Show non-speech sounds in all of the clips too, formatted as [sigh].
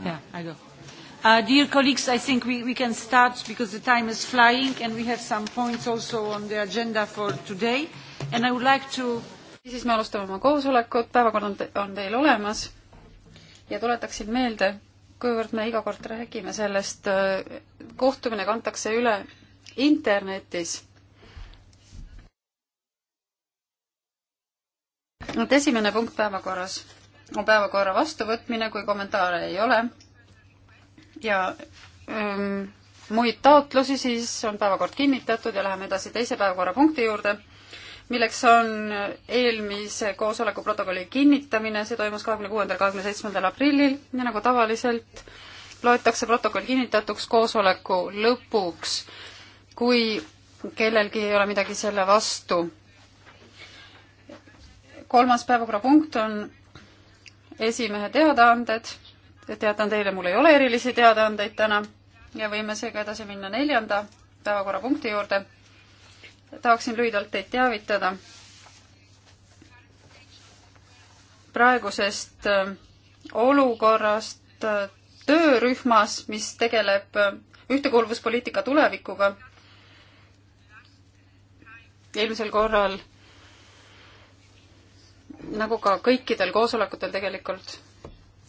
Yeah, I go. Uh, dear colleagues, I think we, we can start because the time is flying and we have some points also on the agenda for today. And I would like to... siis me alustame oma koosolekut, päevakord on, te, on teil olemas ja tuletaksin meelde, kuivõrd me iga kord räägime sellest, äh, kohtumine kantakse üle internetis. nüüd esimene punkt päevakorras on päevakorra vastuvõtmine, kui kommentaare ei ole ja ähm, muid taotlusi, siis on päevakord kinnitatud ja läheme edasi teise päevakorrapunkti juurde, milleks on eelmise koosoleku protokolli kinnitamine, see toimus kahekümne kuuendal, kahekümne seitsmendal aprillil ja nagu tavaliselt loetakse protokoll kinnitatuks koosoleku lõpuks, kui kellelgi ei ole midagi selle vastu. kolmas päevakorrapunkt on esimehe teadaanded. teatan teile, mul ei ole erilisi teadaandeid täna ja võime seega edasi minna neljanda päevakorrapunkti juurde. tahaksin lühidalt teid teavitada praegusest äh, olukorrast äh, töörühmas, mis tegeleb äh, ühtekuuluvuspoliitika tulevikuga. eelmisel korral nagu ka kõikidel koosolekutel tegelikult,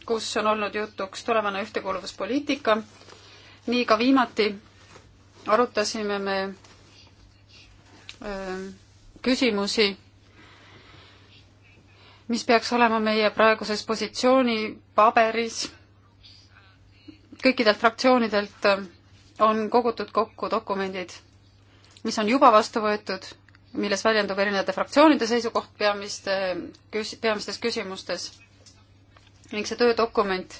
kus on olnud jutuks tulevane ühtekuuluvuspoliitika, nii ka viimati arutasime me küsimusi, mis peaks olema meie praeguses positsioonipaberis. kõikidelt fraktsioonidelt on kogutud kokku dokumendid, mis on juba vastu võetud milles väljendub erinevate fraktsioonide seisukoht peamiste, peamistes küsimustes. ning see töödokument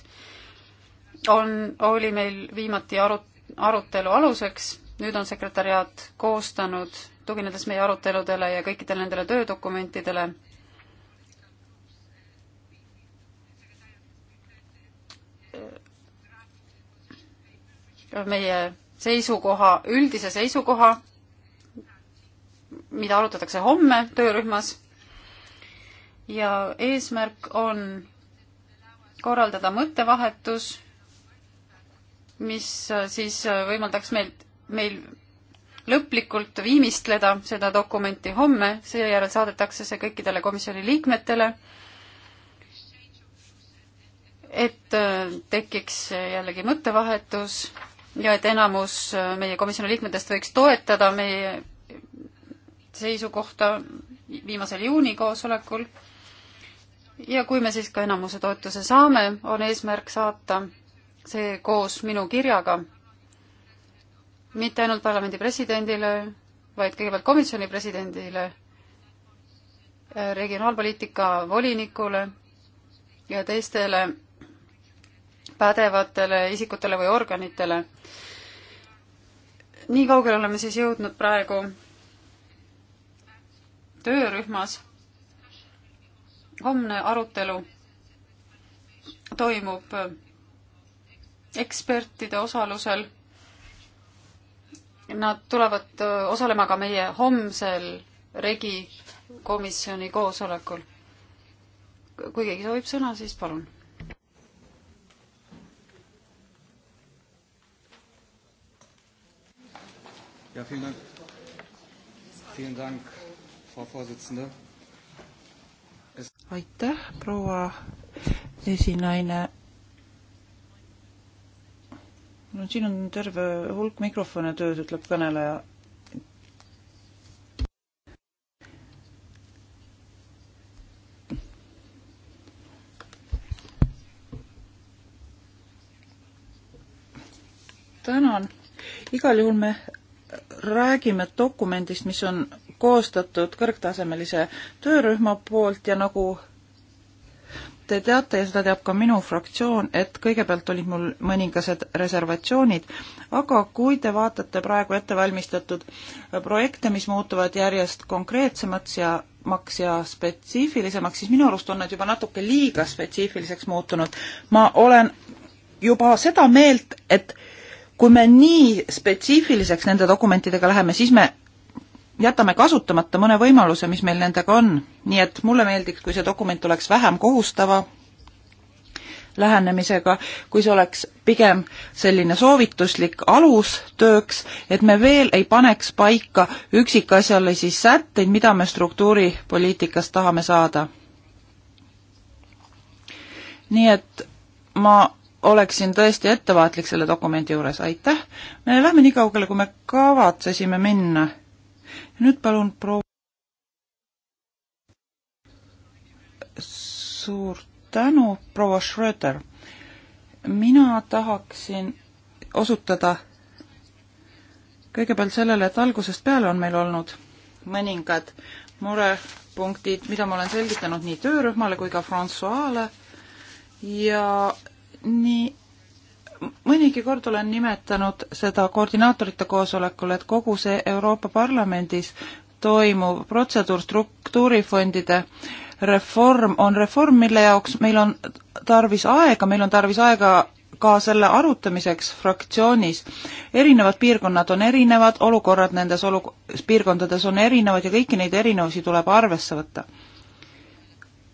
on, oli meil viimati aru, arutelu aluseks, nüüd on sekretäriaat koostanud, tuginedes meie aruteludele ja kõikidele nendele töödokumentidele, meie seisukoha, üldise seisukoha mida arutatakse homme töörühmas. ja eesmärk on korraldada mõttevahetus, mis siis võimaldaks meil, meil lõplikult viimistleda seda dokumenti homme, seejärel saadetakse see kõikidele komisjoni liikmetele, et tekiks jällegi mõttevahetus ja et enamus meie komisjoni liikmetest võiks toetada meie seisukohta viimasel juuni koosolekul. ja kui me siis ka enamuse toetuse saame, on eesmärk saata see koos minu kirjaga mitte ainult parlamendi presidendile, vaid kõigepealt komisjoni presidendile, regionaalpoliitika volinikule ja teistele pädevatele isikutele või organitele. nii kaugele oleme siis jõudnud praegu töörühmas. homne arutelu toimub ekspertide osalusel. Nad tulevad osalema ka meie homsel regi komisjoni koosolekul. kui keegi soovib sõna, siis palun. ja vielen Dank. Vielen Dank aitäh, proua esinaine. no siin on terve hulk mikrofone töös, ütleb kõneleja tänan. igal juhul me räägime dokumendist, mis on koostatud kõrgtasemelise töörühma poolt ja nagu te teate ja seda teab ka minu fraktsioon, et kõigepealt olid mul mõningased reservatsioonid, aga kui te vaatate praegu ettevalmistatud projekte, mis muutuvad järjest konkreetsemaks ja maks ja spetsiifilisemaks, siis minu arust on nad juba natuke liiga spetsiifiliseks muutunud. ma olen juba seda meelt, et kui me nii spetsiifiliseks nende dokumentidega läheme, siis me jätame kasutamata mõne võimaluse, mis meil nendega on. nii et mulle meeldiks, kui see dokument oleks vähem kohustava lähenemisega, kui see oleks pigem selline soovituslik alus tööks, et me veel ei paneks paika üksikasjalisi sätteid, mida me struktuuripoliitikas tahame saada. nii et ma oleksin tõesti ettevaatlik selle dokumendi juures, aitäh. me lähme nii kaugele, kui me kavatsesime minna nüüd palun proua. suur tänu, proua Schröder. mina tahaksin osutada kõigepealt sellele, et algusest peale on meil olnud mõningad murepunktid, mida ma olen selgitanud nii töörühmale kui ka Francoisele ja nii mõnigi kord olen nimetanud seda koordinaatorite koosolekul, et kogu see Euroopa Parlamendis toimuv protseduur struktuurifondide reform on reform, mille jaoks meil on tarvis aega, meil on tarvis aega ka selle arutamiseks fraktsioonis. erinevad piirkonnad on erinevad, olukorrad nendes olu-, piirkondades on erinevad ja kõiki neid erinevusi tuleb arvesse võtta.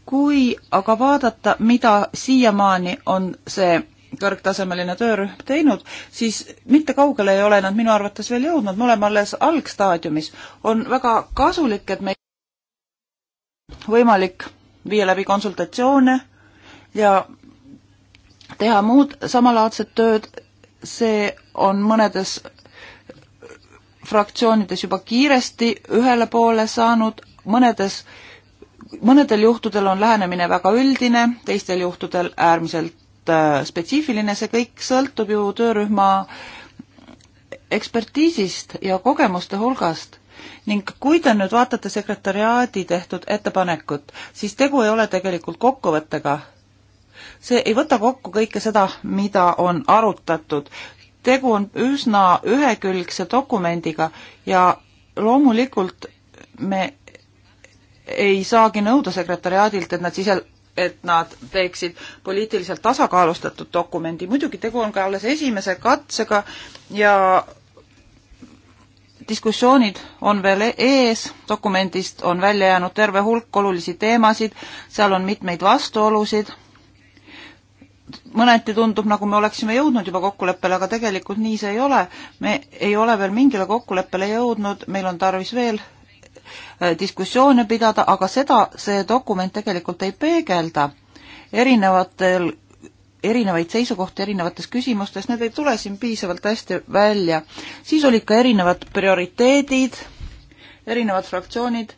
kui aga vaadata, mida siiamaani on see kõrgtasemeline töörühm teinud, siis mitte kaugele ei ole nad minu arvates veel jõudnud, me oleme alles algstaadiumis. on väga kasulik, et meil võimalik viia läbi konsultatsioone ja teha muud samalaadset tööd, see on mõnedes fraktsioonides juba kiiresti ühele poole saanud, mõnedes, mõnedel juhtudel on lähenemine väga üldine, teistel juhtudel äärmiselt äärmiselt äh, spetsiifiline, see kõik sõltub ju töörühma ekspertiisist ja kogemuste hulgast ning kui te nüüd vaatate sekretariaadi tehtud ettepanekut, siis tegu ei ole tegelikult kokkuvõttega. see ei võta kokku kõike seda, mida on arutatud. tegu on üsna ühekülgse dokumendiga ja loomulikult me ei saagi nõuda sekretariaadilt, et nad sise, et nad teeksid poliitiliselt tasakaalustatud dokumendi. muidugi tegu on ka alles esimese katsega ja diskussioonid on veel ees, dokumendist on välja jäänud terve hulk olulisi teemasid, seal on mitmeid vastuolusid, mõneti tundub, nagu me oleksime jõudnud juba kokkuleppele, aga tegelikult nii see ei ole. me ei ole veel mingile kokkuleppele jõudnud, meil on tarvis veel Äh, diskussioone pidada, aga seda see dokument tegelikult ei peegelda. erinevatel, erinevaid seisukohti erinevates küsimustes, need ei tule siin piisavalt hästi välja. siis olid ka erinevad prioriteedid, erinevad fraktsioonid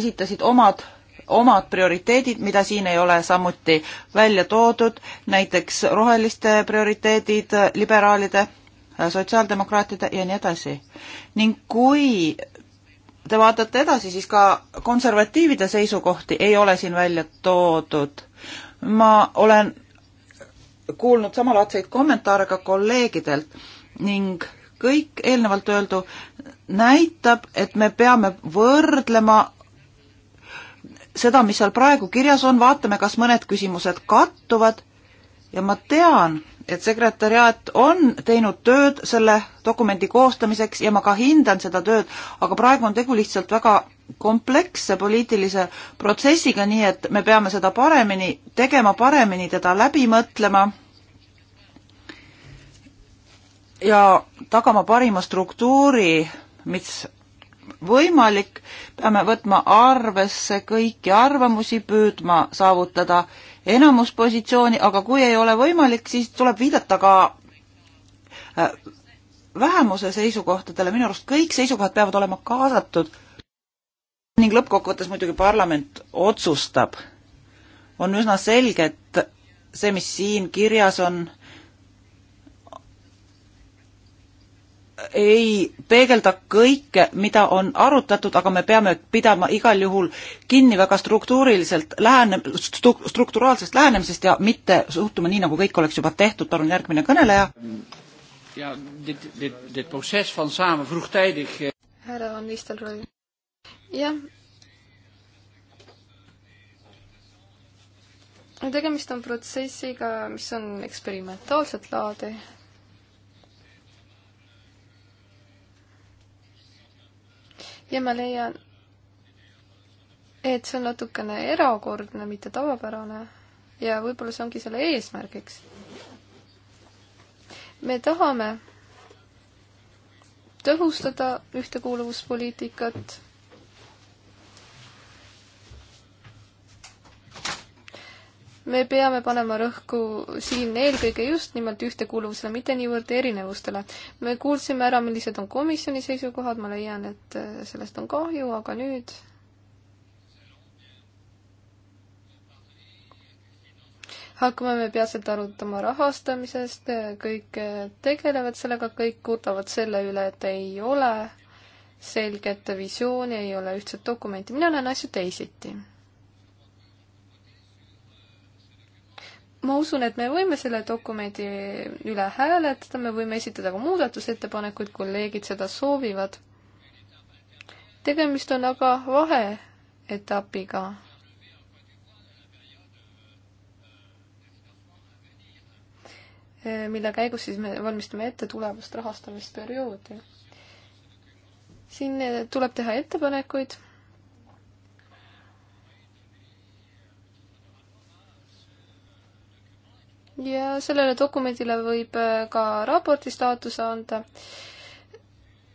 esitasid omad omad prioriteedid, mida siin ei ole samuti välja toodud, näiteks roheliste prioriteedid, liberaalide sotsiaaldemokraatide ja nii edasi. ning kui te vaatate edasi, siis ka konservatiivide seisukohti ei ole siin välja toodud. ma olen kuulnud samalaadseid kommentaare ka kolleegidelt ning kõik eelnevalt öeldu näitab, et me peame võrdlema seda, mis seal praegu kirjas on, vaatame, kas mõned küsimused kattuvad ja ma tean, et sekretäriaat on teinud tööd selle dokumendi koostamiseks ja ma ka hindan seda tööd, aga praegu on tegu lihtsalt väga kompleksse poliitilise protsessiga, nii et me peame seda paremini tegema, paremini teda läbi mõtlema ja tagama parima struktuuri, mis võimalik, peame võtma arvesse kõiki arvamusi, püüdma saavutada äh, enamuspositsiooni, aga kui ei ole võimalik, siis tuleb viidata ka äh, vähemuse seisukohtadele, minu arust kõik seisukohad peavad olema kaasatud ning lõppkokkuvõttes muidugi parlament otsustab. on üsna selge, et see, mis siin kirjas on, ei peegelda kõike, mida on arutatud, aga me peame pidama igal juhul kinni väga struktuuriliselt lähene-, strukturaalsest lähenemisest ja mitte suhtuma nii, nagu kõik oleks juba tehtud, palun järgmine kõneleja. härra eh, Van Nistelrooy. jah. tegemist on protsessiga, mis on eksperimentaalset laadi ja ma leian, et see on natukene erakordne, mitte tavapärane ja võib-olla see ongi selle eesmärgiks. me tahame tõhustada ühtekuuluvuspoliitikat me peame panema rõhku siin eelkõige just nimelt ühtekuuluvusele, mitte niivõrd erinevustele. me kuulsime ära, millised on komisjoni seisukohad, ma leian, et sellest on kahju, aga nüüd hakkame me peatselt arutama rahastamisest, kõik tegelevad sellega, kõik kurdavad selle üle, et ei ole selget visiooni, ei ole ühtset dokumenti, mina näen asju teisiti ma usun, et me võime selle dokumendi üle hääletada, me võime esitada ka muudatusettepanekuid, kolleegid seda soovivad. tegemist on aga vaheetapiga mille käigus siis me valmistame ette tulevast rahastamisperioodi. siin tuleb teha ettepanekuid. ja sellele dokumendile võib äh, ka raporti staatuse anda.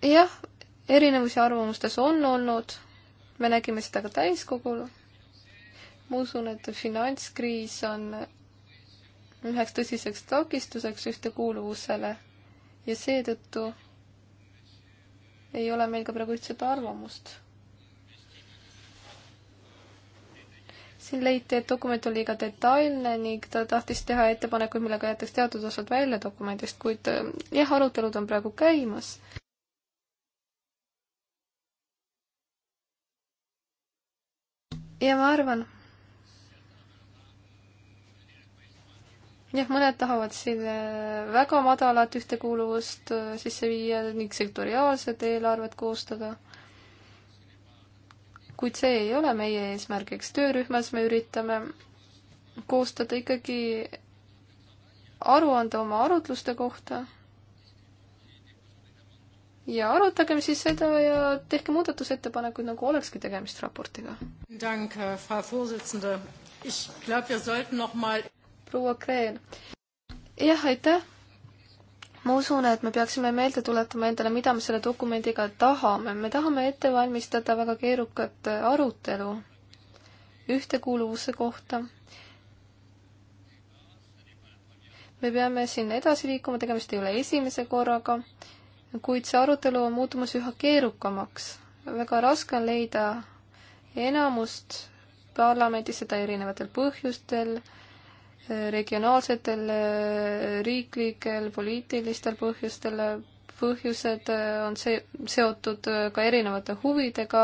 jah, erinevusi arvamustes on olnud, me nägime seda ka täiskogul. ma usun, et finantskriis on üheks tõsiseks takistuseks ühtekuuluvusele ja seetõttu ei ole meil ka praegu ühtset arvamust siin leiti, et dokument on liiga detailne ning ta tahtis teha ettepanekuid, millega jätaks teatud osad välja dokumendist, kuid äh, jah, arutelud on praegu käimas. ja ma arvan, jah, mõned tahavad siin äh, väga madalat ühtekuuluvust äh, sisse viia ning sektoriaalset eelarvet koostada kuid see ei ole meie eesmärgiks. töörühmas me üritame koostada ikkagi aruande oma arutluste kohta. ja arutagem siis seda ja tehke muudatusettepanekuid, nagu olekski tegemist raportiga. Äh, proua Kreel. jah, aitäh ma usun, et me peaksime meelde tuletama endale, mida me selle dokumendiga tahame. me tahame ette valmistada väga keerukat arutelu ühtekuuluvuse kohta. me peame siin edasi liikuma, tegemist ei ole esimese korraga, kuid see arutelu on muutumas üha keerukamaks. väga raske on leida enamust parlamendis, seda erinevatel põhjustel regionaalsetel, äh, riiklikel, poliitilistel põhjustel, põhjused äh, on see, seotud äh, ka erinevate huvidega,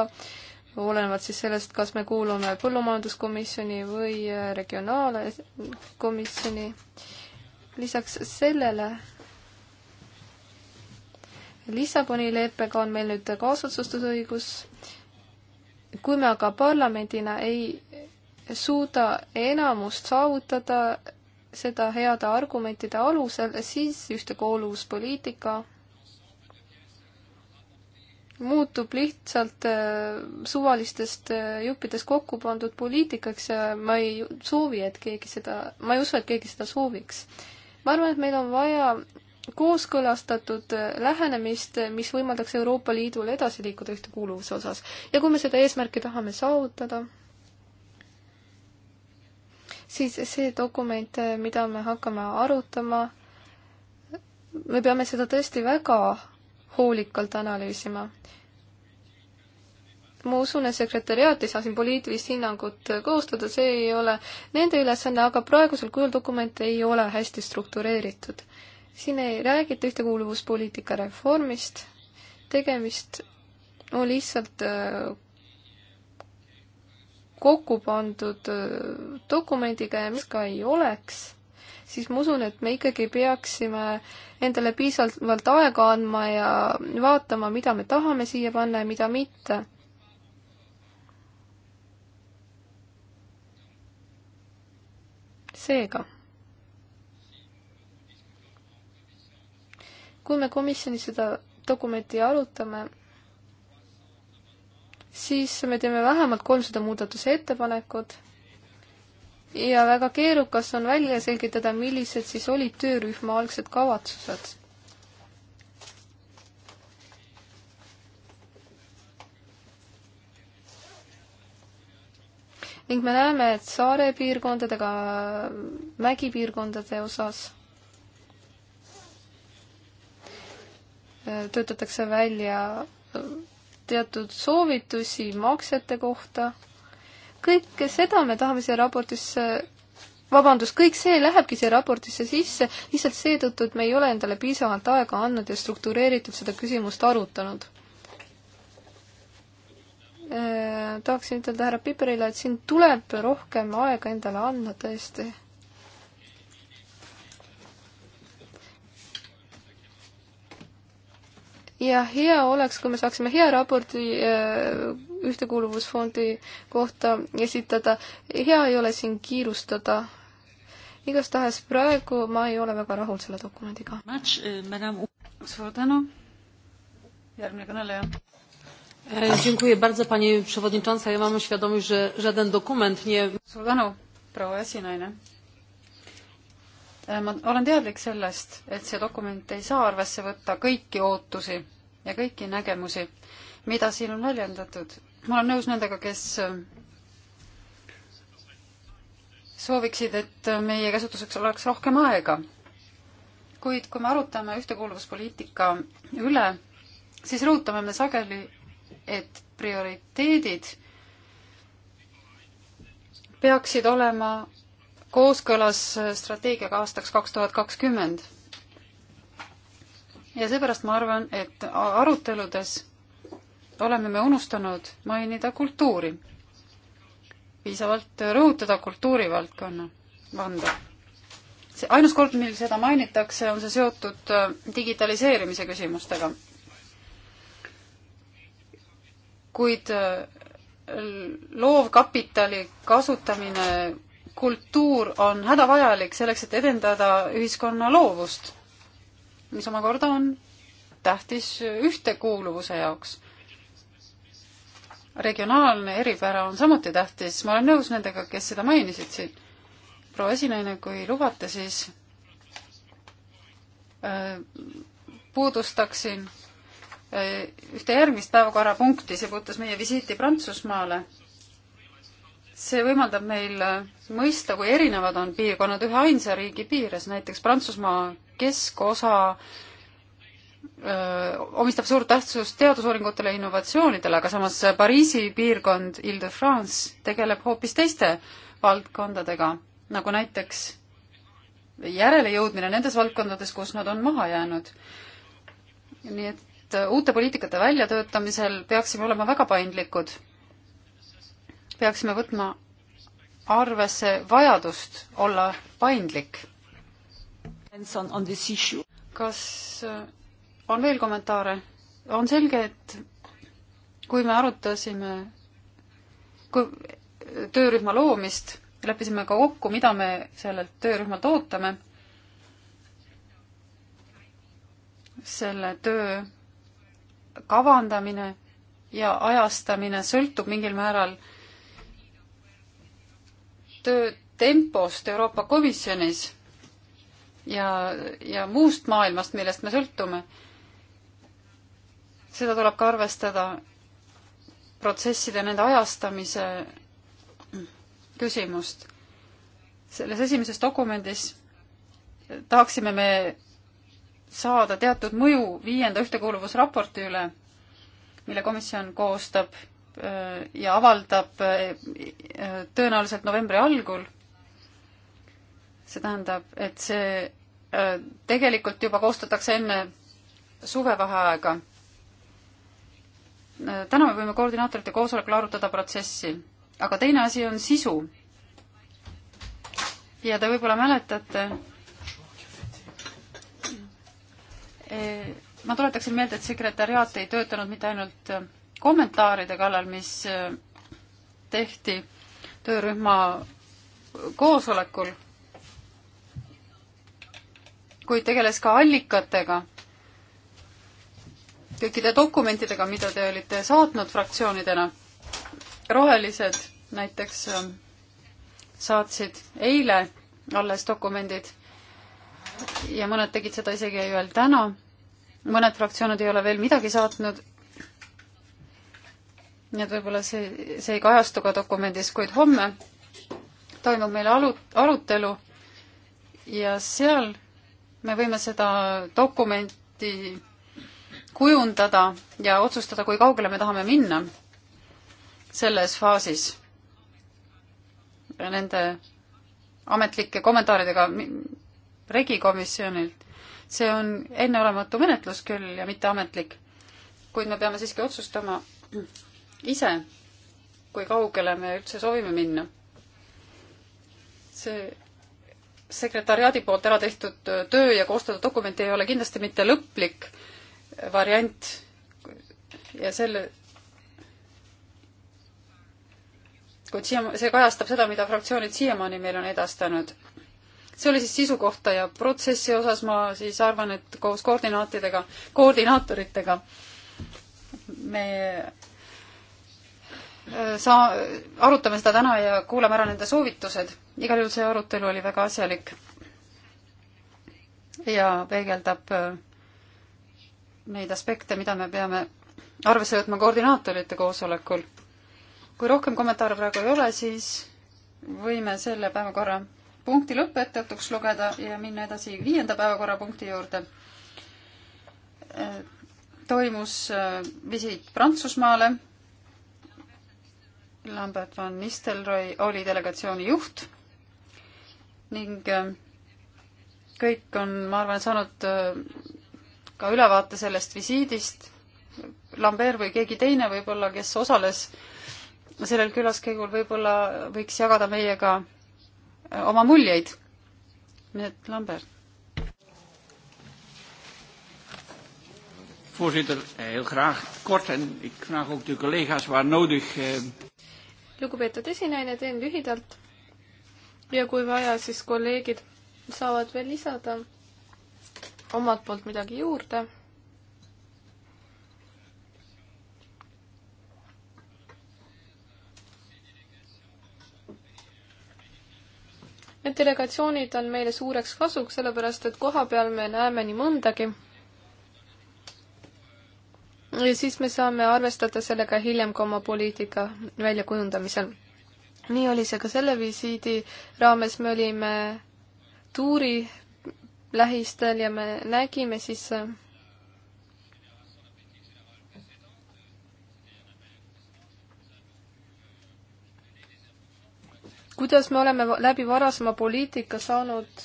olenevalt siis sellest, kas me kuulume põllumajanduskomisjoni või regionaalkomisjoni. lisaks sellele Lissaboni leppega on meil nüüd kaasotsustusõigus. kui me aga parlamendina ei suuda enamust saavutada seda heade argumentide alusel, siis ühtekuuluvuspoliitika muutub lihtsalt äh, suvalistest äh, juppidest kokku pandud poliitikaks ja ma ei soovi, et keegi seda, ma ei usu, et keegi seda sooviks. ma arvan, et meil on vaja kooskõlastatud äh, lähenemist, mis võimaldaks Euroopa Liidul edasi liikuda ühtekuuluvuse osas. ja kui me seda eesmärki tahame saavutada, siis see dokument, eh, mida me hakkame arutama, me peame seda tõesti väga hoolikalt analüüsima. ma usun, et sekretäriaat ei saa siin poliitilist hinnangut koostada, see ei ole nende ülesanne, aga praegusel kujul dokument ei ole hästi struktureeritud. siin ei räägita ühtekuuluvuspoliitika reformist, tegemist on lihtsalt eh, kokku pandud äh, dokumendiga ja mis ka ei oleks, siis ma usun, et me ikkagi peaksime endale piisavalt aega andma ja vaatama, mida me tahame siia panna ja mida mitte. seega, kui me komisjonis seda dokumenti arutame, siis me teeme vähemalt kolmsada muudatusettepanekut ja väga keerukas on välja selgitada, millised siis olid töörühma algsed kavatsused. ning me näeme, et saare piirkondadega mägipiirkondade osas töötatakse välja teatud soovitusi maksete kohta. kõike seda me tahame siia raportisse, vabandust, kõik see lähebki siia raportisse sisse lihtsalt seetõttu, et me ei ole endale piisavalt aega andnud ja struktureeritult seda küsimust arutanud äh, tahaksin ütelda härra Piperile, et siin tuleb rohkem aega endale anda tõesti ja hea oleks, kui me saaksime hea raporti äh, ühtekuuluvusfondi kohta esitada. hea ei ole siin kiirustada. igastahes praegu ma ei ole väga rahul selle dokumendiga. Äh, suur tänu. järgmine kõneleja. Äh, dziękuję bardzo Pani Przewodnicząca. Ja mam świadomość, że żaden dokument nie... Suur tänu, proua esinaine Äh, ma olen teadlik sellest, et see dokument ei saa arvesse võtta kõiki ootusi ja kõiki nägemusi, mida siin on väljendatud. ma olen nõus nendega, kes äh, sooviksid, et äh, meie käsutuseks oleks rohkem aega. kuid kui me arutame ühtekuuluvuspoliitika üle, siis rõhutame me sageli, et prioriteedid peaksid olema kooskõlas strateegiaga aastaks kaks tuhat kakskümmend. ja seepärast ma arvan, et aruteludes oleme me unustanud mainida kultuuri, piisavalt rõhutada kultuurivaldkonna vanda. see ainus kord, mil seda mainitakse, on see seotud äh, digitaliseerimise küsimustega. kuid äh, loovkapitali kasutamine kultuur on hädavajalik selleks, et edendada ühiskonna loovust, mis omakorda on tähtis ühtekuuluvuse jaoks. regionaalne eripära on samuti tähtis, ma olen nõus nendega, kes seda mainisid siin. proua esinaine, kui lubate, siis äh, puudustaksin äh, ühte järgmist päevakorrapunkti, see puudutas meie visiiti Prantsusmaale see võimaldab meil mõista, kui erinevad on piirkonnad ühe ainsa riigi piires, näiteks Prantsusmaa keskosa öö, omistab suurt tähtsust teadusuuringutele ja innovatsioonidele, aga samas Pariisi piirkond Ile-de-France tegeleb hoopis teiste valdkondadega, nagu näiteks järelejõudmine nendes valdkondades, kus nad on maha jäänud. nii et äh, uute poliitikate väljatöötamisel peaksime olema väga paindlikud peaksime võtma arvesse vajadust olla paindlik. kas äh, on veel kommentaare? on selge, et kui me arutasime kui äh, töörühma loomist, leppisime ka kokku, mida me sellelt töörühmalt ootame. selle töö kavandamine ja ajastamine sõltub mingil määral äh, töö tempost Euroopa Komisjonis ja, ja muust maailmast, millest me sõltume. seda tuleb ka arvestada protsesside, nende ajastamise küsimust. selles esimeses dokumendis tahaksime me saada teatud mõju viienda ühtekuuluvusraporti üle, mille komisjon koostab Äh, ja avaldab äh, tõenäoliselt novembri algul. see tähendab, et see äh, tegelikult juba koostatakse enne suvevaheaega. täna me võime koordinaatorite koosolekul arutada protsessi, aga teine asi on sisu. ja te võib-olla mäletate, e, ma tuletaksin meelde, et sekretäriaat ei töötanud mitte ainult kommentaaride kallal, mis äh, tehti töörühma koosolekul, kuid tegeles ka allikatega, kõikide dokumentidega, mida te olite saatnud fraktsioonidena. rohelised näiteks ähm, saatsid eile alles dokumendid ja mõned tegid seda isegi veel täna. mõned fraktsioonid ei ole veel midagi saatnud nii et võib-olla see, see ei kajastu ka dokumendis, kuid homme toimub meil alu-, arutelu ja seal me võime seda dokumenti kujundada ja otsustada, kui kaugele me tahame minna selles faasis nende ametlike kommentaaridega regikomisjonilt. see on enneolematu menetlus küll ja mitte ametlik, kuid me peame siiski otsustama, ise, kui kaugele me üldse soovime minna. see sekretariaadi poolt ära tehtud töö ja koostatud dokument ei ole kindlasti mitte lõplik variant ja selle, kuid siia, see kajastab seda, mida fraktsioonid siiamaani meile on edastanud. see oli siis sisu kohta ja protsessi osas ma siis arvan, et koos koordinaatidega, koordinaatoritega me Äh, saa-, arutame seda täna ja kuulame ära nende soovitused. igal juhul see arutelu oli väga asjalik ja peegeldab äh, neid aspekte, mida me peame arvesse võtma koordinaatorite koosolekul. kui rohkem kommentaare praegu ei ole, siis võime selle päevakorra punkti lõpetatuks lugeda ja minna edasi viienda päevakorrapunkti juurde. Äh, toimus visiit Prantsusmaale Lambert van Nistelrooy oli delegatsiooni juht ning äh, kõik on, ma arvan, saanud äh, ka ülevaate sellest visiidist. Lambert või keegi teine võib-olla, kes osales sellel külaskäigul, võib-olla võiks jagada meiega äh, oma muljeid. nii et Lambert. Voorzitter, eh, heel graag kort en ik vraag ook de collega's waar nodig eh, lugupeetud esinaine, teen lühidalt. ja kui vaja, siis kolleegid saavad veel lisada omalt poolt midagi juurde. Need delegatsioonid on meile suureks kasuks, sellepärast et koha peal me näeme nii mõndagi ja siis me saame arvestada sellega hiljem ka oma poliitika väljakujundamisel. nii oli see ka selle visiidi raames, me olime tuuri lähistel ja me nägime siis kuidas me oleme läbi varasema poliitika saanud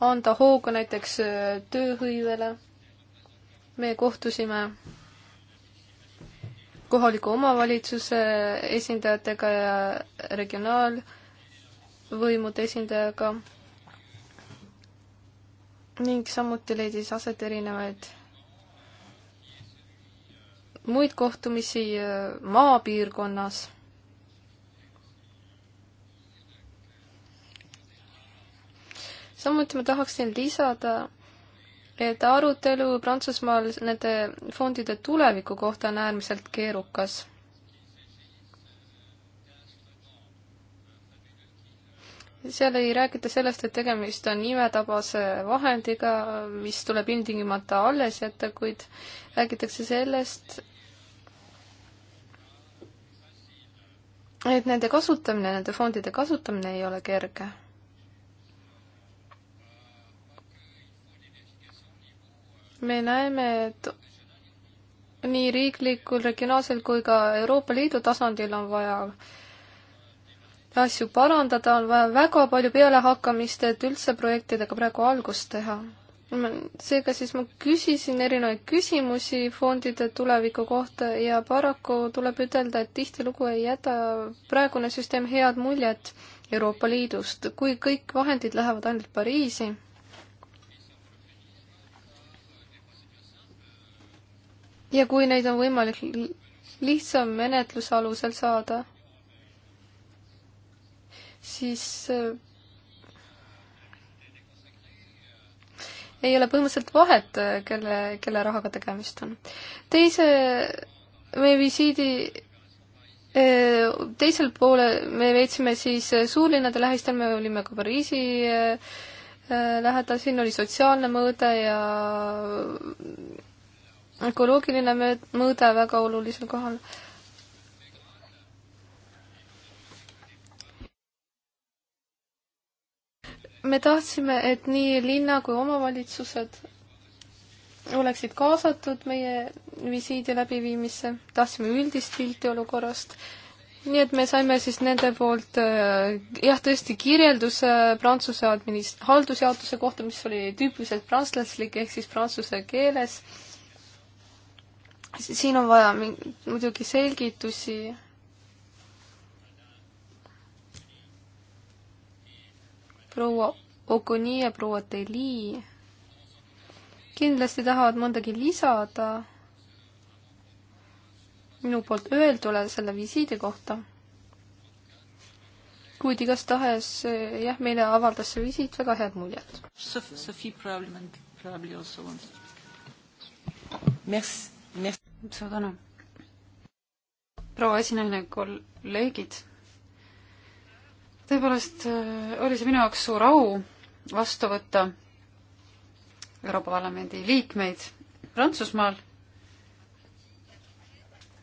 anda hoogu näiteks tööhõivele. me kohtusime kohaliku omavalitsuse esindajatega ja regionaalvõimude esindajaga ning samuti leidis aset erinevaid muid kohtumisi äh, maapiirkonnas. samuti ma tahaksin lisada, et arutelu Prantsusmaal nende fondide tuleviku kohta on äärmiselt keerukas seal ei räägita sellest, et tegemist on imetabase vahendiga, mis tuleb ilmtingimata alles jätta, kuid räägitakse sellest, et nende kasutamine, nende fondide kasutamine ei ole kerge. me näeme, et nii riiklikul, regionaalsel kui ka Euroopa Liidu tasandil on vaja asju parandada, on vaja väga palju pealehakkamist, et üldse projektidega praegu algust teha. seega siis ma küsisin erinevaid küsimusi fondide tuleviku kohta ja paraku tuleb ütelda, et tihtilugu ei jäta praegune süsteem head muljet Euroopa Liidust, kui kõik vahendid lähevad ainult Pariisi ja kui neid on võimalik lihtsa menetluse alusel saada, siis äh, ei ole põhimõtteliselt vahet, äh, kelle, kelle rahaga tegemist on. teise, meie visiidi äh, teisel poole me veetsime siis suurlinnade lähistel, me olime ka Pariisi lähedal, siin oli sotsiaalne mõõde ja ökoloogiline mõõde väga olulisel kohal. me tahtsime, et nii linna kui omavalitsused oleksid kaasatud meie visiidi läbiviimisse, tahtsime üldist pilti olukorrast nii et me saime siis nende poolt äh, jah, tõesti kirjelduse Prantsuse administ-, haldusjaotuse kohta, mis oli tüüpiliselt prantslaslik ehk siis prantsuse keeles siin on vaja muidugi selgitusi. proua Okuni ja proua Deli kindlasti tahavad mõndagi lisada minu poolt öeldule selle visiidi kohta. kuid igastahes jah, meile avaldas see visiit väga head muljet. Sophie probably, probably also wants. Merci. Merci suur tänu. proua esinaine, kolleegid. tõepoolest äh, oli see minu jaoks suur au vastu võtta Euroopa Parlamendi liikmeid Prantsusmaal.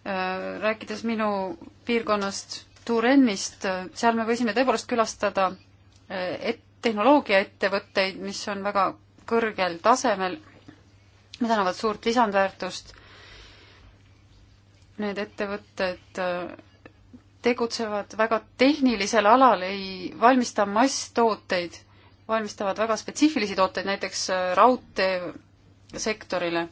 Äh, rääkides minu piirkonnast, Tourennist, äh, seal me võisime tõepoolest külastada et-, tehnoloogiaettevõtteid, mis on väga kõrgel tasemel, mis annavad suurt lisandväärtust need ettevõtted äh, tegutsevad väga tehnilisel alal, ei valmista masstooteid, valmistavad väga spetsiifilisi tooteid, näiteks äh, raudteesektorile.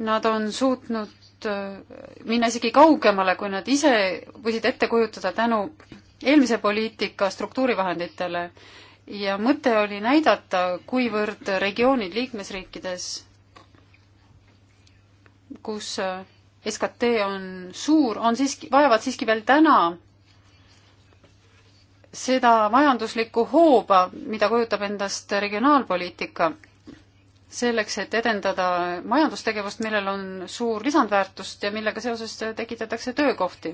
Nad on suutnud äh, minna isegi kaugemale, kui nad ise võisid ette kujutada tänu eelmise poliitika struktuurivahenditele ja mõte oli näidata, kuivõrd regioonid liikmesriikides, kus SKT on suur, on siiski, vajavad siiski veel täna seda majanduslikku hooba, mida kujutab endast regionaalpoliitika, selleks, et edendada majandustegevust, millel on suur lisandväärtust ja millega seoses tekitatakse töökohti.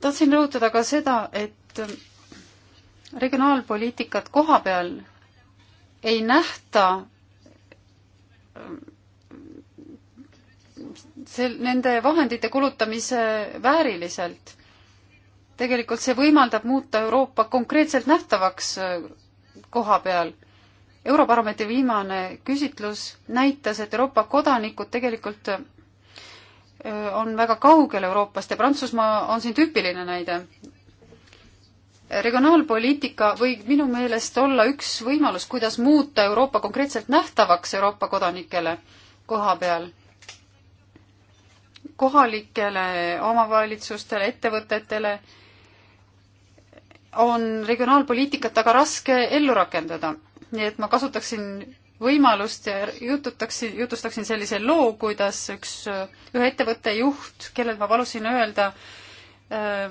tahtsin rõhutada ka seda, et regionaalpoliitikat koha peal ei nähta sel-, nende vahendite kulutamise vääriliselt. tegelikult see võimaldab muuta Euroopa konkreetselt nähtavaks äh, koha peal. Eurobaromeetri viimane küsitlus näitas, et Euroopa kodanikud tegelikult äh, on väga kaugel Euroopast ja Prantsusmaa on siin tüüpiline näide. regionaalpoliitika võib minu meelest olla üks võimalus, kuidas muuta Euroopa konkreetselt nähtavaks Euroopa kodanikele koha peal kohalikele omavalitsustele, ettevõtetele on regionaalpoliitikat aga raske ellu rakendada. nii et ma kasutaksin võimalust ja jututaksin, jutustaksin sellise loo, kuidas üks, ühe ettevõtte juht, kellelt ma palusin öelda, äh,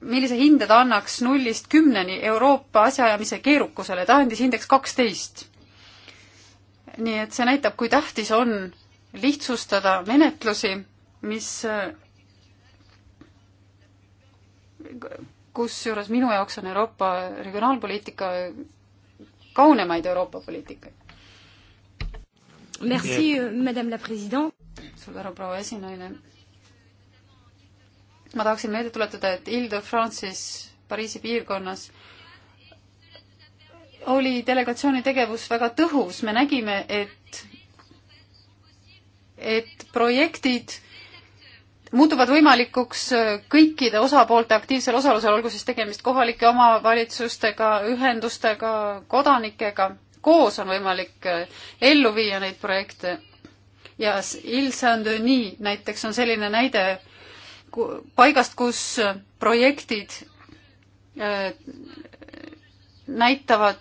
millise hinde ta annaks nullist kümneni Euroopa asjaajamise keerukusele, ta andis hindeks kaksteist. nii et see näitab, kui tähtis on lihtsustada menetlusi mis, kusjuures minu jaoks on Euroopa regionaalpoliitika kaunemaid Euroopa poliitikaid. Merci, euh, madame la president. suur tänu, proua esinaine. ma tahaksin meelde tuletada, et Ile-de-France'is, Pariisi piirkonnas oli delegatsiooni tegevus väga tõhus, me nägime, et, et projektid muutuvad võimalikuks äh, kõikide osapoolte aktiivsel osalusel, olgu siis tegemist kohalike omavalitsustega, ühendustega, kodanikega, koos on võimalik äh, ellu viia neid projekte. ja Il-Saint-Denis näiteks on selline näide paigast, kus äh, projektid näitavad,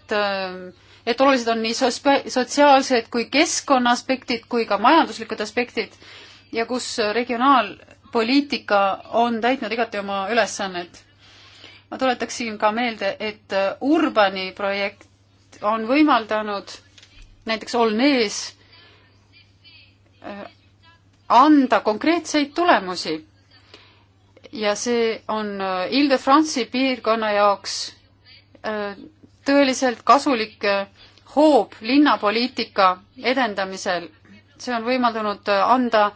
et olulised on nii sotsiaalsed kui keskkonna aspektid kui ka majanduslikud aspektid ja kus regionaal- poliitika on täitnud igati oma ülesannet. ma tuletaksin ka meelde, et Urbani projekt on võimaldanud näiteks Olnees äh, anda konkreetseid tulemusi. ja see on äh, Ile-de-France'i piirkonna jaoks äh, tõeliselt kasulik hoob linnapoliitika edendamisel. see on võimaldanud anda äh,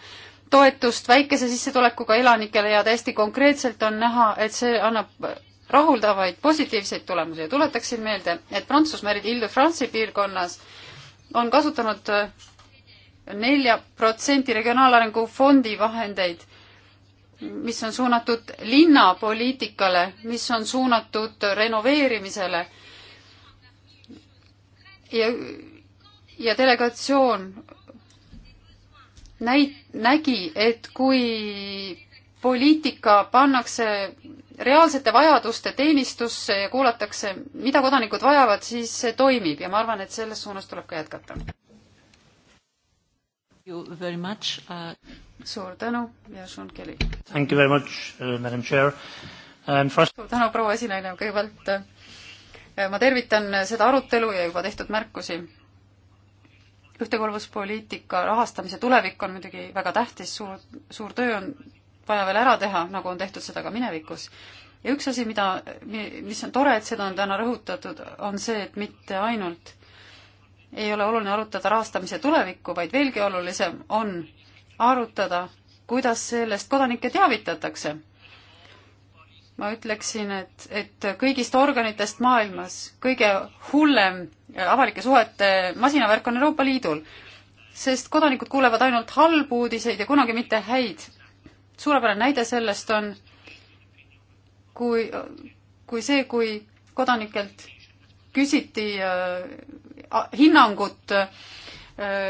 toetust väikese sissetulekuga elanikele ja täiesti konkreetselt on näha, et see annab rahuldavaid positiivseid tulemusi ja tuletaksin meelde, et Prantsusmaa, eriti Ile-de-France'i piirkonnas on kasutanud nelja protsenti Regionaalarengu Fondi vahendeid, mis on suunatud linnapoliitikale, mis on suunatud renoveerimisele ja, ja delegatsioon näit-, nägi, et kui poliitika pannakse reaalsete vajaduste teenistusse ja kuulatakse, mida kodanikud vajavad, siis see toimib ja ma arvan, et selles suunas tuleb ka jätkata. Uh... suur tänu ja Sean Kelly. Thank you very much uh,, madam chair. First... suur tänu, proua esinaine, kõigepealt uh, ma tervitan seda arutelu ja juba tehtud märkusi ühtekuuluvuspoliitika rahastamise tulevik on muidugi väga tähtis, suur, suur töö on vaja veel ära teha, nagu on tehtud seda ka minevikus. ja üks asi, mida, mis on tore, et seda on täna rõhutatud, on see, et mitte ainult ei ole oluline arutada rahastamise tulevikku, vaid veelgi olulisem on arutada, kuidas sellest kodanikke teavitatakse ma ütleksin, et, et kõigist organitest maailmas kõige hullem äh, avalike suhete masinavärk on Euroopa Liidul, sest kodanikud kuulevad ainult halbu uudiseid ja kunagi mitte häid. suurepärane näide sellest on, kui, kui see, kui kodanikelt küsiti äh, hinnangut äh,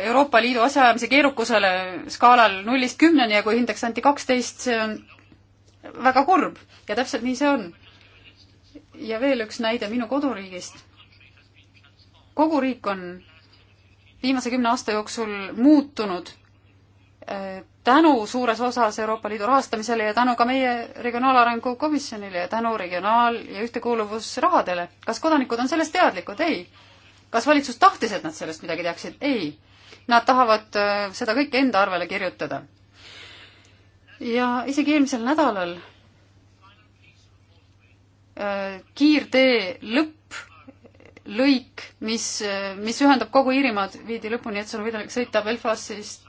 Euroopa Liidu asjaajamise keerukusele skaalal nullist kümneni ja kui hindeks anti kaksteist, see on väga kurb ja täpselt nii see on. ja veel üks näide minu koduriigist. kogu riik on viimase kümne aasta jooksul muutunud äh, tänu suures osas Euroopa Liidu rahastamisele ja tänu ka meie Regionaalarengu Komisjonile ja tänu regionaal- ja ühtekuuluvusrahadele. kas kodanikud on sellest teadlikud? ei. kas valitsus tahtis, et nad sellest midagi teaksid? ei. Nad tahavad äh, seda kõike enda arvele kirjutada. ja isegi eelmisel nädalal kiirtee lõpp, lõik, mis, mis ühendab kogu Iirimaad, viidi lõpuni, et sul on võimalik sõita Belfastist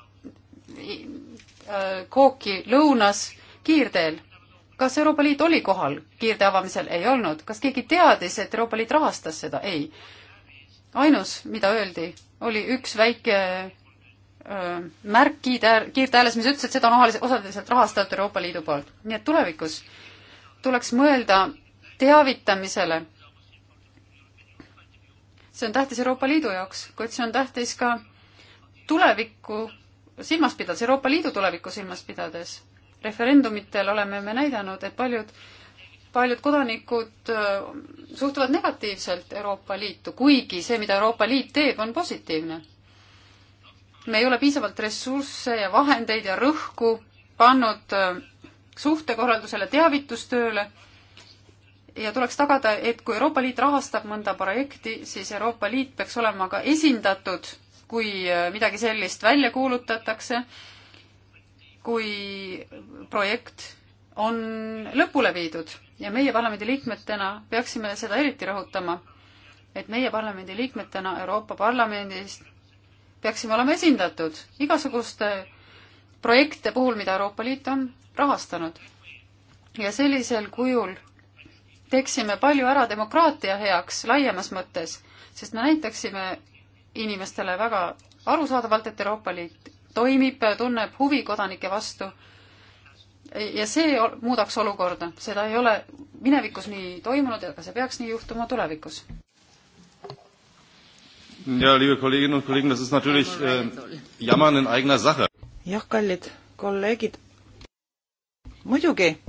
Kooki äh, lõunas kiirteel. kas Euroopa Liit oli kohal kiirtee avamisel? ei olnud. kas keegi teadis, et Euroopa Liit rahastas seda? ei. ainus, mida öeldi, oli üks väike öö, äh, märk kiirtee, kiirtee ääres, mis ütles, et seda on osaliselt rahastatud Euroopa Liidu poolt. nii et tulevikus tuleks mõelda teavitamisele. see on tähtis Euroopa Liidu jaoks, kuid see on tähtis ka tulevikku silmas pidades, Euroopa Liidu tulevikku silmas pidades. referendumitel oleme me näidanud, et paljud paljud kodanikud äh, suhtuvad negatiivselt Euroopa Liitu, kuigi see, mida Euroopa Liit teeb, on positiivne. me ei ole piisavalt ressursse ja vahendeid ja rõhku pannud äh, suhtekorraldusele, teavitustööle ja tuleks tagada, et kui Euroopa Liit rahastab mõnda projekti, siis Euroopa Liit peaks olema ka esindatud, kui äh, midagi sellist välja kuulutatakse, kui projekt on lõpule viidud ja meie parlamendi liikmetena peaksime seda eriti rõhutama, et meie parlamendi liikmetena Euroopa Parlamendis peaksime olema esindatud igasuguste projekte puhul, mida Euroopa Liit on rahastanud. ja sellisel kujul teeksime palju ära demokraatia heaks laiemas mõttes, sest me näitaksime inimestele väga arusaadavalt, et Euroopa Liit toimib, tunneb huvi kodanike vastu. ja see muudaks olukorda, seda ei ole minevikus nii toimunud, aga see peaks nii juhtuma tulevikus. Ja, liebe Kolleginnen und Kollegen, das ist natürlich äh, Jammern in eigener Sache. jah, kallid kolleegid, muidugi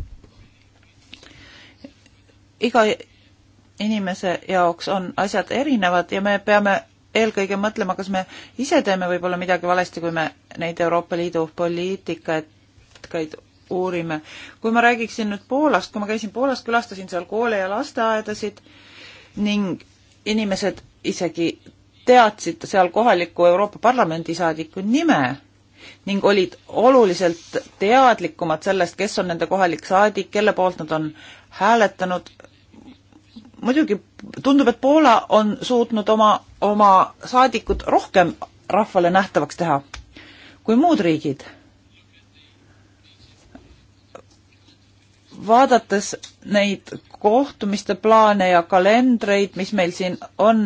iga inimese jaoks on asjad erinevad ja me peame eelkõige mõtlema, kas me ise teeme võib-olla midagi valesti, kui me neid Euroopa Liidu poliitikaid uurime. kui ma räägiksin nüüd Poolast, kui ma käisin Poolas, külastasin seal koole ja lasteaedasid ning inimesed isegi teadsid seal kohaliku Euroopa Parlamendi saadiku nime ning olid oluliselt teadlikumad sellest, kes on nende kohalik saadik, kelle poolt nad on hääletanud, muidugi tundub, et Poola on suutnud oma, oma saadikud rohkem rahvale nähtavaks teha kui muud riigid. vaadates neid kohtumiste plaane ja kalendreid, mis meil siin on,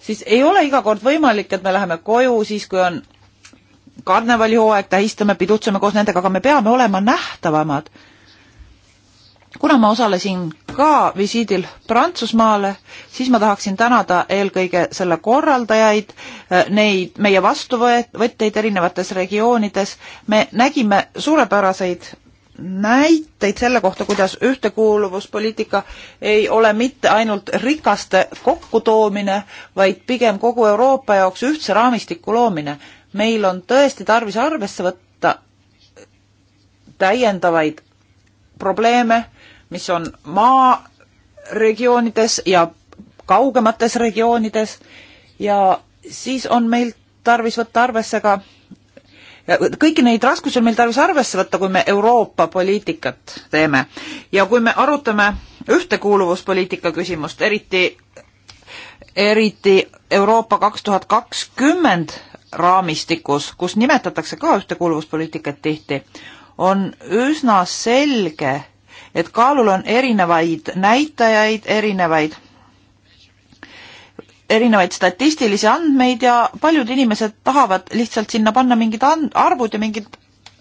siis ei ole iga kord võimalik, et me läheme koju siis, kui on karnevalihooaeg, tähistame, pidutseme koos nendega, aga me peame olema nähtavamad kuna ma osalesin ka visiidil Prantsusmaale, siis ma tahaksin tänada eelkõige selle korraldajaid, eh, neid meie vastuvõtteid erinevates regioonides. me nägime suurepäraseid näiteid selle kohta, kuidas ühtekuuluvuspoliitika ei ole mitte ainult rikaste kokkutoomine, vaid pigem kogu Euroopa jaoks ühtse raamistiku loomine. meil on tõesti tarvis arvesse võtta täiendavaid probleeme, mis on maaregioonides ja kaugemates regioonides ja siis on meil tarvis võtta arvesse ka, kõiki neid raskusi on meil tarvis arvesse võtta, kui me Euroopa poliitikat teeme. ja kui me arutame ühtekuuluvuspoliitika küsimust, eriti, eriti Euroopa kaks tuhat kakskümmend raamistikus, kus nimetatakse ka ühtekuuluvuspoliitikat tihti, on üsna selge, et kaalul on erinevaid näitajaid, erinevaid, erinevaid statistilisi andmeid ja paljud inimesed tahavad lihtsalt sinna panna mingid arvud ja mingid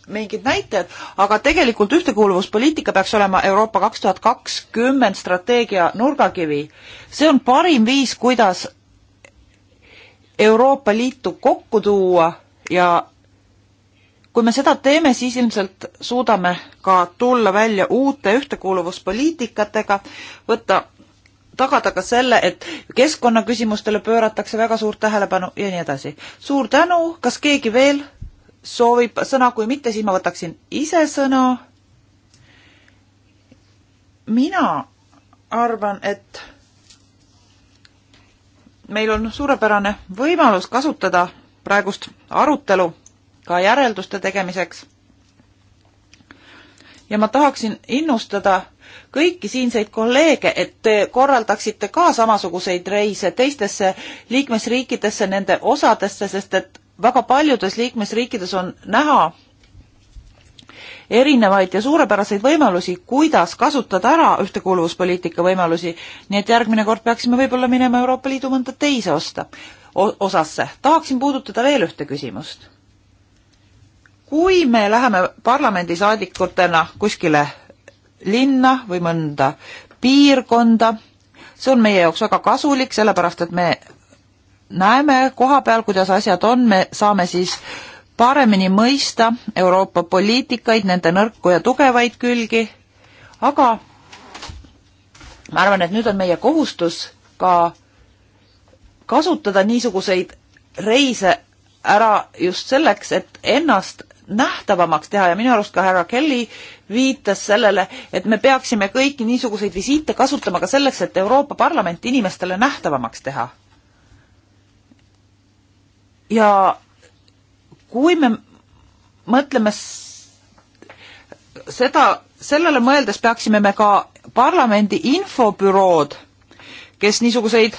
mingid näitajad, aga tegelikult ühtekuuluvuspoliitika peaks olema Euroopa kaks tuhat kakskümmend strateegia nurgakivi. see on parim viis, kuidas Euroopa Liitu kokku tuua ja kui me seda teeme, siis ilmselt suudame ka tulla välja uute ühtekuuluvuspoliitikatega, võtta, tagada ka selle, et keskkonnaküsimustele pööratakse väga suurt tähelepanu ja nii edasi. suur tänu, kas keegi veel soovib sõna, kui mitte, siis ma võtaksin ise sõna. mina arvan, et meil on suurepärane võimalus kasutada praegust arutelu ka järelduste tegemiseks. ja ma tahaksin innustada kõiki siinseid kolleege, et te korraldaksite ka samasuguseid reise teistesse liikmesriikidesse, nende osadesse, sest et väga paljudes liikmesriikides on näha erinevaid ja suurepäraseid võimalusi, kuidas kasutada ära ühtekuuluvuspoliitika võimalusi, nii et järgmine kord peaksime võib-olla minema Euroopa Liidu mõnda teise osta, osasse. tahaksin puudutada veel ühte küsimust kui me läheme parlamendisaadikutena kuskile linna või mõnda piirkonda, see on meie jaoks väga kasulik, sellepärast et me näeme koha peal, kuidas asjad on, me saame siis paremini mõista Euroopa poliitikaid, nende nõrku ja tugevaid külgi, aga ma arvan, et nüüd on meie kohustus ka kasutada niisuguseid reise ära just selleks, et ennast nähtavamaks teha ja minu arust ka härra Kelly viitas sellele, et me peaksime kõiki niisuguseid visiite kasutama ka selleks, et Euroopa Parlament inimestele nähtavamaks teha. ja kui me mõtleme seda, sellele mõeldes peaksime me ka parlamendi infobürood, kes niisuguseid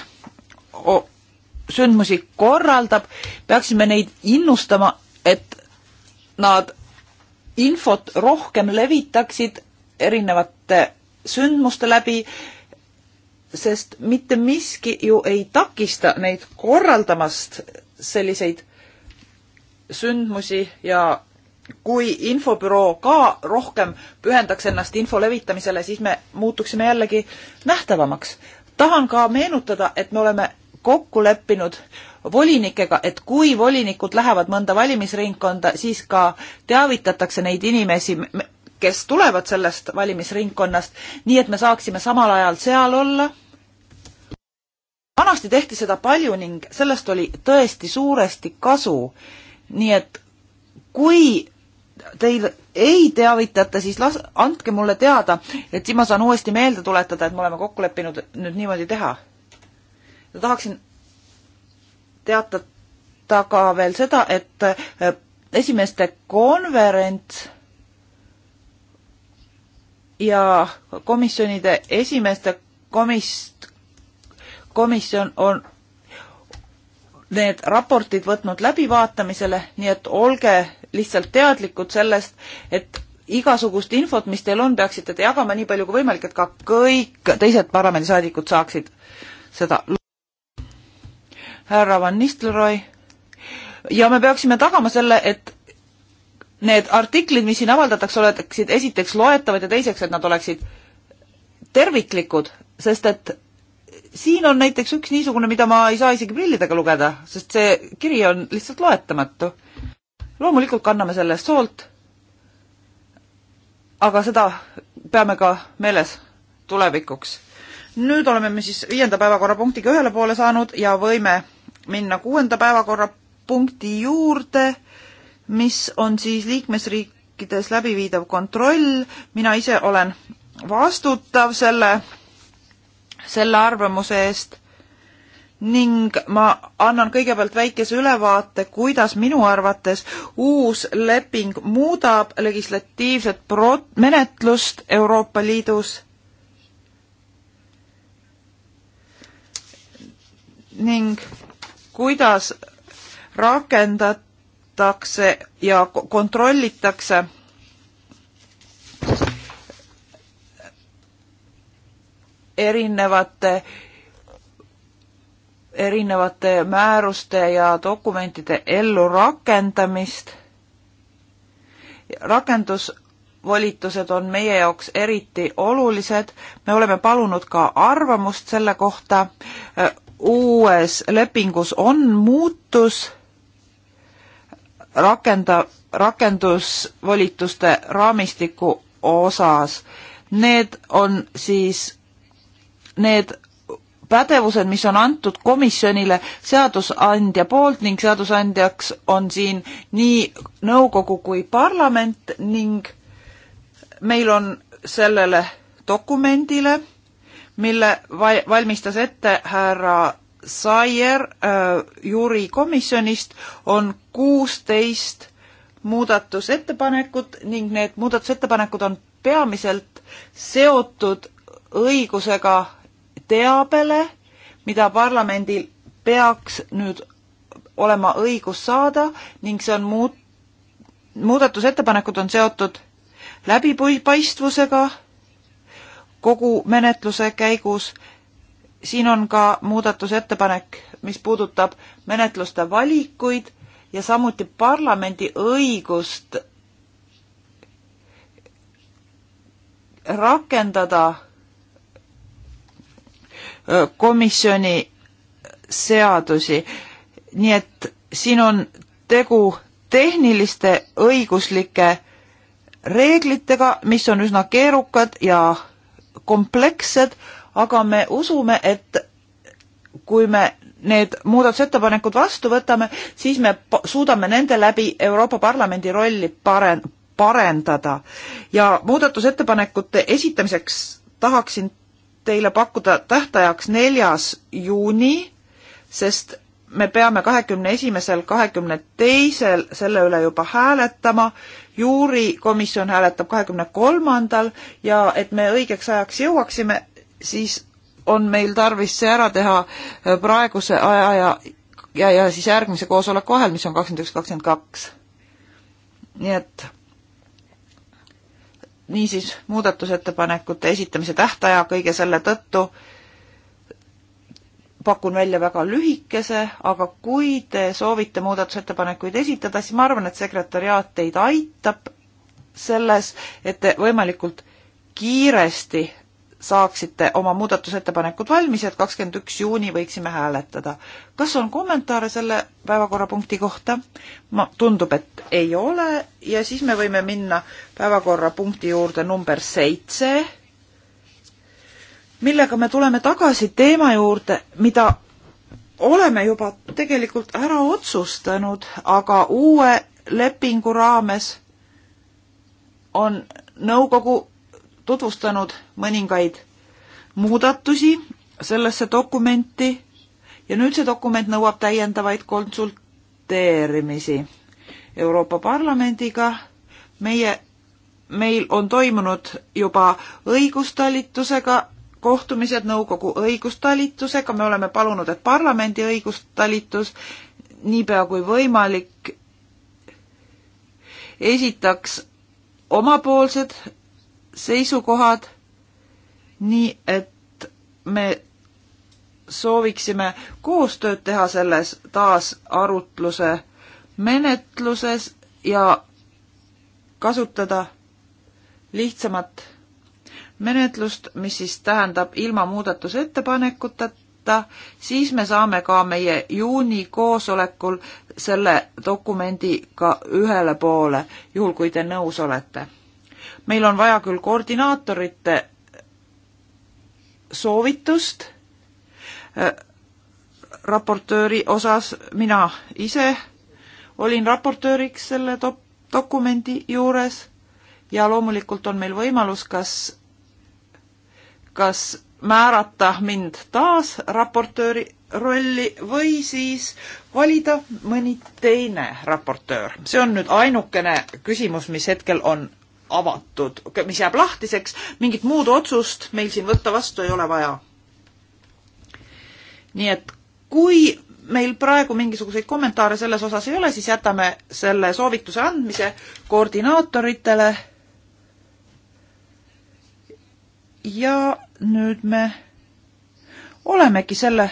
sündmusi korraldab, peaksime neid innustama, et nad infot rohkem levitaksid erinevate sündmuste läbi, sest mitte miski ju ei takista neid korraldamast selliseid sündmusi ja kui infobüroo ka rohkem pühendaks ennast info levitamisele, siis me muutuksime jällegi nähtavamaks. tahan ka meenutada, et me oleme kokku leppinud volinikega, et kui volinikud lähevad mõnda valimisringkonda, siis ka teavitatakse neid inimesi, kes tulevad sellest valimisringkonnast, nii et me saaksime samal ajal seal olla. vanasti tehti seda palju ning sellest oli tõesti suuresti kasu. nii et kui teil ei teavitata, siis las-, andke mulle teada, et siis ma saan uuesti meelde tuletada, et me oleme kokku leppinud nüüd niimoodi teha tahaksin teatada ka veel seda, et äh, esimeste konverents ja komisjonide esimeste komist-, komisjon on need raportid võtnud läbivaatamisele, nii et olge lihtsalt teadlikud sellest, et igasugust infot, mis teil on, peaksite te jagama nii palju kui võimalik, et ka kõik teised parlamendisaadikud saaksid seda härra Van Nistelrooy. ja me peaksime tagama selle, et need artiklid, mis siin avaldatakse, oleksid esiteks loetavad ja teiseks, et nad oleksid terviklikud, sest et siin on näiteks üks niisugune, mida ma ei saa isegi prillidega lugeda, sest see kiri on lihtsalt loetamatu. loomulikult kanname selle eest hoolt, aga seda peame ka meeles tulevikuks. nüüd oleme me siis viienda päevakorrapunktiga ühele poole saanud ja võime minna kuuenda päevakorrapunkti juurde, mis on siis liikmesriikides läbiviidav kontroll. mina ise olen vastutav selle, selle arvamuse eest ning ma annan kõigepealt väikese ülevaate, kuidas minu arvates uus leping muudab legislatiivset pro-, menetlust Euroopa Liidus ning kuidas rakendatakse ja kontrollitakse erinevate erinevate määruste ja dokumentide ellurakendamist. rakendusvolitused on meie jaoks eriti olulised, me oleme palunud ka arvamust selle kohta uues lepingus on muutus rakenda, rakendusvolituste raamistiku osas. Need on siis need pädevused, mis on antud komisjonile seadusandja poolt ning seadusandjaks on siin nii nõukogu kui parlament ning meil on sellele dokumendile mille valmistas ette härra Saier äh, juuri komisjonist, on kuusteist muudatusettepanekut ning need muudatusettepanekud on peamiselt seotud õigusega teabele, mida parlamendil peaks nüüd olema õigus saada ning see on muud, muudatusettepanekud on seotud läbipaistvusega kogu menetluse käigus. siin on ka muudatusettepanek, mis puudutab menetluste valikuid ja samuti parlamendi õigust rakendada komisjoni seadusi. nii et siin on tegu tehniliste õiguslike reeglitega, mis on üsna keerukad ja komplekssed, aga me usume, et kui me need muudatusettepanekud vastu võtame, siis me suudame nende läbi Euroopa Parlamendi rolli paren-, parendada. ja muudatusettepanekute esitamiseks tahaksin teile pakkuda tähtajaks neljas juuni, sest me peame kahekümne esimesel, kahekümne teisel selle üle juba hääletama, juurikomisjon hääletab kahekümne kolmandal ja et me õigeks ajaks jõuaksime, siis on meil tarvis see ära teha äh, praeguse aja ja, ja, ja siis järgmise koosoleku vahel, mis on kakskümmend üks, kakskümmend kaks. nii et niisiis muudatusettepanekute esitamise tähtaja kõige selle tõttu pakun välja väga lühikese, aga kui te soovite muudatusettepanekuid esitada, siis ma arvan, et sekretäriaat teid aitab selles, et te võimalikult kiiresti saaksite oma muudatusettepanekud valmis, et kakskümmend üks juuni võiksime hääletada. kas on kommentaare selle päevakorrapunkti kohta? ma, tundub, et ei ole ja siis me võime minna päevakorrapunkti juurde number seitse millega me tuleme tagasi teema juurde, mida oleme juba tegelikult ära otsustanud, aga uue lepingu raames on nõukogu tutvustanud mõningaid muudatusi sellesse dokumenti ja nüüd see dokument nõuab täiendavaid konsulteerimisi Euroopa Parlamendiga. meie, meil on toimunud juba õigustalitusega kohtumised nõukogu õigustalitusega, me oleme palunud, et parlamendi õigustalitus niipea kui võimalik esitaks omapoolsed seisukohad, nii et me sooviksime koostööd teha selles taasarutluse menetluses ja kasutada lihtsamat menetlust, mis siis tähendab ilma muudatusettepanekuteta, siis me saame ka meie juuni koosolekul selle dokumendiga ühele poole, juhul kui te nõus olete. meil on vaja küll koordinaatorite soovitust äh, raportööri osas, mina ise olin raportööriks selle dokumendi juures ja loomulikult on meil võimalus kas kas määrata mind taas raportööri rolli või siis valida mõni teine raportöör. see on nüüd ainukene küsimus, mis hetkel on avatud, mis jääb lahtiseks, mingit muud otsust meil siin võtta vastu ei ole vaja. nii et kui meil praegu mingisuguseid kommentaare selles osas ei ole, siis jätame selle soovituse andmise koordinaatoritele ja nüüd me olemegi selle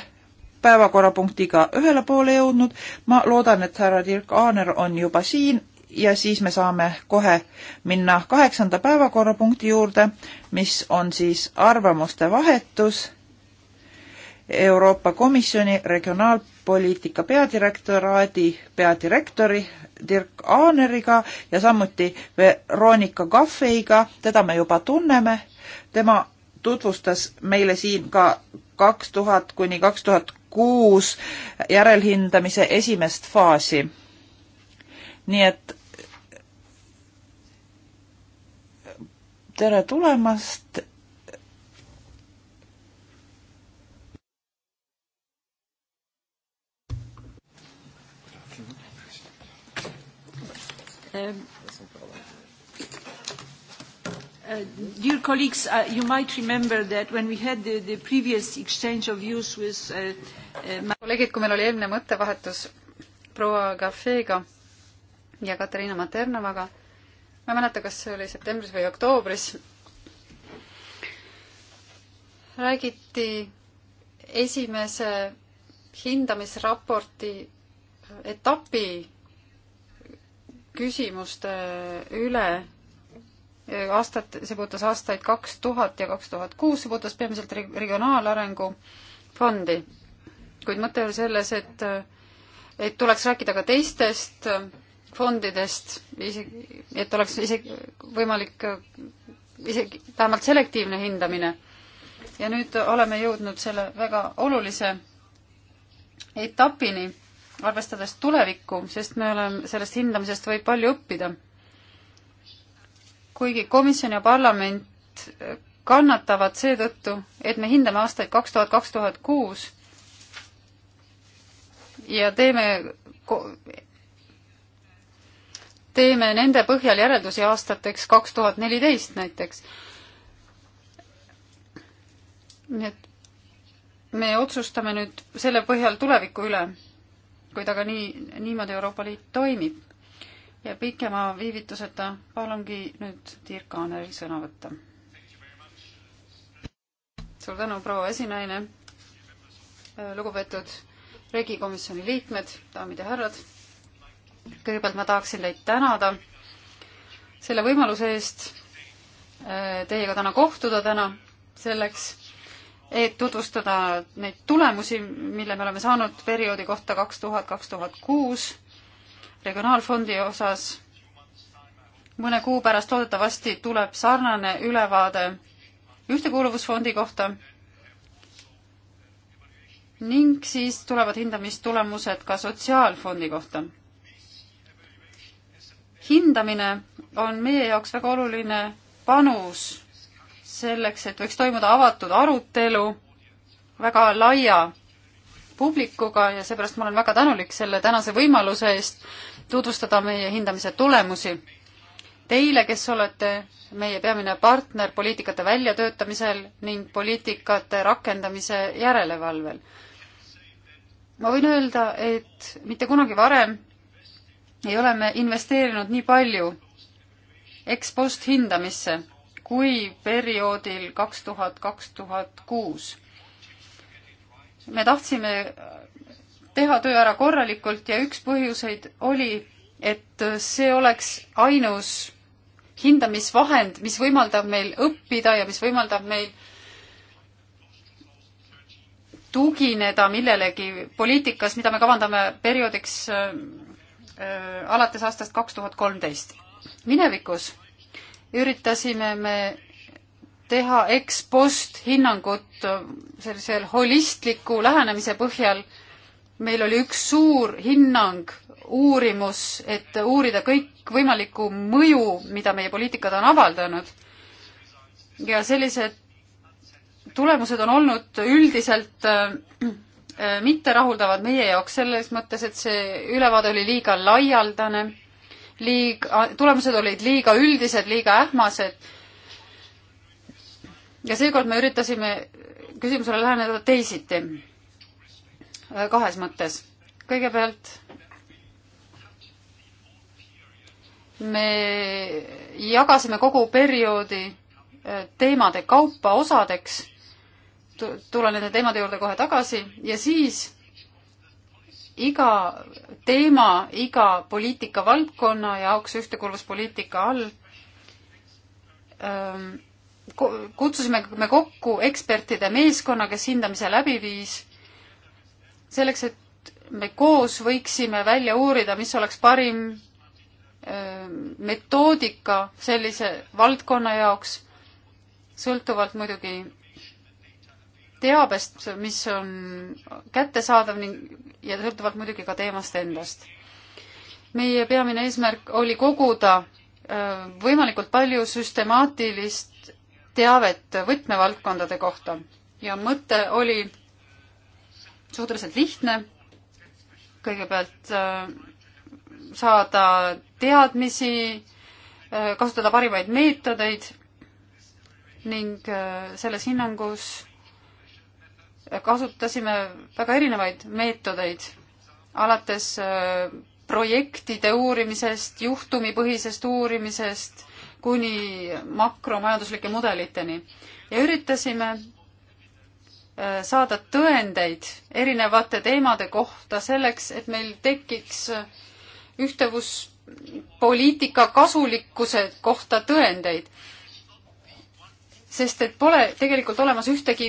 päevakorrapunktiga ühele poole jõudnud. ma loodan, et härra Dirk Aaner on juba siin ja siis me saame kohe minna kaheksanda päevakorrapunkti juurde, mis on siis arvamuste vahetus Euroopa Komisjoni regionaalpoliitika peadirektoraadi peadirektori Dirk Aaneriga ja samuti Veronika Kaffeiga, teda me juba tunneme tema tutvustas meile siin ka kaks tuhat kuni kaks tuhat kuus järelhindamise esimest faasi. nii et tere tulemast. Um Uh, dear colleagues, uh, you might remember that when we had the, the previous exchange of views with uh, uh, kolleegid, kui meil oli eelmine mõttevahetus proua Gaffeega ja Katariina Maternovaga, ma ei mäleta, kas see oli septembris või oktoobris, räägiti esimese hindamisraporti etapi küsimuste üle aastat, see puudutas aastaid kaks tuhat ja kaks tuhat kuus, see puudutas peamiselt regionaalarengu fondi. kuid mõte oli selles, et, et tuleks rääkida ka teistest fondidest, isegi, et oleks isegi võimalik isegi vähemalt selektiivne hindamine. ja nüüd oleme jõudnud selle väga olulise etapini, arvestades tulevikku, sest me oleme, sellest hindamisest võib palju õppida kuigi komisjon ja parlament kannatavad seetõttu, et me hindame aastaid kaks tuhat, kaks tuhat kuus ja teeme, teeme nende põhjal järeldusi aastateks kaks tuhat neliteist näiteks. nii et me otsustame nüüd selle põhjal tuleviku üle, kuid aga nii, niimoodi Euroopa Liit toimib ja pikema viivituseta palungi nüüd Dirk Aaneril sõna võtta. suur tänu, proua esinaine, lugupeetud regikomisjoni liikmed, daamid ja härrad. kõigepealt ma tahaksin teid tänada selle võimaluse eest äh, teiega täna kohtuda täna selleks, et tutvustada neid tulemusi, mille me oleme saanud perioodi kohta kaks tuhat, kaks tuhat kuus regionaalfondi osas. mõne kuu pärast loodetavasti tuleb sarnane ülevaade ühtekuuluvusfondi kohta ning siis tulevad hindamistulemused ka sotsiaalfondi kohta. hindamine on meie jaoks väga oluline panus selleks, et võiks toimuda avatud arutelu väga laia publikuga ja seepärast ma olen väga tänulik selle tänase võimaluse eest tutvustada meie hindamise tulemusi. Teile, kes olete meie peamine partner poliitikate väljatöötamisel ning poliitikate rakendamise järelevalvel. ma võin öelda, et mitte kunagi varem ei ole me investeerinud nii palju ex-post hindamisse kui perioodil kaks tuhat, kaks tuhat kuus me tahtsime teha töö ära korralikult ja üks põhjuseid oli, et see oleks ainus hindamisvahend, mis võimaldab meil õppida ja mis võimaldab meil tugineda millelegi poliitikas, mida me kavandame perioodiks äh, äh alates aastast kaks tuhat kolmteist. minevikus üritasime me teha ekspost hinnangut äh, sellisel holistliku lähenemise põhjal. meil oli üks suur hinnang, uurimus, et uurida kõikvõimalikku mõju, mida meie poliitikad on avaldanud. ja sellised tulemused on olnud üldiselt äh, äh, mitterahuldavad meie jaoks selles mõttes, et see ülevaade oli liiga laialdane, liiga, tulemused olid liiga üldised, liiga ähmased ja seekord me üritasime küsimusele läheneda teisiti, äh, kahes mõttes. kõigepealt me jagasime kogu perioodi äh, teemade kaupa osadeks, tulen nende teemade juurde kohe tagasi, ja siis iga teema, iga poliitikavaldkonna jaoks ühtekuuluvuspoliitika all ähm, kutsusime me kokku ekspertide meeskonna, kes hindamise läbi viis, selleks, et me koos võiksime välja uurida, mis oleks parim metoodika sellise valdkonna jaoks, sõltuvalt muidugi teabest, mis on kättesaadav ning, ja sõltuvalt muidugi ka teemast endast. meie peamine eesmärk oli koguda võimalikult palju süstemaatilist teavet võtmevaldkondade kohta ja mõte oli suhteliselt lihtne. kõigepealt äh, saada teadmisi, äh, kasutada parimaid meetodeid ning äh, selles hinnangus kasutasime väga erinevaid meetodeid, alates projektide uurimisest, juhtumipõhisest uurimisest kuni makromajanduslike mudeliteni ja üritasime äh, saada tõendeid erinevate teemade kohta selleks, et meil tekiks äh, ühtevuspoliitika kasulikkuse kohta tõendeid. sest et pole tegelikult olemas ühtegi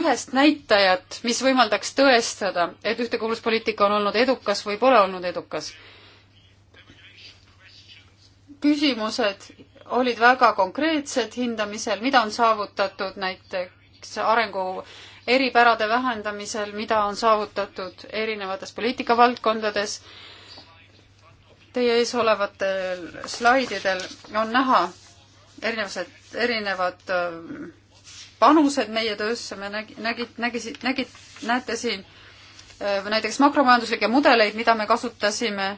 ühest näitajat, mis võimaldaks tõestada, et ühtekuuluvuspoliitika on olnud edukas või pole olnud edukas. küsimused olid väga konkreetsed hindamisel, mida on saavutatud näiteks arengu eripärade vähendamisel, mida on saavutatud erinevates poliitikavaldkondades. Teie ees olevatel slaididel on näha erinevused, erinevad äh, panused meie töösse, me nägi, nägid, nägisid, nägid, näete siin äh, näiteks makromajanduslikke mudeleid, mida me kasutasime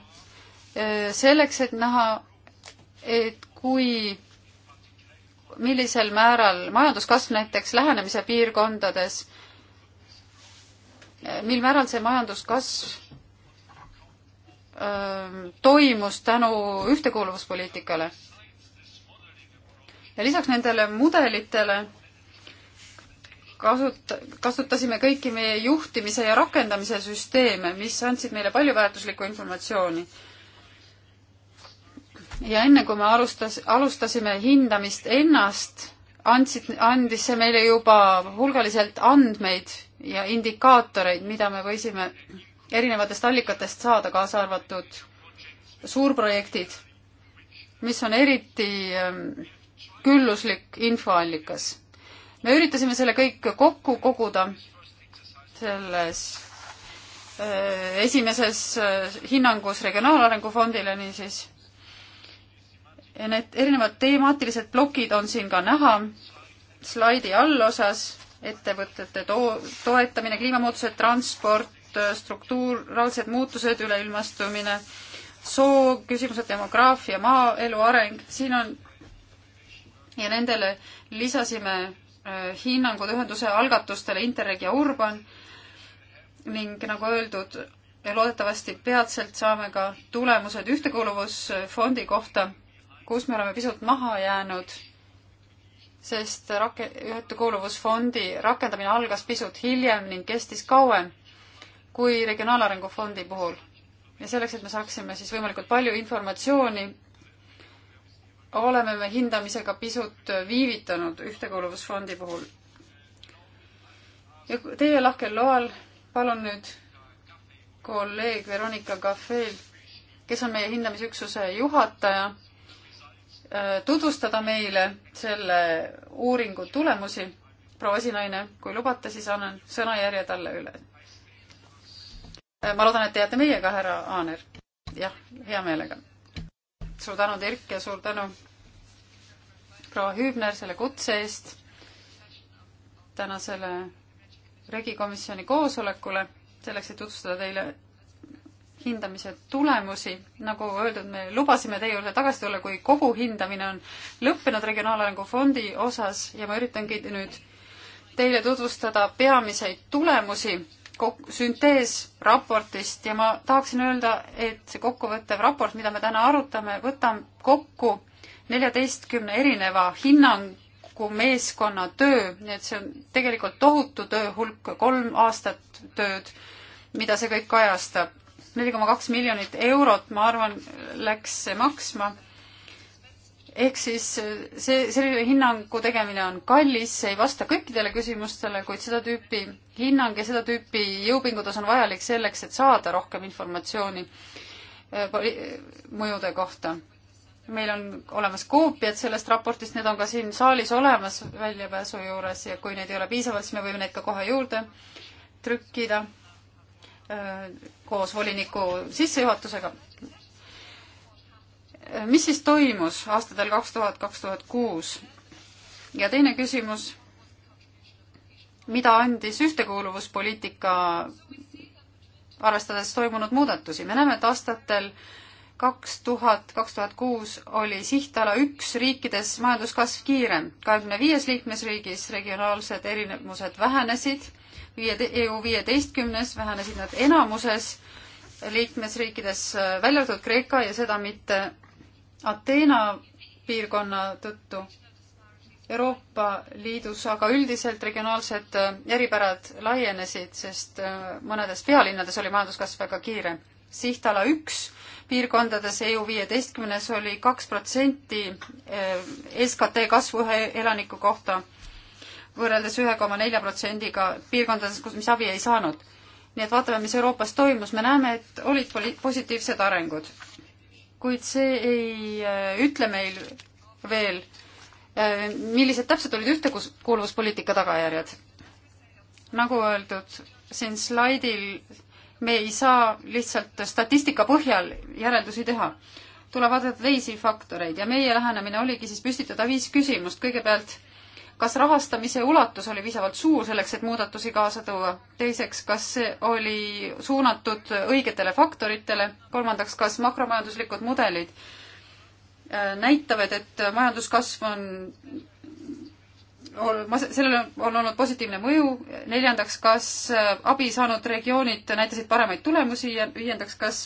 äh, selleks, et näha, et kui millisel määral majanduskasv näiteks lähenemise piirkondades, mil määral see majanduskasv öö, ähm, toimus tänu ühtekuuluvuspoliitikale. ja lisaks nendele mudelitele kasut-, kasutasime kõiki meie juhtimise ja rakendamise süsteeme, mis andsid meile palju väärtuslikku informatsiooni ja enne kui me alustas, alustasime hindamist ennast, andsid, andis see meile juba hulgaliselt andmeid ja indikaatoreid, mida me võisime erinevatest allikatest saada, kaasa arvatud suurprojektid, mis on eriti ähm, külluslik infoallikas. me üritasime selle kõik kokku koguda selles äh, esimeses äh, hinnangus Regionaalarengu Fondile niisiis Need erinevad temaatilised plokid on siin ka näha slaidi allosas, ettevõtete to-, toetamine, kliimamuutused, transport, struktuuralised muutused, üleilmastumine, soo, küsimused, demograafia, maaelu areng, siin on ja nendele lisasime äh, hinnangud ühenduse algatustele Interreg ja Urban ning nagu öeldud, loodetavasti peatselt saame ka tulemused ühtekuuluvusfondi kohta kus me oleme pisut maha jäänud, sest rake-, ühtekuuluvusfondi rakendamine algas pisut hiljem ning kestis kauem kui Regionaalarengu Fondi puhul. ja selleks, et me saaksime siis võimalikult palju informatsiooni, oleme me hindamisega pisut viivitanud Ühtekuuluvusfondi puhul. ja teie lahkel loal palun nüüd kolleeg Veronika Gaffel, kes on meie hindamisüksuse juhataja Äh, tutvustada meile selle uuringu tulemusi. proua esinaine, kui lubate, siis annan sõnajärje talle üle. Äh, ma loodan, et te jääte meiega, härra Aaner. jah, hea meelega. suur tänu, Dirk, ja suur tänu, proua Hüübner, selle kutse eest tänasele regikomisjoni koosolekule, selleks, et tutvustada teile hindamise tulemusi. nagu öeldud, me lubasime teie juurde tagasi tulla, kui kogu hindamine on lõppenud Regionaalarengu Fondi osas ja ma üritangi nüüd teile tutvustada peamiseid tulemusi süntees raportist ja ma tahaksin öelda, et see kokkuvõttev raport, mida me täna arutame, võtab kokku neljateistkümne erineva hinnangu meeskonna töö, nii et see on tegelikult tohutu tööhulk, kolm aastat tööd, mida see kõik kajastab neli koma kaks miljonit eurot, ma arvan, läks see maksma. ehk siis äh, see, selline hinnangu tegemine on kallis, see ei vasta kõikidele küsimustele, kuid seda tüüpi hinnang ja seda tüüpi jõupingutus on vajalik selleks, et saada rohkem informatsiooni äh, mõjude kohta. meil on olemas koopiad sellest raportist, need on ka siin saalis olemas väljapääsu juures ja kui neid ei ole piisavalt, siis me võime neid ka kohe juurde trükkida Äh, koos voliniku sissejuhatusega. Äh, mis siis toimus aastatel kaks tuhat, kaks tuhat kuus? ja teine küsimus, mida andis ühtekuuluvuspoliitika arvestades toimunud muudatusi, me näeme, et aastatel kaks tuhat, kaks tuhat kuus oli sihtala üks riikides majanduskasv kiirem, kahekümne viies liikmesriigis regionaalsed erinevused vähenesid viie, EU viieteistkümnes vähenesid nad enamuses liikmesriikides, välja arvatud Kreeka ja seda mitte Ateena piirkonna tõttu. Euroopa Liidus aga üldiselt regionaalsed järipärad äh, laienesid, sest äh, mõnedes pealinnades oli majanduskasv väga kiire. sihtala üks piirkondades EU viieteistkümnes oli kaks protsenti äh, SKT kasvu ühe elaniku kohta võrreldes ühe koma nelja protsendiga piirkondades, kus, mis abi ei saanud. nii et vaatame, mis Euroopas toimus, me näeme, et olid poli-, positiivsed arengud. kuid see ei äh, ütle meil veel, äh, millised täpselt olid ühtekuuluvuspoliitika tagajärjed. nagu öeldud, siin slaidil me ei saa lihtsalt statistika põhjal järeldusi teha. tuleb vaadata teisi faktoreid ja meie lähenemine oligi siis püstitada viis küsimust. kõigepealt kas rahastamise ulatus oli piisavalt suur selleks, et muudatusi kaasa tuua? teiseks, kas see oli suunatud õigetele faktoritele? kolmandaks, kas makromajanduslikud mudelid äh, näitavad, et majanduskasv on ma, sellel on olnud positiivne mõju, neljandaks, kas äh, abi saanud regioonid näitasid paremaid tulemusi ja viiendaks, kas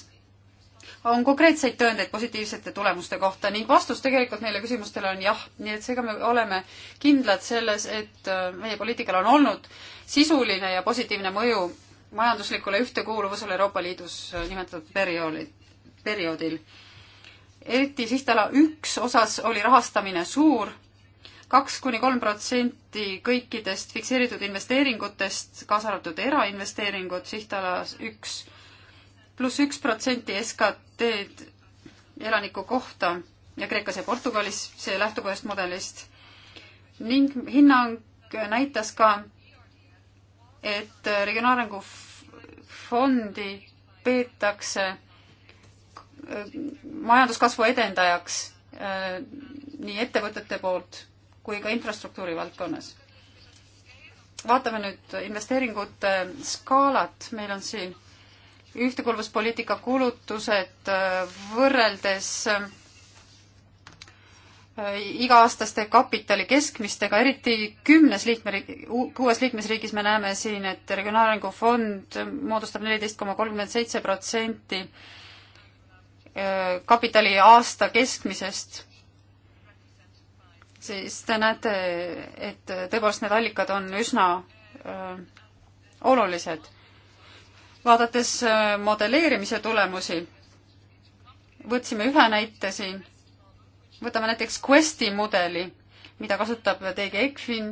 on konkreetseid tõendeid positiivsete tulemuste kohta ning vastus tegelikult neile küsimustele on jah, nii et seega me oleme kindlad selles, et äh, meie poliitikal on olnud sisuline ja positiivne mõju majanduslikule ühtekuuluvusele Euroopa Liidus äh, nimetatud perioodil, perioodil. eriti sihtala üks osas oli rahastamine suur, kaks kuni kolm protsenti kõikidest fikseeritud investeeringutest, kaasa arvatud erainvesteeringud sihtalas üks pluss üks protsenti SKT-d elaniku kohta ja Kreekas ja Portugalis see lähtub ühest mudelist. ning hinnang näitas ka, et regionaalarengu fondi peetakse majanduskasvu edendajaks äh, nii ettevõtete poolt kui ka infrastruktuuri valdkonnas. vaatame nüüd investeeringute skaalat, meil on siin ühtekuuluvuspoliitika kulutused äh, võrreldes äh, iga-aastaste kapitali keskmistega, eriti kümnes liikmeriigi, kuues liikmesriigis me näeme siin, et Regionaalarengu Fond moodustab neliteist koma kolmkümmend seitse protsenti äh, kapitali aasta keskmisest, siis te näete, et tõepoolest need allikad on üsna öö, olulised vaadates äh, modelleerimise tulemusi, võtsime ühe näite siin, võtame näiteks Questi mudeli, mida kasutab TG ECFIN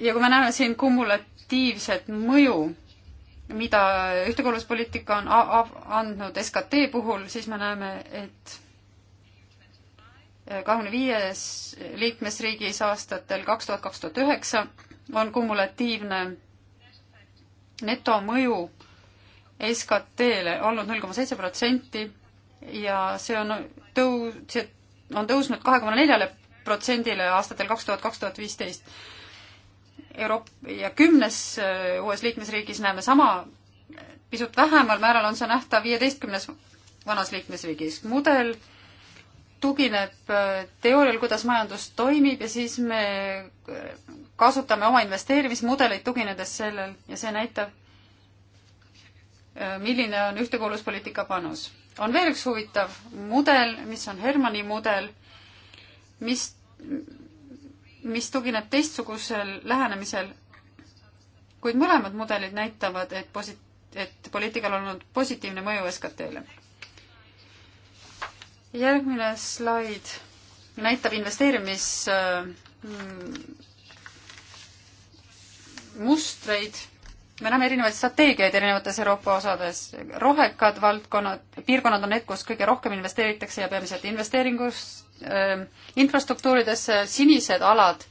ja kui me näeme siin kumulatiivset mõju, mida ühtekuuluvuspoliitika on andnud SKT puhul, siis me näeme, et äh, kahekümne viies liikmesriigis aastatel kaks tuhat, kaks tuhat üheksa on kumulatiivne netomõju SKT-le olnud null koma seitse protsenti ja see on tõu-, see on tõusnud kahe koma neljale protsendile aastatel kaks tuhat, kaks tuhat viisteist. Euroop- ja kümnes äh, uues liikmesriigis näeme sama, pisut vähemal määral on see nähtav viieteistkümnes vanas liikmesriigis. mudel tugineb äh, teoorial, kuidas majandus toimib ja siis me äh, kasutame oma investeerimismudeleid tuginedes sellel ja see näitab, äh, milline on ühtekuuluvuspoliitika panus. on veel üks huvitav mudel, mis on Hermanni mudel, mis, mis tugineb teistsugusel lähenemisel, kuid mõlemad mudelid näitavad, et posi-, et poliitikal on olnud positiivne mõju SKT-le järgmine slaid näitab investeerimismustreid. Äh, mm, me näeme erinevaid strateegiaid erinevates Euroopa osades. rohekad valdkonnad, piirkonnad on need, kus kõige rohkem investeeritakse ja peamiselt investeeringus, äh, infrastruktuuridesse, sinised alad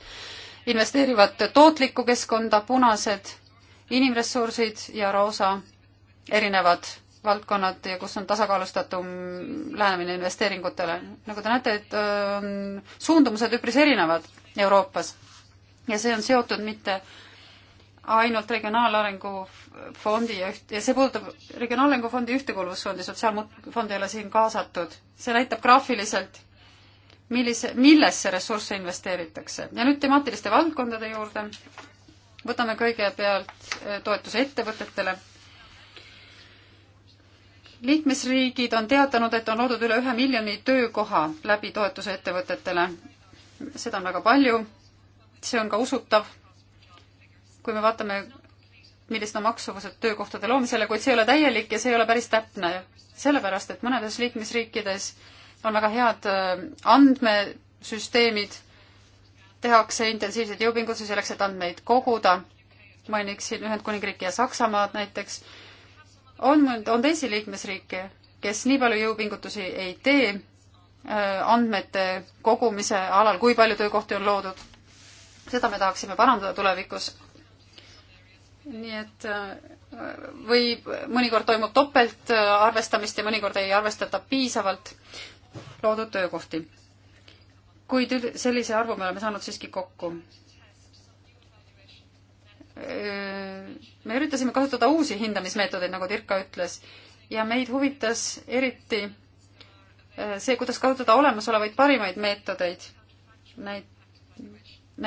investeerivad tootlikku keskkonda, punased inimressursid ja roosa erinevad valdkonnad ja kus on tasakaalustatum lähenemine investeeringutele. nagu te näete, et äh, on suundumused üpris erinevad Euroopas ja see on seotud mitte ainult Regionaalarengu fondi ja üht-, ja see puudutab Regionaalarengu fondi ühtekuuluvusfondi, Sotsiaalfond ei ole siin kaasatud. see näitab graafiliselt, millise, millesse ressursse investeeritakse. ja nüüd temaatiliste valdkondade juurde. võtame kõigepealt äh, toetuse ettevõtetele liikmesriigid on teatanud, et on loodud üle ühe miljoni töökoha läbi toetuse ettevõtetele. seda on väga palju, see on ka usutav, kui me vaatame, millised on maksuvused töökohtade loomisele, kuid see ei ole täielik ja see ei ole päris täpne, sellepärast et mõnedes liikmesriikides on väga head äh, andmesüsteemid, tehakse intensiivseid jõupingutusi selleks, et andmeid koguda, mainiksin Ühendkuningriiki ja Saksamaad näiteks on, on teisi liikmesriike, kes nii palju jõupingutusi ei tee äh, andmete kogumise alal, kui palju töökohti on loodud. seda me tahaksime parandada tulevikus. nii et äh, või mõnikord toimub topeltarvestamist ja mõnikord ei arvestata piisavalt loodud töökohti. kuid sellise arvu me oleme saanud siiski kokku me üritasime kasutada uusi hindamismeetodeid, nagu Dirka ütles, ja meid huvitas eriti äh, see, kuidas kasutada olemasolevaid parimaid meetodeid, näit-,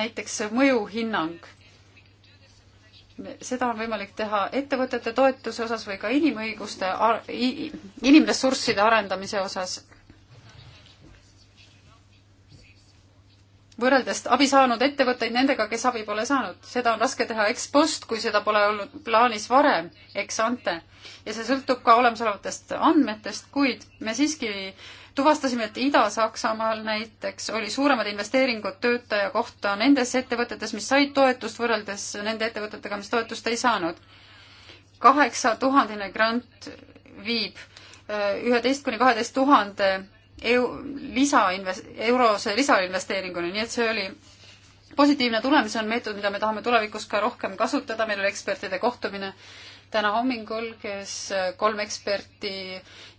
näiteks mõjuhinnang. seda on võimalik teha ettevõtete toetuse osas või ka inimõiguste, inimressursside arendamise osas võrreldes abi saanud ettevõtteid nendega, kes abi pole saanud. seda on raske teha ex post, kui seda pole olnud plaanis varem, ex ante. ja see sõltub ka olemasolevatest andmetest, kuid me siiski tuvastasime, et Ida-Saksamaal näiteks oli suuremad investeeringud töötaja kohta nendes ettevõtetes, mis said toetust, võrreldes nende ettevõtetega, mis toetust ei saanud. kaheksa tuhandene grant viib äh, üheteist kuni kaheteist tuhande eu-, lisainvest-, eurose lisainvesteeringuni, nii et see oli positiivne tulemus, see on meetod, mida me tahame tulevikus ka rohkem kasutada, meil oli ekspertide kohtumine täna hommikul, kes kolm eksperti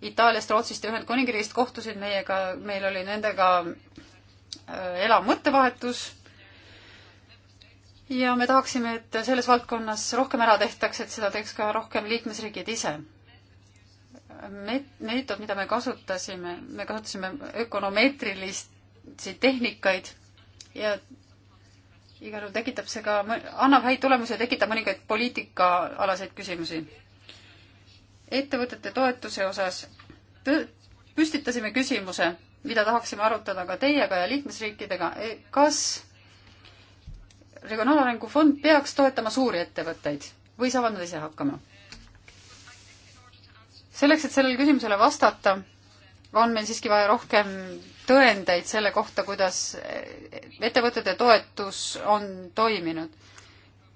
Itaaliast, Rootsist ja Ühendkuningriigist kohtusid meiega, meil oli nendega äh, elav mõttevahetus ja me tahaksime, et selles valdkonnas rohkem ära tehtaks, et seda teeks ka rohkem liikmesriigid ise met-, meetod, mida me kasutasime, me kasutasime ökonomeetrilisi tehnikaid ja igal juhul tekitab see ka, annab häid tulemusi ja tekitab mõningaid poliitikaalaseid küsimusi. ettevõtete toetuse osas püstitasime küsimuse, mida tahaksime arutada ka teiega ja liikmesriikidega, e-, kas regionaalarengu fond peaks toetama suuri ettevõtteid või saavad nad ise hakkama selleks, et sellele küsimusele vastata, on meil siiski vaja rohkem tõendeid selle kohta, kuidas ettevõtete toetus on toiminud.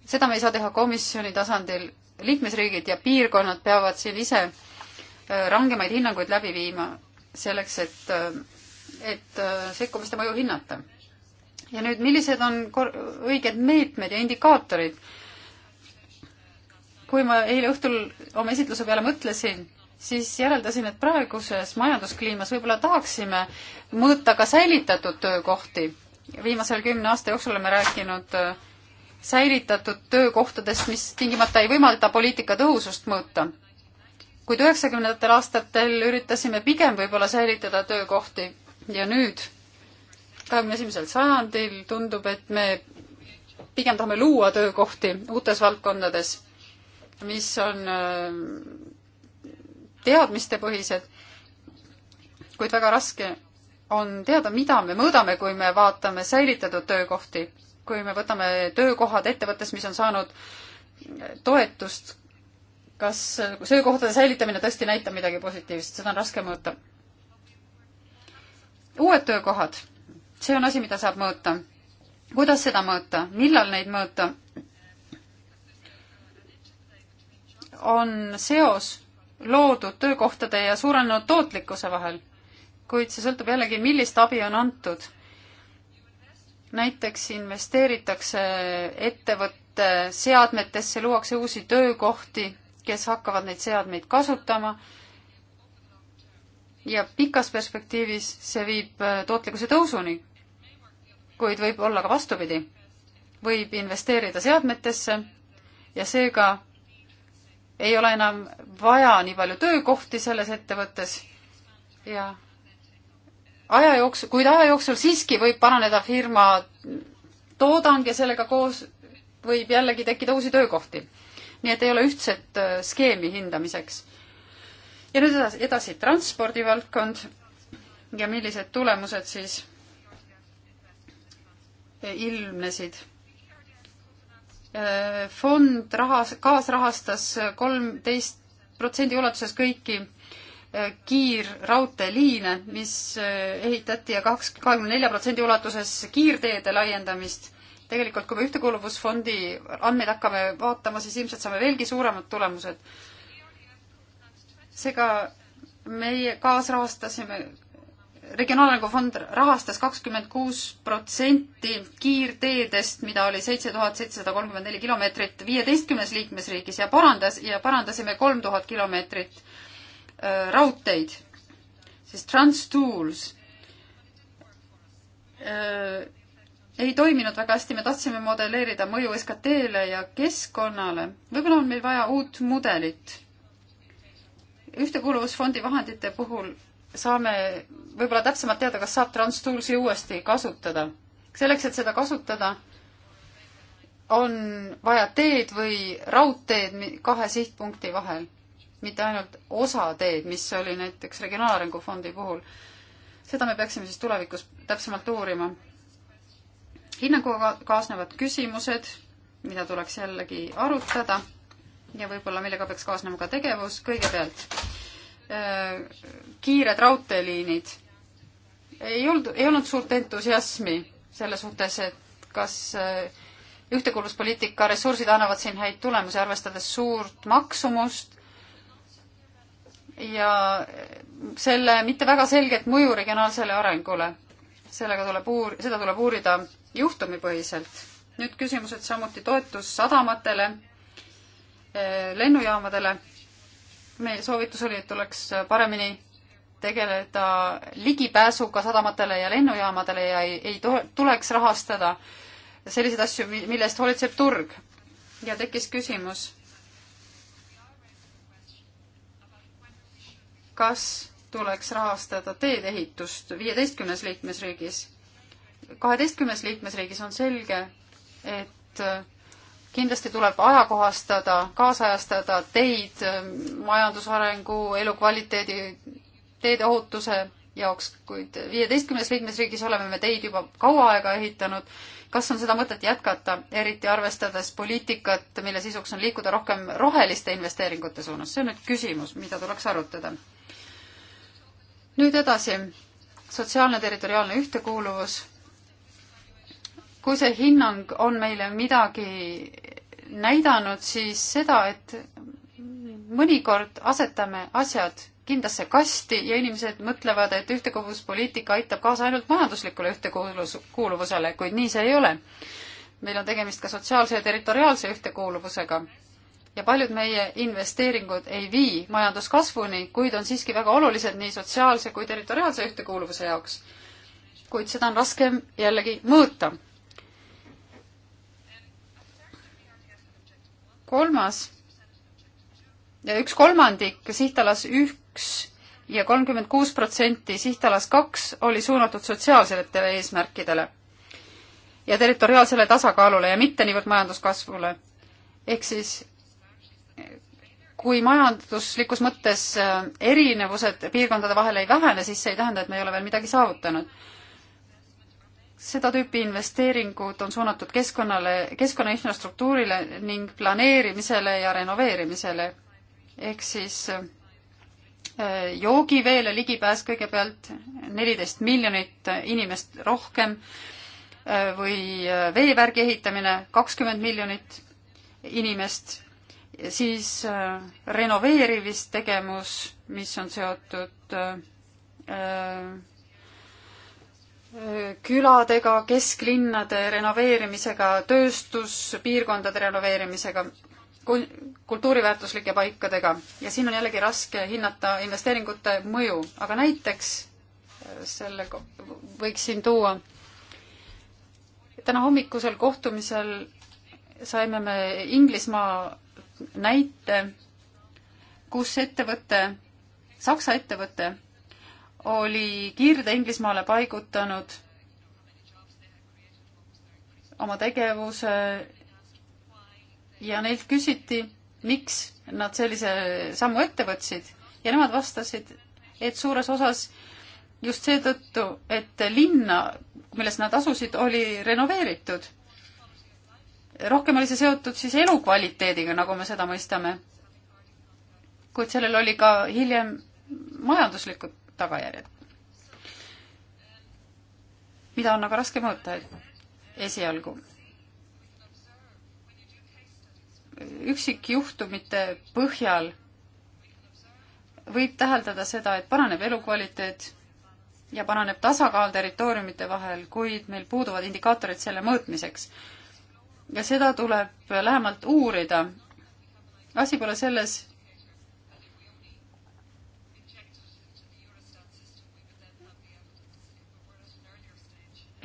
seda me ei saa teha komisjoni tasandil, liikmesriigid ja piirkonnad peavad siin ise äh, rangemaid hinnanguid läbi viima selleks, et, äh, et äh, sekkumiste mõju hinnata. ja nüüd, millised on kor-, õiged meetmed ja indikaatorid? kui ma eile õhtul oma esitluse peale mõtlesin, siis järeldasin, et praeguses majanduskliimas võib-olla tahaksime mõõta ka säilitatud töökohti. viimasel kümne aasta jooksul oleme rääkinud äh, säilitatud töökohtadest, mis tingimata ei võimalda poliitika tõhusust mõõta. kuid üheksakümnendatel aastatel üritasime pigem võib-olla säilitada töökohti ja nüüd, kahekümne esimesel sajandil tundub, et me pigem tahame luua töökohti uutes valdkondades, mis on äh, teadmistepõhised, kuid väga raske on teada, mida me mõõdame, kui me vaatame säilitatud töökohti, kui me võtame töökohad ettevõttes, mis on saanud toetust, kas töökohtade säilitamine tõesti näitab midagi positiivset, seda on raske mõõta. uued töökohad, see on asi, mida saab mõõta. kuidas seda mõõta, millal neid mõõta? on seos loodud töökohtade ja suurenenud tootlikkuse vahel. kuid see sõltub jällegi, millist abi on antud. näiteks investeeritakse ettevõtte seadmetesse, luuakse uusi töökohti, kes hakkavad neid seadmeid kasutama ja pikas perspektiivis see viib äh, tootlikkuse tõusuni, kuid võib olla ka vastupidi. võib investeerida seadmetesse ja seega ei ole enam vaja nii palju töökohti selles ettevõttes ja aja jooksul, kuid aja jooksul siiski võib paraneda firma toodang ja sellega koos võib jällegi tekkida uusi töökohti. nii et ei ole ühtset äh, skeemi hindamiseks. ja nüüd edasi, edasi transpordivaldkond ja millised tulemused siis äh, ilmnesid Äh, fond rahas, kaasrahastas kolmteist protsendi ulatuses kõiki äh, kiirraudteeliine, mis äh, ehitati ja kaks, kahekümne nelja protsendi ulatuses kiirteede laiendamist. tegelikult, kui me Ühtekuuluvusfondi andmeid hakkame vaatama, siis ilmselt saame veelgi suuremad tulemused. seega meie kaasrahastasime regionaalarengu fond rahastas kakskümmend kuus protsenti kiirteedest, mida oli seitse tuhat seitsesada kolmkümmend neli kilomeetrit viieteistkümnes liikmesriigis ja parandas ja parandasime kolm tuhat kilomeetrit äh, raudteid, siis TransTools äh, ei toiminud väga hästi, me tahtsime modelleerida mõju SKT-le ja keskkonnale. võib-olla on meil vaja uut mudelit. ühtekuuluvusfondi vahendite puhul saame võib-olla täpsemalt teada, kas saab TransToolsi uuesti kasutada. selleks, et seda kasutada, on vaja teed või raudteed kahe sihtpunkti vahel, mitte ainult osa teed, mis oli näiteks Regionaalarengu Fondi puhul. seda me peaksime siis tulevikus täpsemalt uurima. hinnanguga kaasnevad küsimused, mida tuleks jällegi arutada ja võib-olla millega peaks kaasnema ka tegevus kõigepealt Äh, kiired raudteeliinid. ei olnud, ei olnud suurt entusiasmi selle suhtes, et kas äh, ühtekuuluvuspoliitika ressursid annavad siin häid tulemusi, arvestades suurt maksumust ja selle mitte väga selget mõju regionaalsele arengule. sellega tuleb uur-, seda tuleb uurida juhtumipõhiselt. nüüd küsimused samuti toetussadamatele, äh, lennujaamadele meie soovitus oli, et tuleks paremini tegeleda ligipääsuga sadamatele ja lennujaamadele ja ei, ei tuleks rahastada selliseid asju, mille eest hoolitseb turg. ja tekkis küsimus, kas tuleks rahastada teedeehitust viieteistkümnes liikmesriigis. kaheteistkümnes liikmesriigis on selge, et kindlasti tuleb ajakohastada, kaasajastada teid ähm, majandusarengu, elukvaliteedi, teede ohutuse jaoks, kuid viieteistkümnes liikmesriigis oleme me teid juba kaua aega ehitanud. kas on seda mõtet jätkata, eriti arvestades poliitikat, mille sisuks on liikuda rohkem roheliste investeeringute suunas? see on nüüd küsimus, mida tuleks arutada. nüüd edasi, sotsiaalne territoriaalne ühtekuuluvus kui see hinnang on meile midagi näidanud, siis seda, et mõnikord asetame asjad kindlasse kasti ja inimesed mõtlevad, et ühtekuuluvuspoliitika aitab kaasa ainult majanduslikule ühtekuuluvusele, kuid nii see ei ole. meil on tegemist ka sotsiaalse ja territoriaalse ühtekuuluvusega ja paljud meie investeeringud ei vii majanduskasvuni, kuid on siiski väga olulised nii sotsiaalse kui territoriaalse ühtekuuluvuse jaoks. kuid seda on raskem jällegi mõõta kolmas ja üks kolmandik sihtalas üks ja kolmkümmend kuus protsenti sihtalas kaks oli suunatud sotsiaalsetele eesmärkidele ja territoriaalsele tasakaalule ja mitte niivõrd majanduskasvule. ehk siis kui majanduslikus mõttes äh, erinevused piirkondade vahel ei vähene, siis see ei tähenda, et me ei ole veel midagi saavutanud seda tüüpi investeeringud on suunatud keskkonnale, keskkonna infrastruktuurile ning planeerimisele ja renoveerimisele. ehk siis äh, joogiveele ligipääs kõigepealt, neliteist miljonit inimest rohkem äh, või äh, veevärgi ehitamine, kakskümmend miljonit inimest, siis renoveerimistegevus, mis on seotud küladega, kesklinnade renoveerimisega, tööstuspiirkondade renoveerimisega, kultuuriväärtuslike paikadega ja siin on jällegi raske hinnata investeeringute mõju, aga näiteks äh, selle võiksin tuua. täna hommikusel kohtumisel saime me Inglismaa näite, kus ettevõte, Saksa ettevõte oli Kirde Inglismaale paigutanud oma tegevuse ja neilt küsiti, miks nad sellise sammu ette võtsid ja nemad vastasid, et suures osas just seetõttu, et linna, milles nad asusid, oli renoveeritud. rohkem oli see seotud siis elukvaliteediga, nagu me seda mõistame. kuid sellel oli ka hiljem majanduslikud tagajärjed. mida on aga raske mõõta esialgu. üksikjuhtumite põhjal võib täheldada seda, et paraneb elukvaliteet ja paraneb tasakaal territooriumite vahel, kuid meil puuduvad indikaatorid selle mõõtmiseks. ja seda tuleb lähemalt uurida. asi pole selles,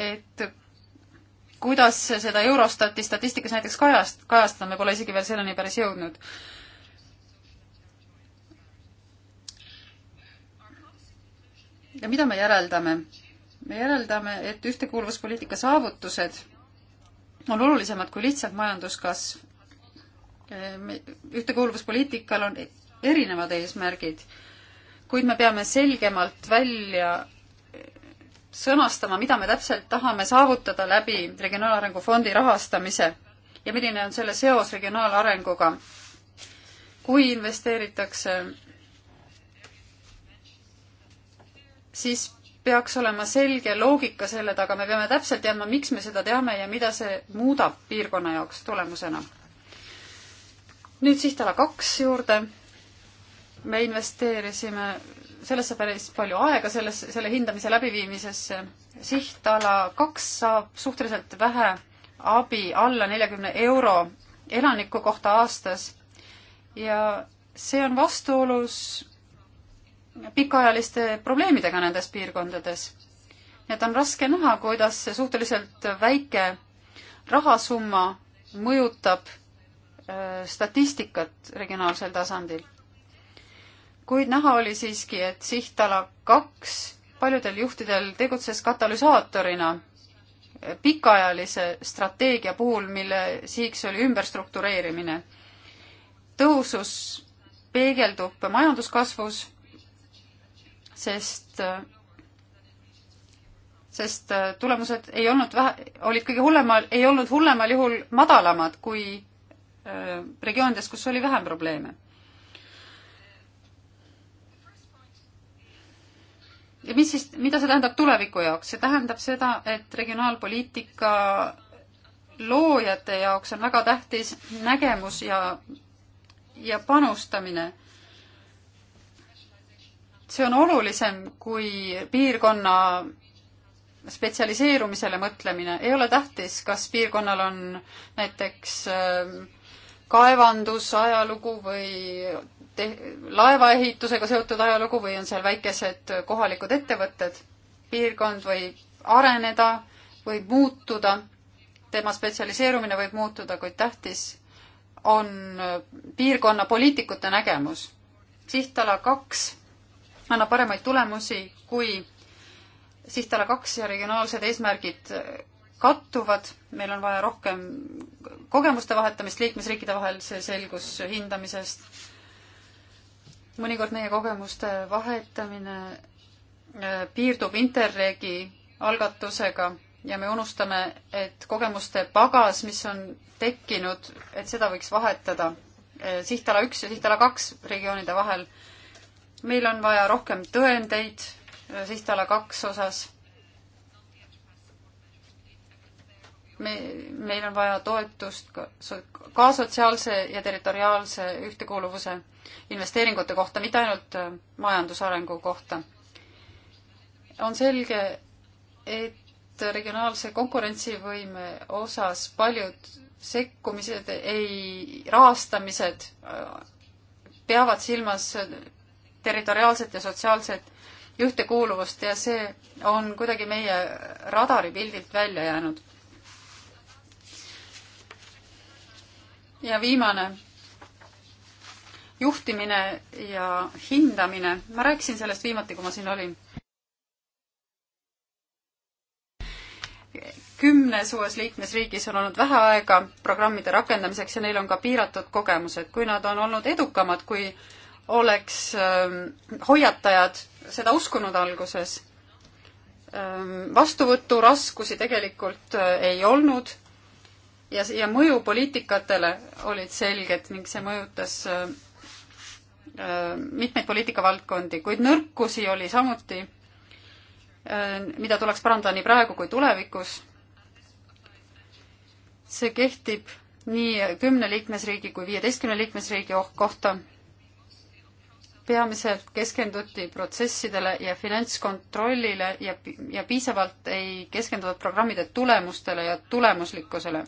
et kuidas seda Eurostati statistikas näiteks kajast-, kajastada, me pole isegi veel selleni päris jõudnud. ja mida me järeldame? me järeldame, et ühtekuuluvuspoliitika saavutused on olulisemad kui lihtsalt majanduskasv. ühtekuuluvuspoliitikal on erinevad eesmärgid, kuid me peame selgemalt välja sõnastama, mida me täpselt tahame saavutada läbi Regionaalarengu Fondi rahastamise ja milline on selle seos regionaalarenguga. kui investeeritakse, siis peaks olema selge loogika selle taga, me peame täpselt teadma, miks me seda teame ja mida see muudab piirkonna jaoks tulemusena. nüüd sihtala kaks juurde. me investeerisime sellesse päris palju aega, selles, selle hindamise läbiviimisesse. sihtala kaks saab suhteliselt vähe abi, alla neljakümne euro elaniku kohta aastas. ja see on vastuolus pikaajaliste probleemidega nendes piirkondades. nii et on raske näha, kuidas see suhteliselt väike rahasumma mõjutab äh, statistikat regionaalsel tasandil kuid näha oli siiski, et sihtala kaks paljudel juhtidel tegutses katalüsaatorina pikaajalise strateegia puhul, mille sihiks oli ümberstruktureerimine. tõusus peegeldub majanduskasvus, sest, sest tulemused ei olnud vähe, olid kõige hullemal, ei olnud hullemal juhul madalamad kui äh, regioonides, kus oli vähem probleeme ja mis siis, mida see tähendab tuleviku jaoks? see tähendab seda, et regionaalpoliitika loojate jaoks on väga tähtis nägemus ja, ja panustamine. see on olulisem kui piirkonna spetsialiseerumisele mõtlemine. ei ole tähtis, kas piirkonnal on näiteks äh, kaevandus, ajalugu või laevaehitusega seotud ajalugu või on seal väikesed kohalikud ettevõtted. piirkond võib areneda, võib muutuda, tema spetsialiseerumine võib muutuda, kuid tähtis on piirkonna poliitikute nägemus. sihtala kaks annab paremaid tulemusi, kui sihtala kaks ja regionaalsed eesmärgid kattuvad, meil on vaja rohkem kogemuste vahetamist liikmesriikide vahel, see selgus hindamisest mõnikord meie kogemuste vahetamine äh, piirdub Interregi algatusega ja me unustame, et kogemuste pagas, mis on tekkinud, et seda võiks vahetada äh, sihtala üks ja sihtala kaks regioonide vahel. meil on vaja rohkem tõendeid äh, sihtala kaks osas me, meil on vaja toetust ka, ka sotsiaalse ja territoriaalse ühtekuuluvuse investeeringute kohta, mitte ainult äh, majandusarengu kohta. on selge, et regionaalse konkurentsivõime osas paljud sekkumised ei, rahastamised äh, peavad silmas territoriaalset ja sotsiaalset ühtekuuluvust ja see on kuidagi meie radaripildilt välja jäänud ja viimane, juhtimine ja hindamine. ma rääkisin sellest viimati, kui ma siin olin. kümnes uues liikmesriigis on olnud vähe aega programmide rakendamiseks ja neil on ka piiratud kogemused. kui nad on olnud edukamad, kui oleks ähm, hoiatajad seda uskunud alguses ähm,, vastuvõturaskusi tegelikult äh, ei olnud ja, ja mõju poliitikatele olid selged ning see mõjutas äh, äh, mitmeid poliitikavaldkondi, kuid nõrkusi oli samuti äh,, mida tuleks parandada nii praegu kui tulevikus. see kehtib nii kümne liikmesriigi kui viieteistkümne liikmesriigi oh-, kohta. peamiselt keskenduti protsessidele ja finantskontrollile ja, ja piisavalt ei keskendunud programmide tulemustele ja tulemuslikkusele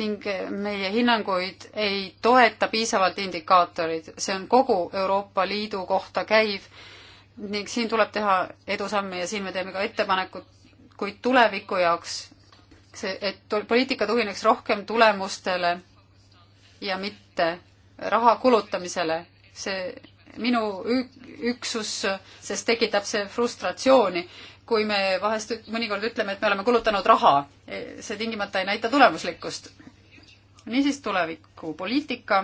ning meie hinnanguid ei toeta piisavalt indikaatorid, see on kogu Euroopa Liidu kohta käiv ning siin tuleb teha edusamme ja siin me teeme ka ettepanekud, kuid tuleviku jaoks see, et poliitika tugineks rohkem tulemustele ja mitte raha kulutamisele, see minu üksus, sest tekitab see frustratsiooni kui me vahest mõnikord ütleme, et me oleme kulutanud raha, see tingimata ei näita tulemuslikkust. niisiis tulevikupoliitika,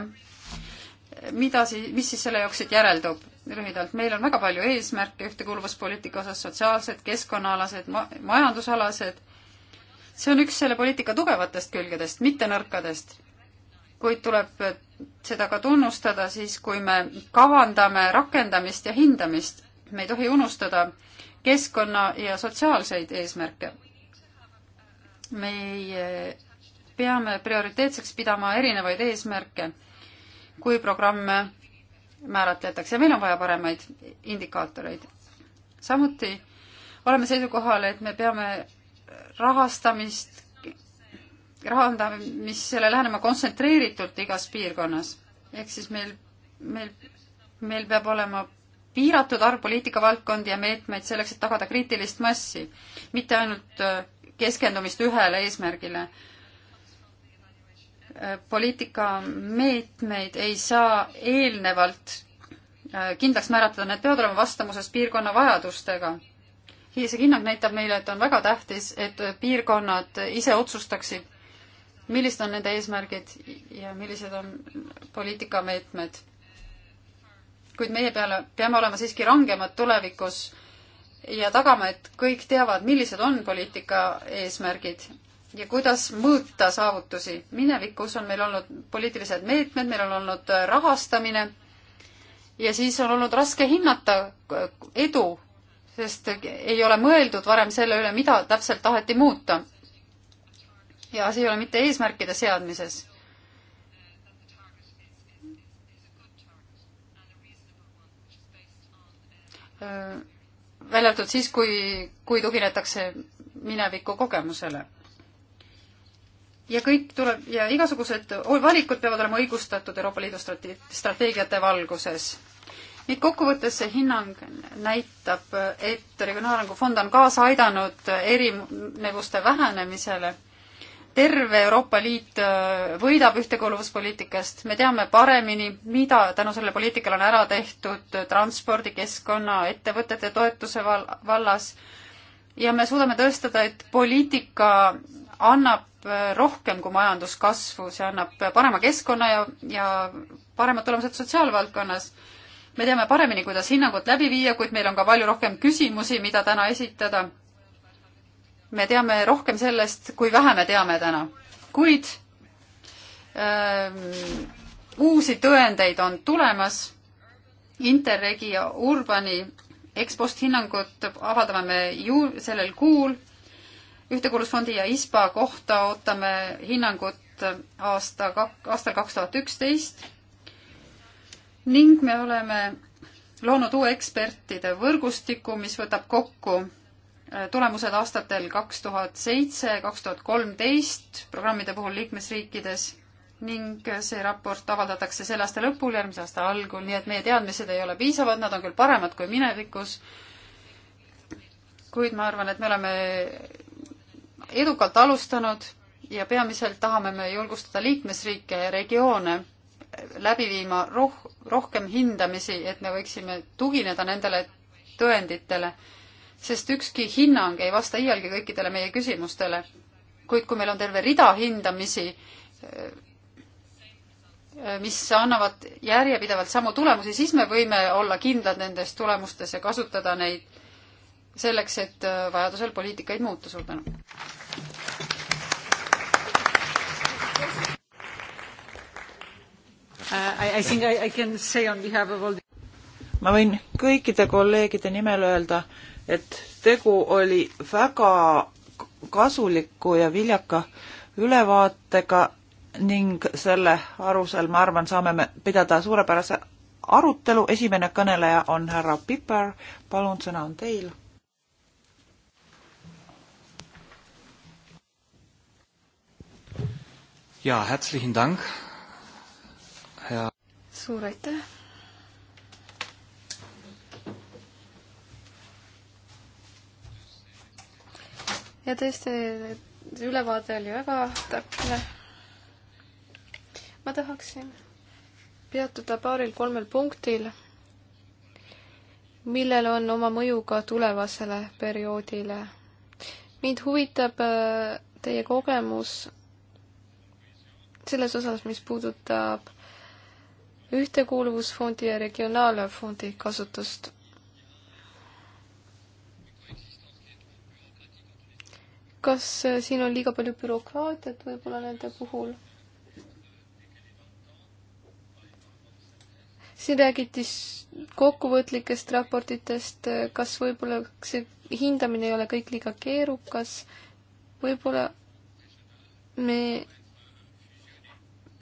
mida siis, mis siis selle jaoks siit järeldub? lühidalt, meil on väga palju eesmärke ühtekuuluvuspoliitika osas, sotsiaalsed, keskkonnaalased ma, majandusalased. see on üks selle poliitika tugevatest külgedest, mitte nõrkadest. kuid tuleb seda ka tunnustada siis, kui me kavandame rakendamist ja hindamist. me ei tohi unustada, keskkonna ja sotsiaalseid eesmärke. meie peame prioriteetseks pidama erinevaid eesmärke, kui programme määratletakse ja meil on vaja paremaid indikaatoreid. samuti oleme seisukohal, et me peame rahastamist, rahandamisele lähenema kontsentreeritult igas piirkonnas. ehk siis meil, meil, meil peab olema piiratud arv poliitikavaldkondi ja meetmeid selleks, et tagada kriitilist massi, mitte ainult äh, keskendumist ühele eesmärgile. Äh, poliitikameetmeid ei saa eelnevalt äh, kindlaks määratleda, need peavad olema vastamuses piirkonna vajadustega. see hinnang näitab meile, et on väga tähtis, et piirkonnad ise otsustaksid, millised on nende eesmärgid ja millised on poliitikameetmed kuid meie peale peame olema siiski rangemad tulevikus ja tagama, et kõik teavad, millised on poliitika eesmärgid ja kuidas mõõta saavutusi. minevikus on meil olnud poliitilised meetmed, meil on olnud rahastamine ja siis on olnud raske hinnata edu, sest ei ole mõeldud varem selle üle, mida täpselt taheti muuta. ja asi ei ole mitte eesmärkide seadmises Äh, välja arvatud siis, kui, kui tuginetakse mineviku kogemusele. ja kõik tuleb ja igasugused valikud peavad olema õigustatud Euroopa Liidu strate-, strateegiate valguses. nii et kokkuvõttes see hinnang näitab, et Regionaalarengu Fond on kaasa aidanud erinevuste vähenemisele terve Euroopa Liit äh, võidab ühtekuuluvuspoliitikast, me teame paremini, mida tänu sellele poliitikale on ära tehtud äh, transpordi, keskkonna, ettevõtete toetuse val-, vallas ja me suudame tõestada, et poliitika annab äh, rohkem kui majanduskasvu, see annab parema keskkonna ja, ja paremad tulemused sotsiaalvaldkonnas. me teame paremini, kuidas hinnangut läbi viia, kuid meil on ka palju rohkem küsimusi, mida täna esitada me teame rohkem sellest, kui vähe me teame täna. kuid öö, ähm, uusi tõendeid on tulemas. Interregi ja Urbani ekspost hinnangut avaldame me ju sellel kuul. ühtekuuluvusfondi ja ISPA kohta ootame hinnangut aasta, aastal kaks tuhat üksteist. ning me oleme loonud uue ekspertide võrgustiku, mis võtab kokku tulemused aastatel kaks tuhat seitse, kaks tuhat kolmteist programmide puhul liikmesriikides ning see raport avaldatakse selle aasta lõpul, järgmise aasta algul, nii et meie teadmised ei ole piisavad, nad on küll paremad kui minevikus, kuid ma arvan, et me oleme edukalt alustanud ja peamiselt tahame me julgustada liikmesriike ja regioone läbi viima roh-, rohkem hindamisi, et me võiksime tugineda nendele tõenditele sest ükski hinnang ei vasta iialgi kõikidele meie küsimustele. kuid kui meil on terve rida hindamisi, eh, mis annavad järjepidevalt samu tulemusi, siis me võime olla kindlad nendes tulemustes ja kasutada neid selleks, et eh, vajadusel poliitikaid muuta. suur tänu! Uh, I, I think I, I can say on behalf of all ma võin kõikide kolleegide nimel öelda, et tegu oli väga kasuliku ja viljaka ülevaatega ning selle alusel, ma arvan, saame me pidada suurepärase arutelu. esimene kõneleja on härra Piper, palun, sõna on teil. ja, herzlichen Dank. suur aitäh ja tõesti, ülevaade oli väga täpne. ma tahaksin peatuda paaril-kolmel punktil, millel on oma mõju ka tulevasele perioodile. mind huvitab äh, teie kogemus selles osas, mis puudutab Ühtekuuluvusfondi ja Regionaalfondi kasutust kas äh, siin on liiga palju bürokraatiat võib-olla nende puhul? siin räägiti kokkuvõtlikest raportitest, äh, kas võib-olla see hindamine ei ole kõik liiga keerukas, võib-olla me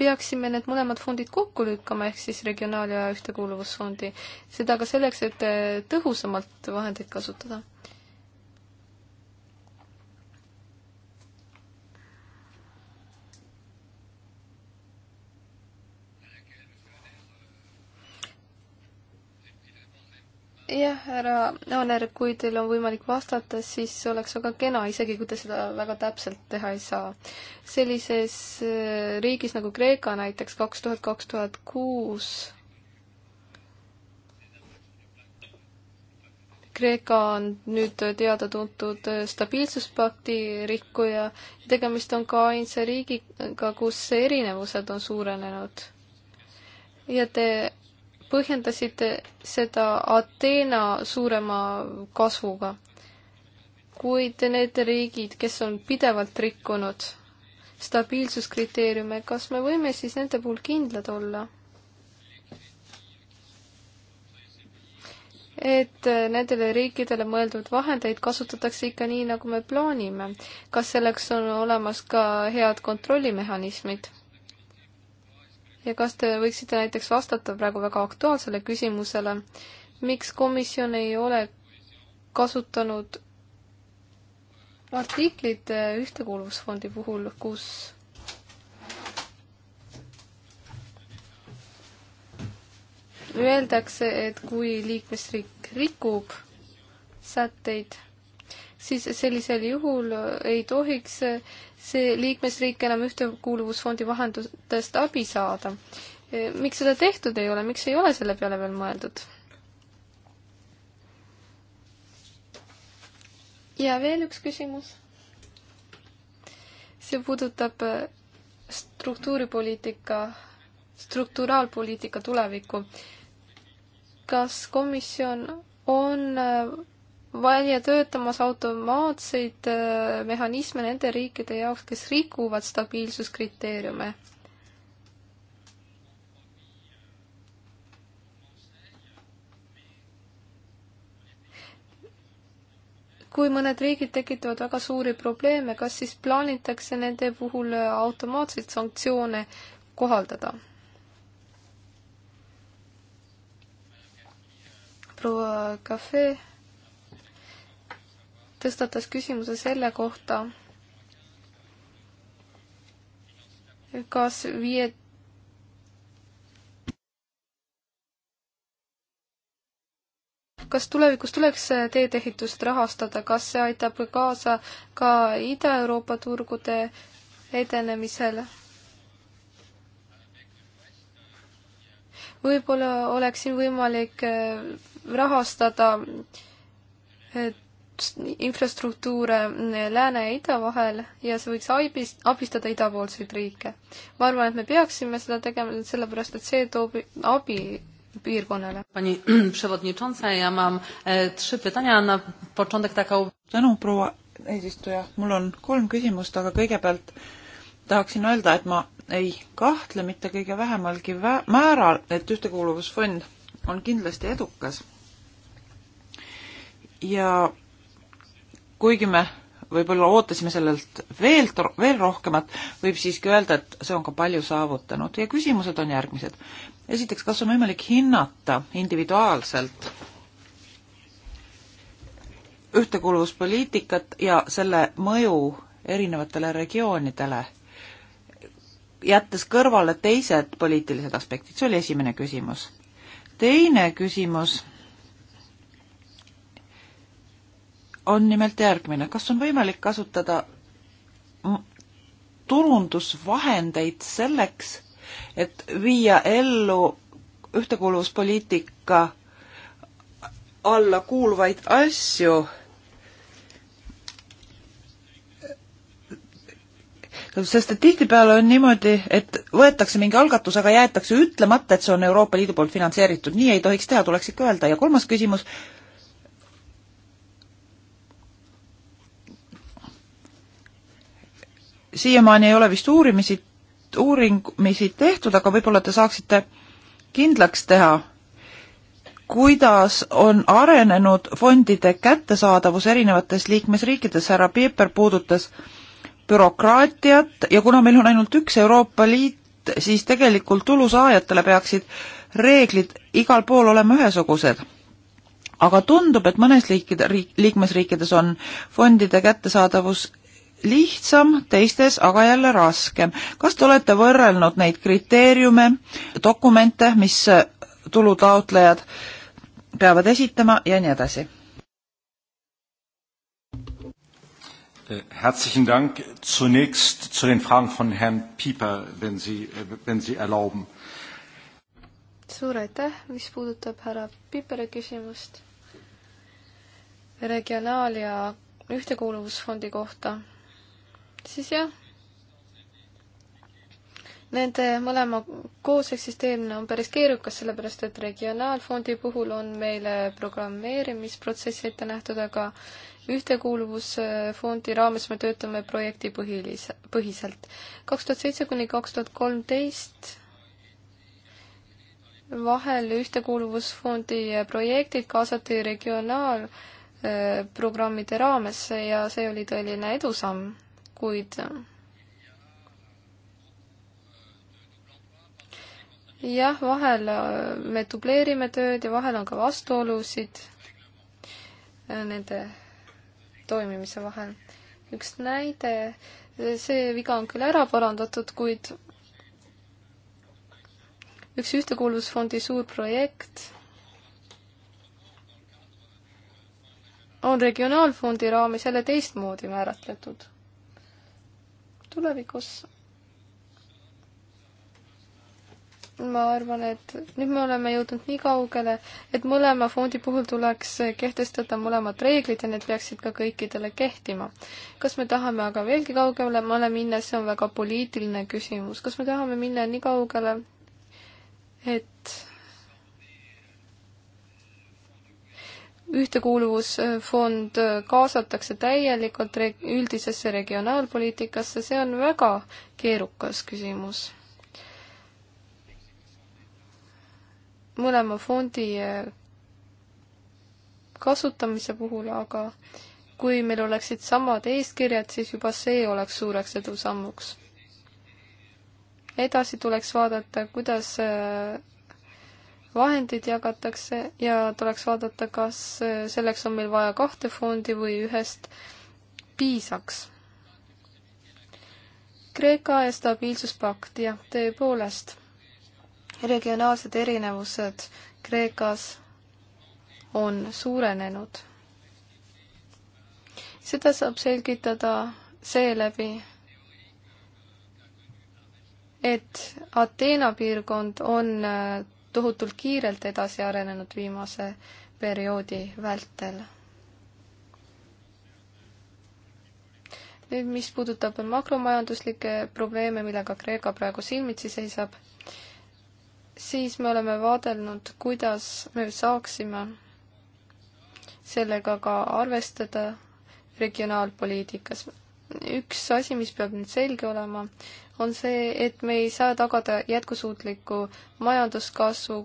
peaksime need mõlemad fondid kokku lükkama, ehk siis Regionaal- ja Ühtekuuluvusfondi. seda ka selleks, et äh, tõhusamalt vahendeid kasutada. jah, härra Jaaner, kui teil on võimalik vastata, siis oleks väga kena, isegi kui te seda väga täpselt teha ei saa. sellises äh, riigis nagu Kreeka näiteks kaks tuhat, kaks tuhat kuus Kreeka on nüüd teada-tuntud äh, stabiilsuspakti rikkuja ja tegemist on ka ainsa riigiga, kus erinevused on suurenenud. ja te põhjendasite seda Ateena suurema kasvuga. kuid need riigid, kes on pidevalt rikkunud stabiilsuskriteeriume, kas me võime siis nende puhul kindlad olla? et nendele riikidele mõeldud vahendeid kasutatakse ikka nii, nagu me plaanime. kas selleks on olemas ka head kontrollimehhanismid? ja kas te võiksite näiteks vastata praegu väga aktuaalsele küsimusele, miks komisjon ei ole kasutanud artiklit Ühtekuuluvusfondi puhul, kus öeldakse, et kui liikmesriik rikub sätteid, siis sellisel juhul ei tohiks see liikmesriik enam ühtekuuluvusfondi vahendustest abi saada. E, miks seda tehtud ei ole, miks ei ole selle peale veel mõeldud? ja veel üks küsimus. see puudutab e, struktuuripoliitika, strukturaalpoliitika tulevikku. kas komisjon on e, välja töötamas automaatseid äh, mehhanisme nende riikide jaoks, kes rikuvad stabiilsuskriteeriume. kui mõned riigid tekitavad väga suuri probleeme, kas siis plaanitakse nende puhul automaatseid sanktsioone kohaldada? proua Cafe tõstatas küsimuse selle kohta, kas viie kas tulevikus tuleks teedeehitust rahastada, kas see aitab kaasa ka Ida-Euroopa turgude edenemisele? võib-olla oleks siin võimalik äh, rahastada äh, infrastruktuure lääne ja ida vahel ja see võiks abist, abistada idapoolseid riike. ma arvan, et me peaksime seda tegema, sellepärast et see toob abi piirkonnale. pani [clears throat] przewodnicząca, ja mam e, trzy pytania na początek taką. tänu, proua eesistuja, mul on kolm küsimust, aga kõigepealt tahaksin öelda, et ma ei kahtle mitte kõige vähemalgi vä määral, et ühtekuuluvusfond on kindlasti edukas. ja kuigi me võib-olla ootasime sellelt veel, veel rohkemat, võib siiski öelda, et see on ka palju saavutanud ja küsimused on järgmised. esiteks, kas on võimalik hinnata individuaalselt ühtekuuluvuspoliitikat ja selle mõju erinevatele regioonidele, jättes kõrvale teised poliitilised aspektid, see oli esimene küsimus. teine küsimus on nimelt järgmine. Kas on võimalik kasutada turundusvahendeid selleks, et viia ellu ühtekuuluvuspoliitika alla kuuluvaid asju? sest et tihtipeale on niimoodi, et võetakse mingi algatus, aga jäetakse ütlemata, et see on Euroopa Liidu poolt finantseeritud, nii ei tohiks teha, tuleks ikka öelda ja kolmas küsimus, siiamaani ei ole vist uurimisi, uurimisi tehtud, aga võib-olla te saaksite kindlaks teha, kuidas on arenenud fondide kättesaadavus erinevates liikmesriikides, härra Piiper puudutas bürokraatiat ja kuna meil on ainult üks Euroopa Liit, siis tegelikult tulusaajatele peaksid reeglid igal pool olema ühesugused. aga tundub, et mõnes liikide, riik, liikmesriikides on fondide kättesaadavus lihtsam, teistes aga jälle raskem. kas te olete võrrelnud neid kriteeriume, dokumente, mis äh, tulutaotlejad peavad esitama ja nii edasi? Äh, herzlichen Dank. Zunächst zu den Fragen von Herrn Pieper, wenn Sie, äh, wenn Sie erlauben. suur aitäh, mis puudutab härra Piperi küsimust regionaal- ja ühtekuuluvusfondi kohta siis jah, nende mõlema koos eksisteerimine on päris keerukas, sellepärast et regionaalfondi puhul on meile programmeerimisprotsess ette nähtud, aga ühtekuuluvusfondi raames me töötame projekti põhilise, põhiselt. kaks tuhat seitse kuni kaks tuhat kolmteist vahel ühtekuuluvusfondi projektid kaasati regionaalprogrammide raamesse ja see oli tõeline edusamm kuid jah, vahel äh, me dubleerime tööd ja vahel on ka vastuolusid äh, nende toimimise vahel. üks näide, see viga on küll ära parandatud, kuid üks Ühtekuuluvusfondi suur projekt on Regionaalfondi raames jälle teistmoodi määratletud tulevikus ma arvan, et nüüd me oleme jõudnud nii kaugele, et mõlema fondi puhul tuleks kehtestada mõlemad reeglid ja need peaksid ka kõikidele kehtima. kas me tahame aga veelgi kaugemale minna, see on väga poliitiline küsimus, kas me tahame minna nii kaugele, et ühtekuuluvusfond kaasatakse täielikult re üldisesse regionaalpoliitikasse, see on väga keerukas küsimus. mõlema fondi eh, kasutamise puhul aga kui meil oleksid samad eeskirjad, siis juba see oleks suureks edusammuks. edasi tuleks vaadata, kuidas eh, vahendid jagatakse ja tuleks vaadata, kas selleks on meil vaja kahte fondi või ühest piisaks. Kreeka ja stabiilsuspakt, jah, tõepoolest. regionaalsed erinevused Kreekas on suurenenud. seda saab selgitada seeläbi, et Ateena piirkond on äh, tohutult kiirelt edasi arenenud viimase perioodi vältel. nüüd, mis puudutab makromajanduslikke probleeme, millega Kreeka praegu silmitsi seisab, siis me oleme vaadelnud, kuidas me saaksime sellega ka arvestada regionaalpoliitikas. üks asi, mis peab nüüd selge olema, on see, et me ei saa tagada jätkusuutlikku majanduskasvu,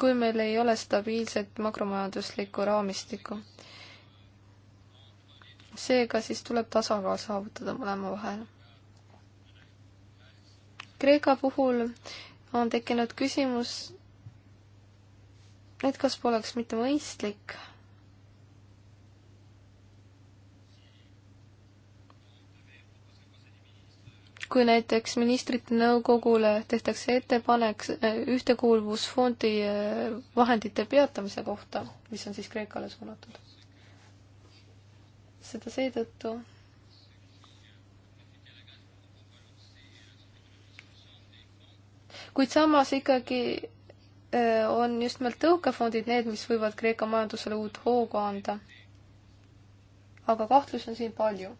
kui meil ei ole stabiilset makromajanduslikku raamistikku. seega siis tuleb tasakaal saavutada mõlema vahel. Kreeka puhul on tekkinud küsimus, et kas poleks mitte mõistlik kui näiteks ministrite nõukogule tehtakse ettepanek äh, ühtekuuluvusfondi äh, vahendite peatamise kohta, mis on siis Kreekale suunatud. seda seetõttu, kuid samas ikkagi äh, on just nimelt tõukefondid need, mis võivad Kreeka majandusele uut hoogu anda. aga kahtlusi on siin palju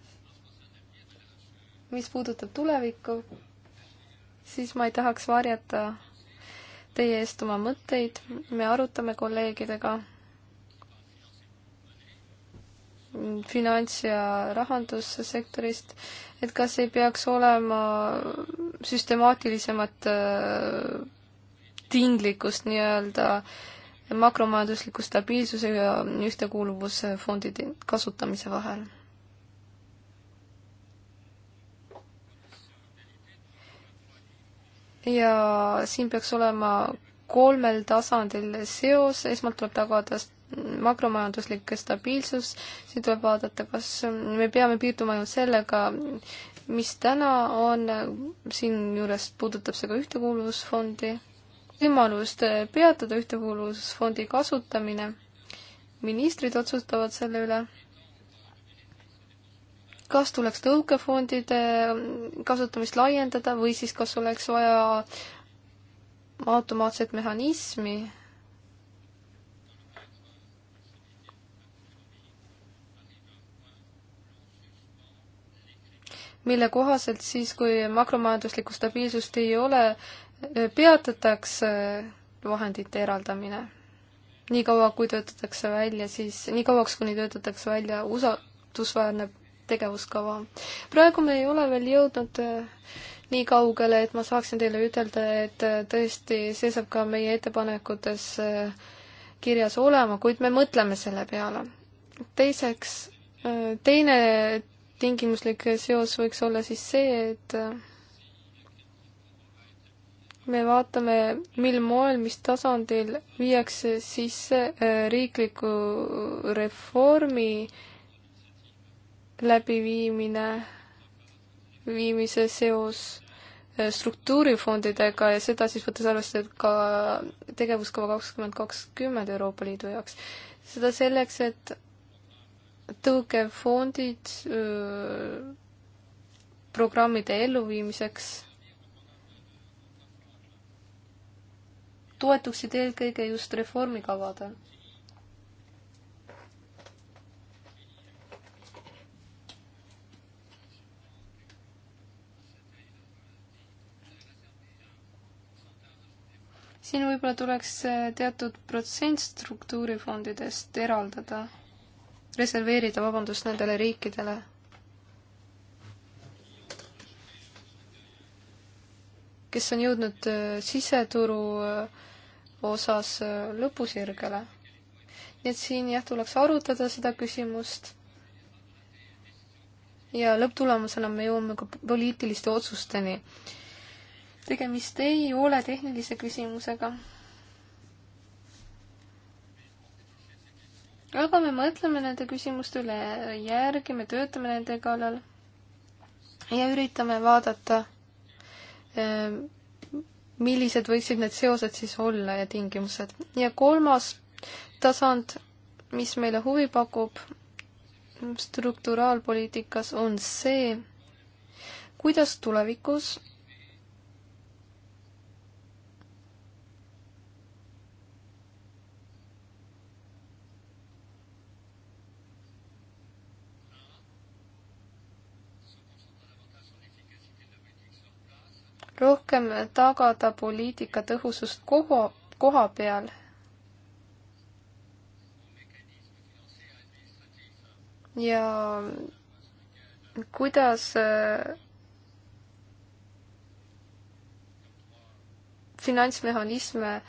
mis puudutab tulevikku, siis ma ei tahaks varjata teie eest oma mõtteid, me arutame kolleegidega finants- ja rahandussektorist, et kas ei peaks olema süstemaatilisemat äh, tinglikkust nii-öelda makromajandusliku stabiilsuse ja ühtekuuluvusfondide kasutamise vahel ja siin peaks olema kolmel tasandil seos, esmalt tuleb tagada makromajanduslik stabiilsus, siin tuleb vaadata, kas me peame piirduma ainult sellega, mis täna on, siinjuures puudutab see ka ühtekuuluvusfondi, võimalust peatada ühtekuuluvusfondi kasutamine, ministrid otsustavad selle üle kas tuleks tõukefondide kasutamist laiendada või siis kas oleks vaja automaatset mehhanismi, mille kohaselt siis, kui makromajanduslikku stabiilsust ei ole, peatatakse vahendite eraldamine. niikaua, kui töötatakse välja siis, nii kauaks, kuni töötatakse välja usaldusväärne tegevuskava. praegu me ei ole veel jõudnud äh, nii kaugele, et ma saaksin teile ütelda, et äh, tõesti, see saab ka meie ettepanekutes äh, kirjas olema, kuid me mõtleme selle peale. teiseks, teine tingimuslik seos võiks olla siis see, et me vaatame, mil moel, mis tasandil viiakse sisse riikliku reformi äh, läbiviimine, viimise seos eh, struktuurifondidega ja seda siis võttes arvestada ka tegevuskava kakskümmend kakskümmend Euroopa Liidu jaoks. seda selleks, et tõukefondid eh, programmide elluviimiseks toetuksid eelkõige just reformikavadel siin võib-olla tuleks äh, teatud protsent struktuurifondidest eraldada, reserveerida, vabandust, nendele riikidele kes on jõudnud äh, siseturu äh, osas lõpusirgele. nii et siin jah, tuleks arutada seda küsimust. ja lõpptulemusena me jõuame ka poliitiliste otsusteni tegemist ei ole tehnilise küsimusega. aga me mõtleme nende küsimuste üle järgi, me töötame nende kallal ja üritame vaadata, ähm, millised võiksid need seosed siis olla ja tingimused. ja kolmas tasand, mis meile huvi pakub strukturaalpoliitikas, on see, kuidas tulevikus rohkem tagada poliitika tõhusust koha, koha peal. ja kuidas äh, finantsmehhanisme äh,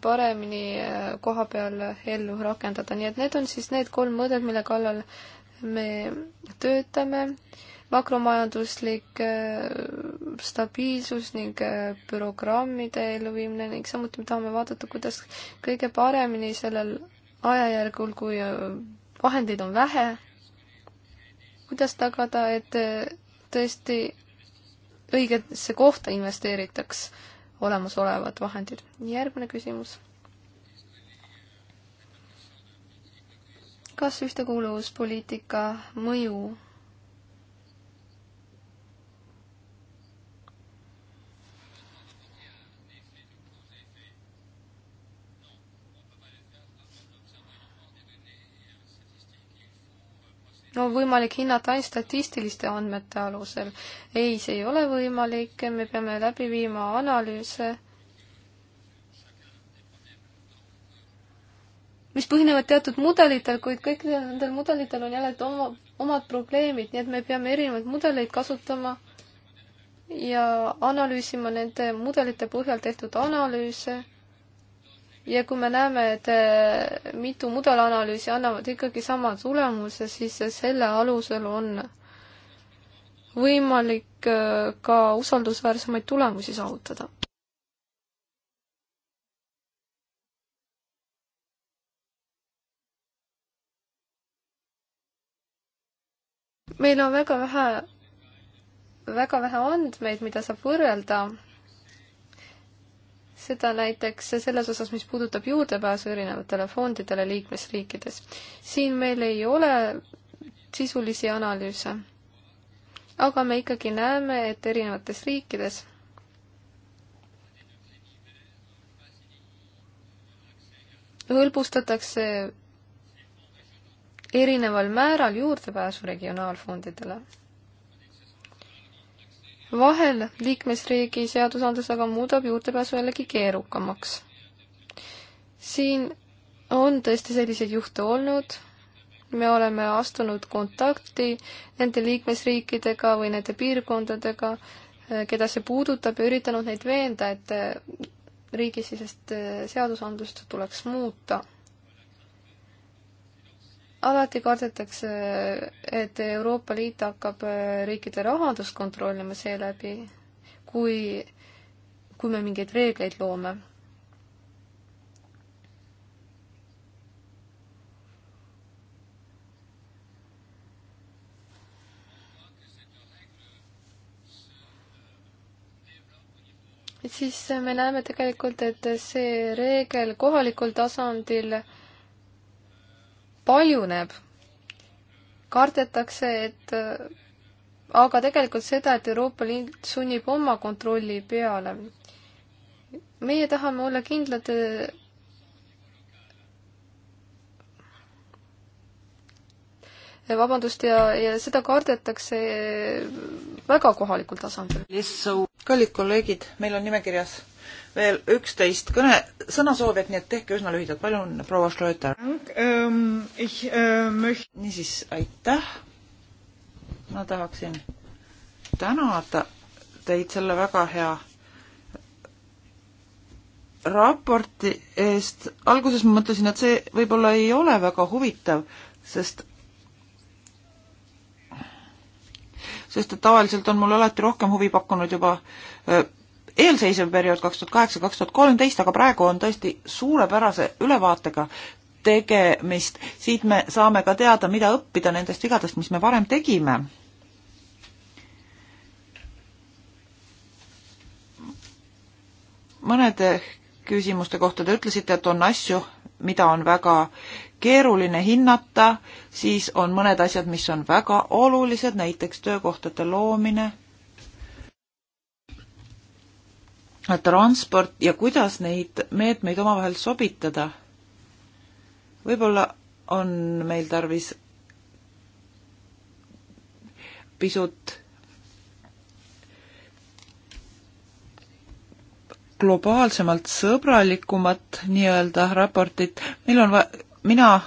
paremini äh, koha peal ellu rakendada, nii et need on siis need kolm mõõdet, mille kallal me töötame, makromajanduslik stabiilsus ning äh, programmide elluviimine ning samuti me tahame vaadata, kuidas kõige paremini sellel ajajärgul, kui äh, vahendeid on vähe, kuidas tagada, et äh, tõesti õigesse kohta investeeritaks olemasolevad vahendid. järgmine küsimus. kas ühtekuuluvuspoliitika mõju on võimalik hinnata ainult statistiliste andmete alusel. ei, see ei ole võimalik, me peame läbi viima analüüse, mis põhinevad teatud mudelitel, kuid kõikidel nendel mudelitel on jälle oma, omad probleemid, nii et me peame erinevaid mudeleid kasutama ja analüüsima nende mudelite põhjal tehtud analüüse ja kui me näeme, et äh, mitu mudelanalüüsi annavad ikkagi sama tulemuse, siis selle alusel on võimalik äh, ka usaldusväärsemaid tulemusi saavutada. meil on väga vähe, väga vähe andmeid, mida saab võrrelda seda näiteks selles osas, mis puudutab juurdepääsu erinevatele fondidele liikmesriikides. siin meil ei ole sisulisi analüüse. aga me ikkagi näeme, et erinevates riikides hõlbustatakse erineval määral juurdepääsu regionaalfondidele vahel liikmesriigi seadusandlus aga muudab juurdepääsu jällegi keerukamaks. siin on tõesti selliseid juhte olnud, me oleme astunud kontakti nende liikmesriikidega või nende piirkondadega, eh, keda see puudutab ja üritanud neid veenda, et eh, riigisisest eh, seadusandlust tuleks muuta alati kardetakse, et Euroopa Liit hakkab äh, riikide rahandust kontrollima seeläbi, kui, kui me mingeid reegleid loome. et siis me näeme tegelikult, et see reegel kohalikul tasandil äh, paljuneb, kardetakse, et aga tegelikult seda, et Euroopa Liit sunnib oma kontrolli peale. meie tahame olla kindlad vabandust, ja, ja seda kardetakse väga kohalikul tasandil. kallid kolleegid, meil on nimekirjas veel üksteist kõne, sõnasoovijat, nii et tehke üsna lühidalt. palun, proua Schröter. Ähm, äh, niisiis, aitäh. ma tahaksin tänada teid selle väga hea raporti eest. alguses ma mõtlesin, et see võib-olla ei ole väga huvitav, sest sest et tavaliselt on mul alati rohkem huvi pakkunud juba äh, eelseisev periood kaks tuhat kaheksa, kaks tuhat kolmteist, aga praegu on tõesti suurepärase ülevaatega tegemist, siit me saame ka teada, mida õppida nendest vigadest, mis me varem tegime. mõnede küsimuste kohta te ütlesite, et on asju, mida on väga keeruline hinnata, siis on mõned asjad, mis on väga olulised, näiteks töökohtade loomine transport ja kuidas neid meetmeid omavahel sobitada. võib-olla on meil tarvis pisut globaalsemalt sõbralikumat nii-öelda raportit, meil on va-, mina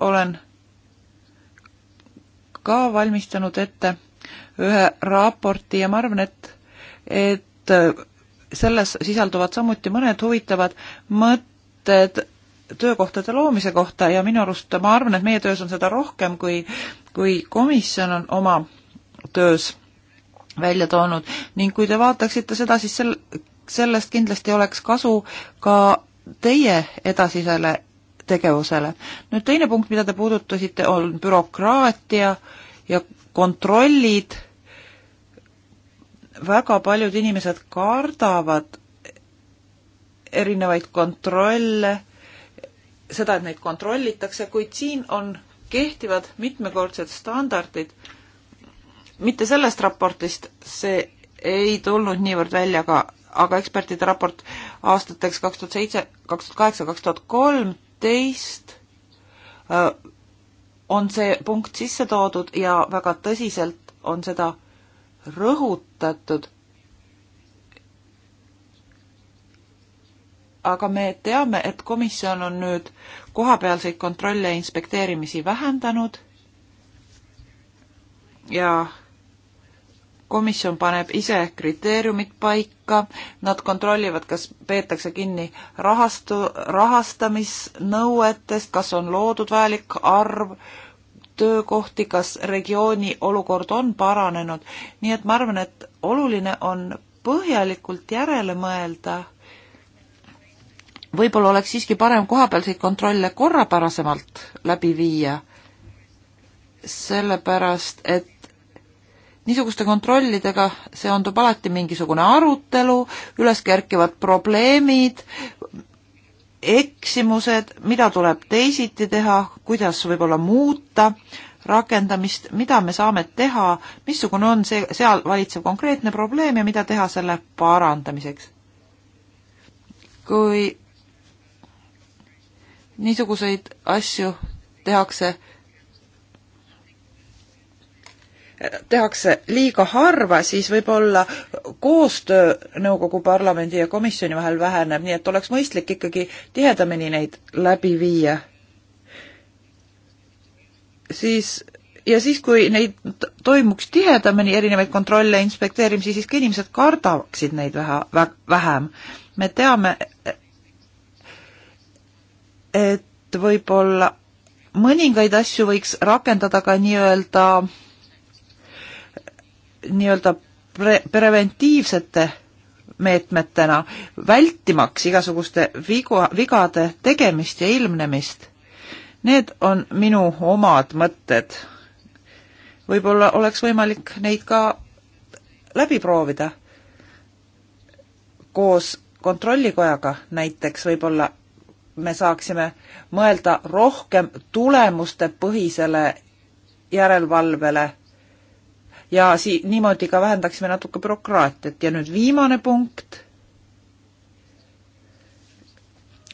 olen ka valmistanud ette ühe raporti ja ma arvan, et, et selles sisalduvad samuti mõned huvitavad mõtted töökohtade loomise kohta ja minu arust ma arvan, et meie töös on seda rohkem, kui, kui komisjon on oma töös välja toonud ning kui te vaataksite seda, siis sel-, sellest kindlasti oleks kasu ka teie edasisele tegevusele. nüüd teine punkt, mida te puudutasite, on bürokraatia ja kontrollid väga paljud inimesed kardavad erinevaid kontrolle, seda, et neid kontrollitakse, kuid siin on, kehtivad mitmekordsed standardid. mitte sellest raportist see ei tulnud niivõrd välja, aga, aga ekspertide raport aastateks kaks tuhat seitse, kaks tuhat kaheksa, kaks tuhat kolmteist äh, on see punkt sisse toodud ja väga tõsiselt on seda rõhutatud. aga me teame, et komisjon on nüüd kohapealseid kontrolle ja inspekteerimisi vähendanud ja komisjon paneb ise kriteeriumid paika, nad kontrollivad, kas peetakse kinni rahastu, rahastamisnõuetest, kas on loodud vajalik arv töökohti, kas regiooni olukord on paranenud. nii et ma arvan, et oluline on põhjalikult järele mõelda. võib-olla oleks siiski parem kohapealseid kontrolle korrapärasemalt läbi viia, sellepärast et niisuguste kontrollidega seondub alati mingisugune arutelu, üles kerkivad probleemid, eksimused, mida tuleb teisiti teha, kuidas võib-olla muuta rakendamist, mida me saame teha, missugune on see, seal valitsev konkreetne probleem ja mida teha selle parandamiseks. kui niisuguseid asju tehakse tehakse liiga harva, siis võib-olla koostöö nõukogu parlamendi ja komisjoni vahel väheneb, nii et oleks mõistlik ikkagi tihedamini neid läbi viia. siis ja siis, kui neid toimuks tihedamini, erinevaid kontrolle, inspekteerimisi, siis ka inimesed kardaksid neid vähe, vähem. me teame, et võib-olla mõningaid asju võiks rakendada ka nii-öelda nii-öelda pre-, preventiivsete meetmetena, vältimaks igasuguste vigu, vigade tegemist ja ilmnemist. Need on minu omad mõtted. võib-olla oleks võimalik neid ka läbi proovida koos kontrollikojaga näiteks võib-olla me saaksime mõelda rohkem tulemustepõhisele järelevalvele ja sii-, niimoodi ka vähendaksime natuke bürokraatiat ja nüüd viimane punkt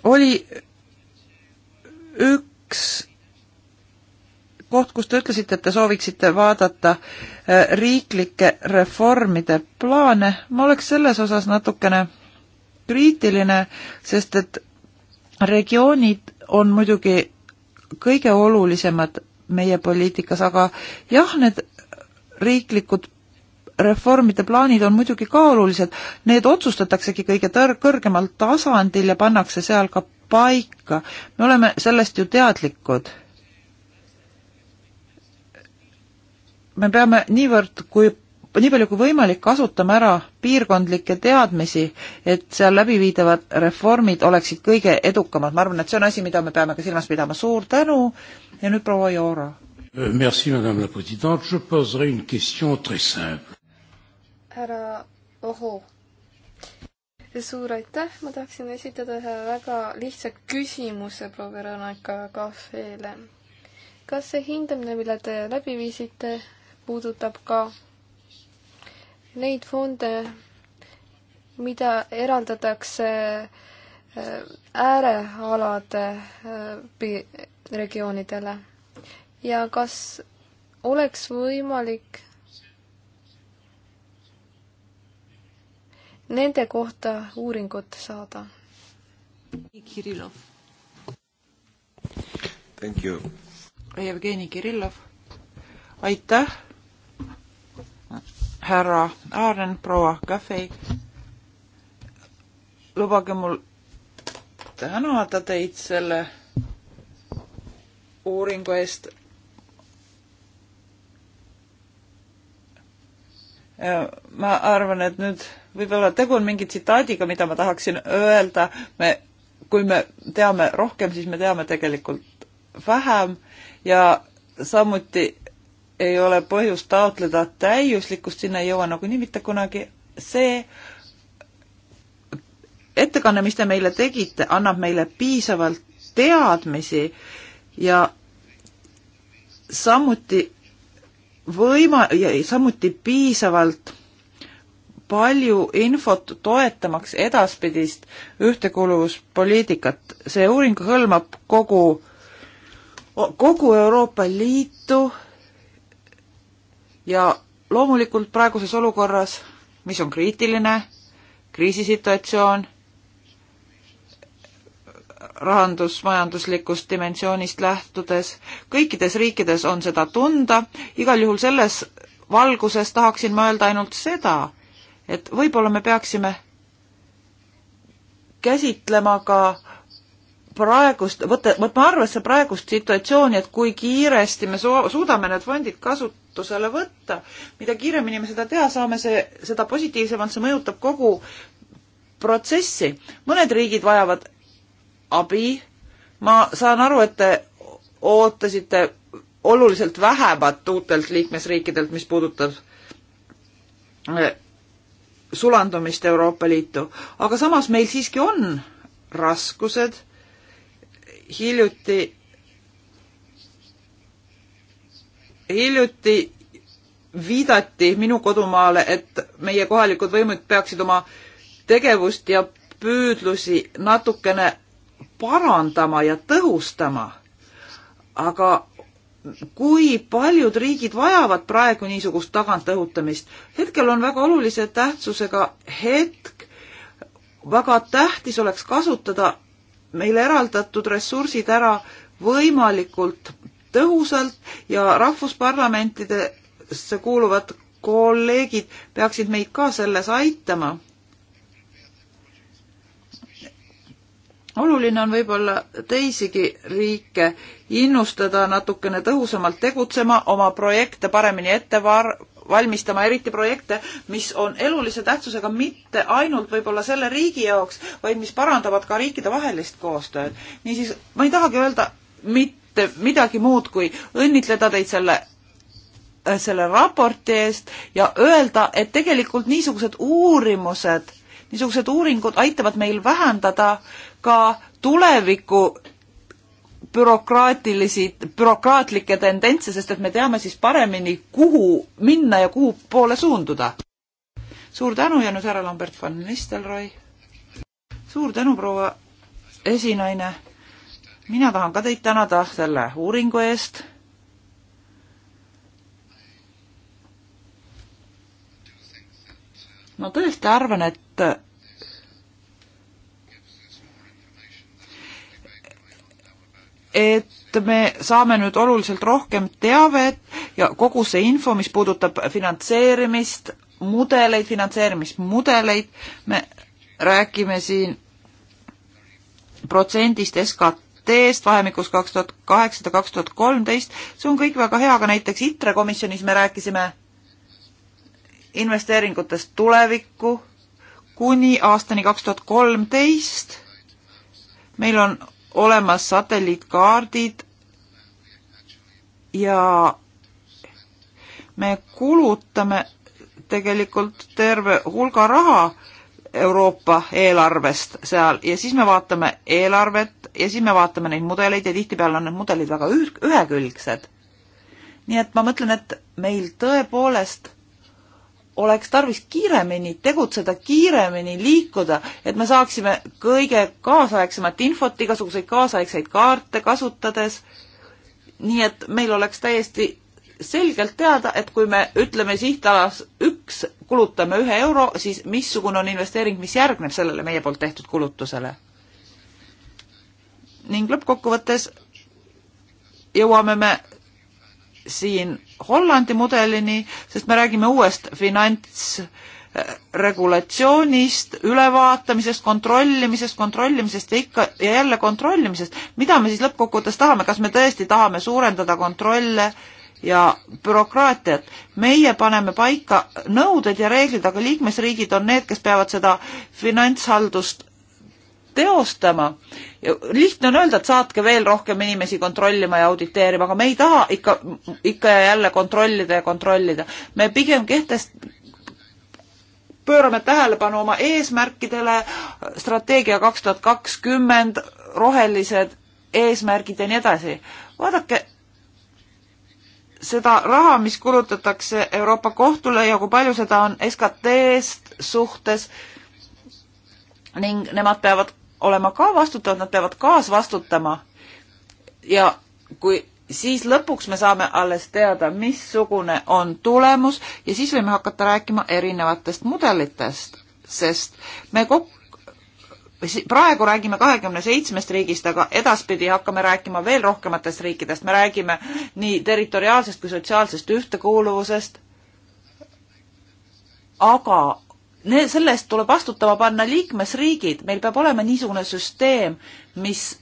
oli üks koht, kus te ütlesite, et te sooviksite vaadata äh, riiklike reformide plaane, ma oleks selles osas natukene kriitiline, sest et regioonid on muidugi kõige olulisemad meie poliitikas, aga jah, need riiklikud reformide plaanid on muidugi ka olulised, need otsustataksegi kõige tõr-, kõrgemal tasandil ja pannakse seal ka paika. me oleme sellest ju teadlikud. me peame niivõrd, kui, nii palju kui võimalik kasutama ära piirkondlikke teadmisi, et seal läbiviidavad reformid oleksid kõige edukamad. ma arvan, et see on asi, mida me peame ka silmas pidama. suur tänu ja nüüd proua Joora Euh, merci, madame la president, je poserai une question très simple. härra Oho. suur aitäh, ma tahaksin esitada ühe väga lihtsa küsimuse proua Veronika Kahvele. kas see hindamine, mille te läbi viisite, puudutab ka neid fonde, mida eraldatakse äh, äärealade äh, regioonidele? ja kas oleks võimalik nende kohta uuringut saada? Kirillov. Thank you. Jevgeni Kirillov. aitäh, härra Aaren, proua Cafe. lubage mul tänada teid selle uuringu eest Äh, ma arvan, et nüüd võib-olla tegu on mingi tsitaadiga, mida ma tahaksin öelda, me, kui me teame rohkem, siis me teame tegelikult vähem ja samuti ei ole põhjust taotleda täiuslikkust, sinna ei jõua nagunii mitte kunagi. see ettekanne, mis te meile tegite, annab meile piisavalt teadmisi ja samuti võima-, samuti piisavalt palju infot toetamaks edaspidist ühtekuuluvuspoliitikat. see uuring hõlmab kogu, kogu Euroopa Liitu ja loomulikult praeguses olukorras, mis on kriitiline, kriisisituatsioon rahandusmajanduslikust dimensioonist lähtudes. kõikides riikides on seda tunda, igal juhul selles valguses tahaksin ma öelda ainult seda, et võib-olla me peaksime käsitlema ka praegust, võtta, võtma arvesse praegust situatsiooni, et kui kiiresti me so-, suudame need fondid kasutusele võtta, mida kiiremini me seda teha saame, see, seda positiivsemalt see mõjutab kogu protsessi. mõned riigid vajavad abi. ma saan aru, et te ootasite oluliselt vähemat uutelt liikmesriikidelt, mis puudutab äh, sulandumist Euroopa Liitu, aga samas meil siiski on raskused. hiljuti, hiljuti viidati minu kodumaale, et meie kohalikud võimud peaksid oma tegevust ja püüdlusi natukene parandama ja tõhustama. aga kui paljud riigid vajavad praegu niisugust tagantrõhutamist? hetkel on väga olulise tähtsusega hetk, väga tähtis oleks kasutada meile eraldatud ressursid ära võimalikult tõhusalt ja rahvusparlamentidesse kuuluvad kolleegid peaksid meid ka selles aitama oluline on võib-olla teisigi riike innustada natukene tõhusamalt tegutsema, oma projekte paremini ette var-, valmistama, eriti projekte, mis on elulise tähtsusega mitte ainult võib-olla selle riigi jaoks, vaid mis parandavad ka riikidevahelist koostööd. niisiis, ma ei tahagi öelda mitte midagi muud, kui õnnitleda teid selle äh, selle raporti eest ja öelda, et tegelikult niisugused uurimused niisugused uuringud aitavad meil vähendada ka tuleviku bürokraatilisi, bürokraatlikke tendentse, sest et me teame siis paremini, kuhu minna ja kuhu poole suunduda. suur tänu ja nüüd härra Lambert van Nistelrooy. suur tänu, proua esinaine. mina tahan ka teid tänada selle uuringu eest ma tõesti arvan, et et me saame nüüd oluliselt rohkem teavet ja kogu see info, mis puudutab finantseerimist, mudeleid, finantseerimismudeleid, me räägime siin protsendist SKT-st vahemikus kaks tuhat kaheksasada, kaks tuhat kolmteist, see on kõik väga hea, aga näiteks ITRE komisjonis me rääkisime investeeringutest tulevikku kuni aastani kaks tuhat kolmteist. meil on olemas satelliitkaardid ja me kulutame tegelikult terve hulga raha Euroopa eelarvest seal ja siis me vaatame eelarvet ja siis me vaatame neid mudeleid ja tihtipeale on need mudelid väga ühekülgsed. nii et ma mõtlen, et meil tõepoolest oleks tarvis kiiremini tegutseda, kiiremini liikuda, et me saaksime kõige kaasaegsemat infot, igasuguseid kaasaegseid kaarte kasutades. nii et meil oleks täiesti selgelt teada, et kui me ütleme sihtalas üks, kulutame ühe euro, siis missugune on investeering, mis järgneb sellele meie poolt tehtud kulutusele. ning lõppkokkuvõttes jõuame me siin Hollandi mudelini, sest me räägime uuest finantsregulatsioonist, ülevaatamisest, kontrollimisest, kontrollimisest ja ikka ja jälle kontrollimisest. mida me siis lõppkokkuvõttes tahame, kas me tõesti tahame suurendada kontrolle ja bürokraatiat. meie paneme paika nõuded ja reeglid, aga liikmesriigid on need, kes peavad seda finantshaldust teostama lihtne on öelda, et saatke veel rohkem inimesi kontrollima ja auditeerima, aga me ei taha ikka, ikka ja jälle kontrollida ja kontrollida. me pigem kehtest-, pöörame tähelepanu oma eesmärkidele, strateegia kaks tuhat kakskümmend, rohelised eesmärgid ja nii edasi. vaadake seda raha, mis kulutatakse Euroopa Kohtule ja kui palju seda on SKT-st suhtes ning nemad peavad olema ka vastutavad, nad peavad kaasvastutama. ja kui siis lõpuks me saame alles teada, missugune on tulemus ja siis võime hakata rääkima erinevatest mudelitest, sest me kokku praegu räägime kahekümne seitsmest riigist, aga edaspidi hakkame rääkima veel rohkematest riikidest, me räägime nii territoriaalsest kui sotsiaalsest ühtekuuluvusest. aga selle eest tuleb vastutama panna liikmesriigid, meil peab olema niisugune süsteem, mis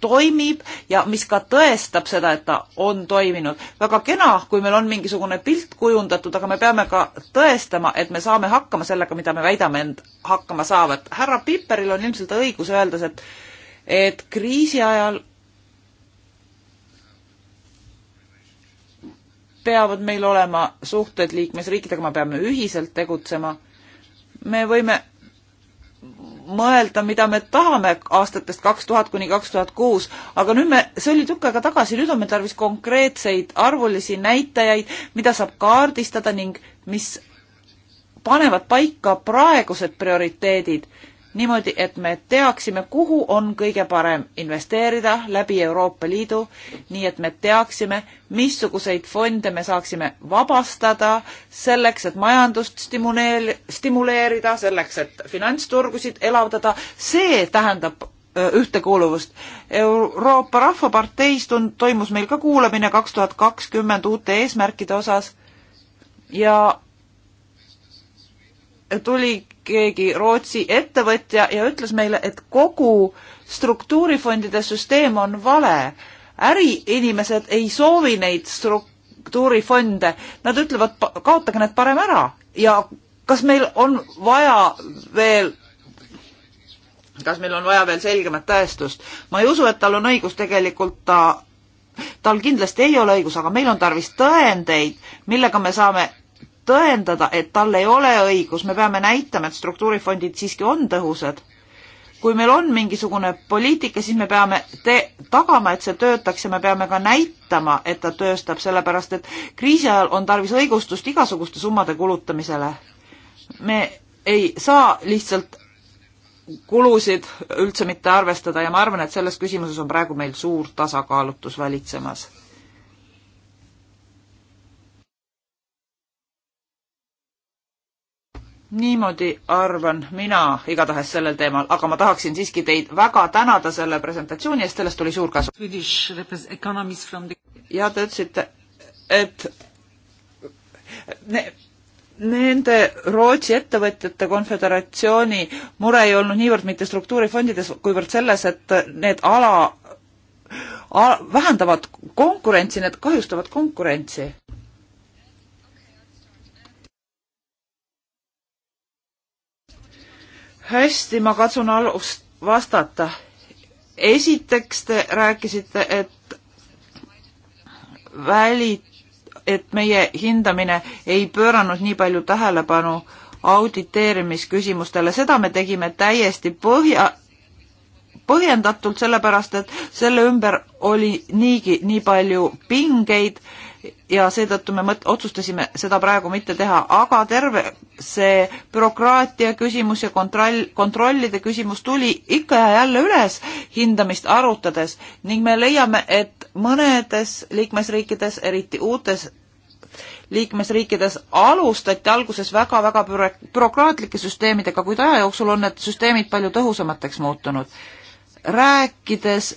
toimib ja mis ka tõestab seda, et ta on toiminud. väga kena, kui meil on mingisugune pilt kujundatud, aga me peame ka tõestama, et me saame hakkama sellega, mida me väidame end hakkama saavat. härra Piperil on ilmselt õigus öeldes, et, et kriisi ajal peavad meil olema suhted liikmesriikidega, me peame ühiselt tegutsema me võime mõelda, mida me tahame aastatest kaks tuhat kuni kaks tuhat kuus, aga nüüd me, see oli tükk aega tagasi, nüüd on meil tarvis konkreetseid arvulisi näitajaid, mida saab kaardistada ning mis panevad paika praegused prioriteedid niimoodi, et me teaksime, kuhu on kõige parem investeerida läbi Euroopa Liidu, nii et me teaksime, missuguseid fonde me saaksime vabastada selleks, et majandust stimuleer-, stimuleerida, selleks, et finantsturgusid elavdada, see tähendab ühtekuuluvust. Euroopa Rahvaparteis tund-, toimus meil ka kuulamine kaks tuhat kakskümmend uute eesmärkide osas ja tuli keegi Rootsi ettevõtja ja ütles meile, et kogu struktuurifondide süsteem on vale. äriinimesed ei soovi neid struktuurifonde, nad ütlevad, kaotage need parem ära ja kas meil on vaja veel kas meil on vaja veel selgemat tõestust? ma ei usu, et tal on õigus, tegelikult ta, tal kindlasti ei ole õigus, aga meil on tarvis tõendeid, millega me saame tõendada, et tal ei ole õigus, me peame näitama, et struktuurifondid siiski on tõhusad. kui meil on mingisugune poliitika, siis me peame te-, tagama, et see töötaks ja me peame ka näitama, et ta tööstab, sellepärast et kriisi ajal on tarvis õigustust igasuguste summade kulutamisele. me ei saa lihtsalt kulusid üldse mitte arvestada ja ma arvan, et selles küsimuses on praegu meil suur tasakaalutus valitsemas niimoodi arvan mina igatahes sellel teemal, aga ma tahaksin siiski teid väga tänada selle presentatsiooni eest, sellest oli suur kasu. ja te ütlesite, et ne, nende Rootsi ettevõtjate konföderatsiooni mure ei olnud niivõrd mitte struktuurifondides, kuivõrd selles, et need ala, ala, vähendavad konkurentsi, need kahjustavad konkurentsi hästi, ma katsun alust vastata. esiteks te rääkisite, et väli, et meie hindamine ei pööranud nii palju tähelepanu auditeerimisküsimustele, seda me tegime täiesti põhja, põhjendatult, sellepärast et selle ümber oli niigi nii palju pingeid ja seetõttu me mõt-, otsustasime seda praegu mitte teha, aga terve see bürokraatia küsimus ja kontroll, kontrollide küsimus tuli ikka ja jälle üles hindamist arutades ning me leiame, et mõnedes liikmesriikides, eriti uutes liikmesriikides alustati alguses väga-väga bürokraatlike süsteemidega, kuid aja jooksul on need süsteemid palju tõhusamateks muutunud. rääkides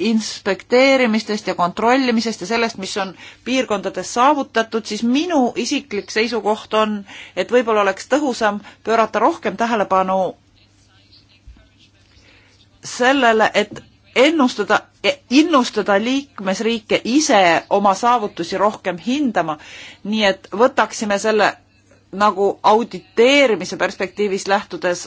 inspekteerimistest ja kontrollimisest ja sellest, mis on piirkondades saavutatud, siis minu isiklik seisukoht on, et võib-olla oleks tõhusam pöörata rohkem tähelepanu sellele, et ennustada, innustada liikmesriike ise oma saavutusi rohkem hindama, nii et võtaksime selle nagu auditeerimise perspektiivist lähtudes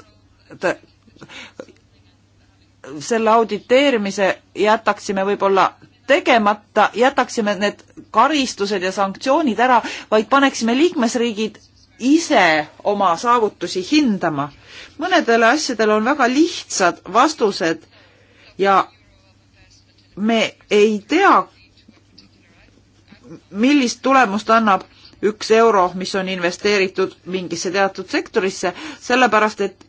selle auditeerimise jätaksime võib-olla tegemata, jätaksime need karistused ja sanktsioonid ära, vaid paneksime liikmesriigid ise oma saavutusi hindama. mõnedele asjadele on väga lihtsad vastused ja me ei tea, millist tulemust annab üks euro, mis on investeeritud mingisse teatud sektorisse, sellepärast et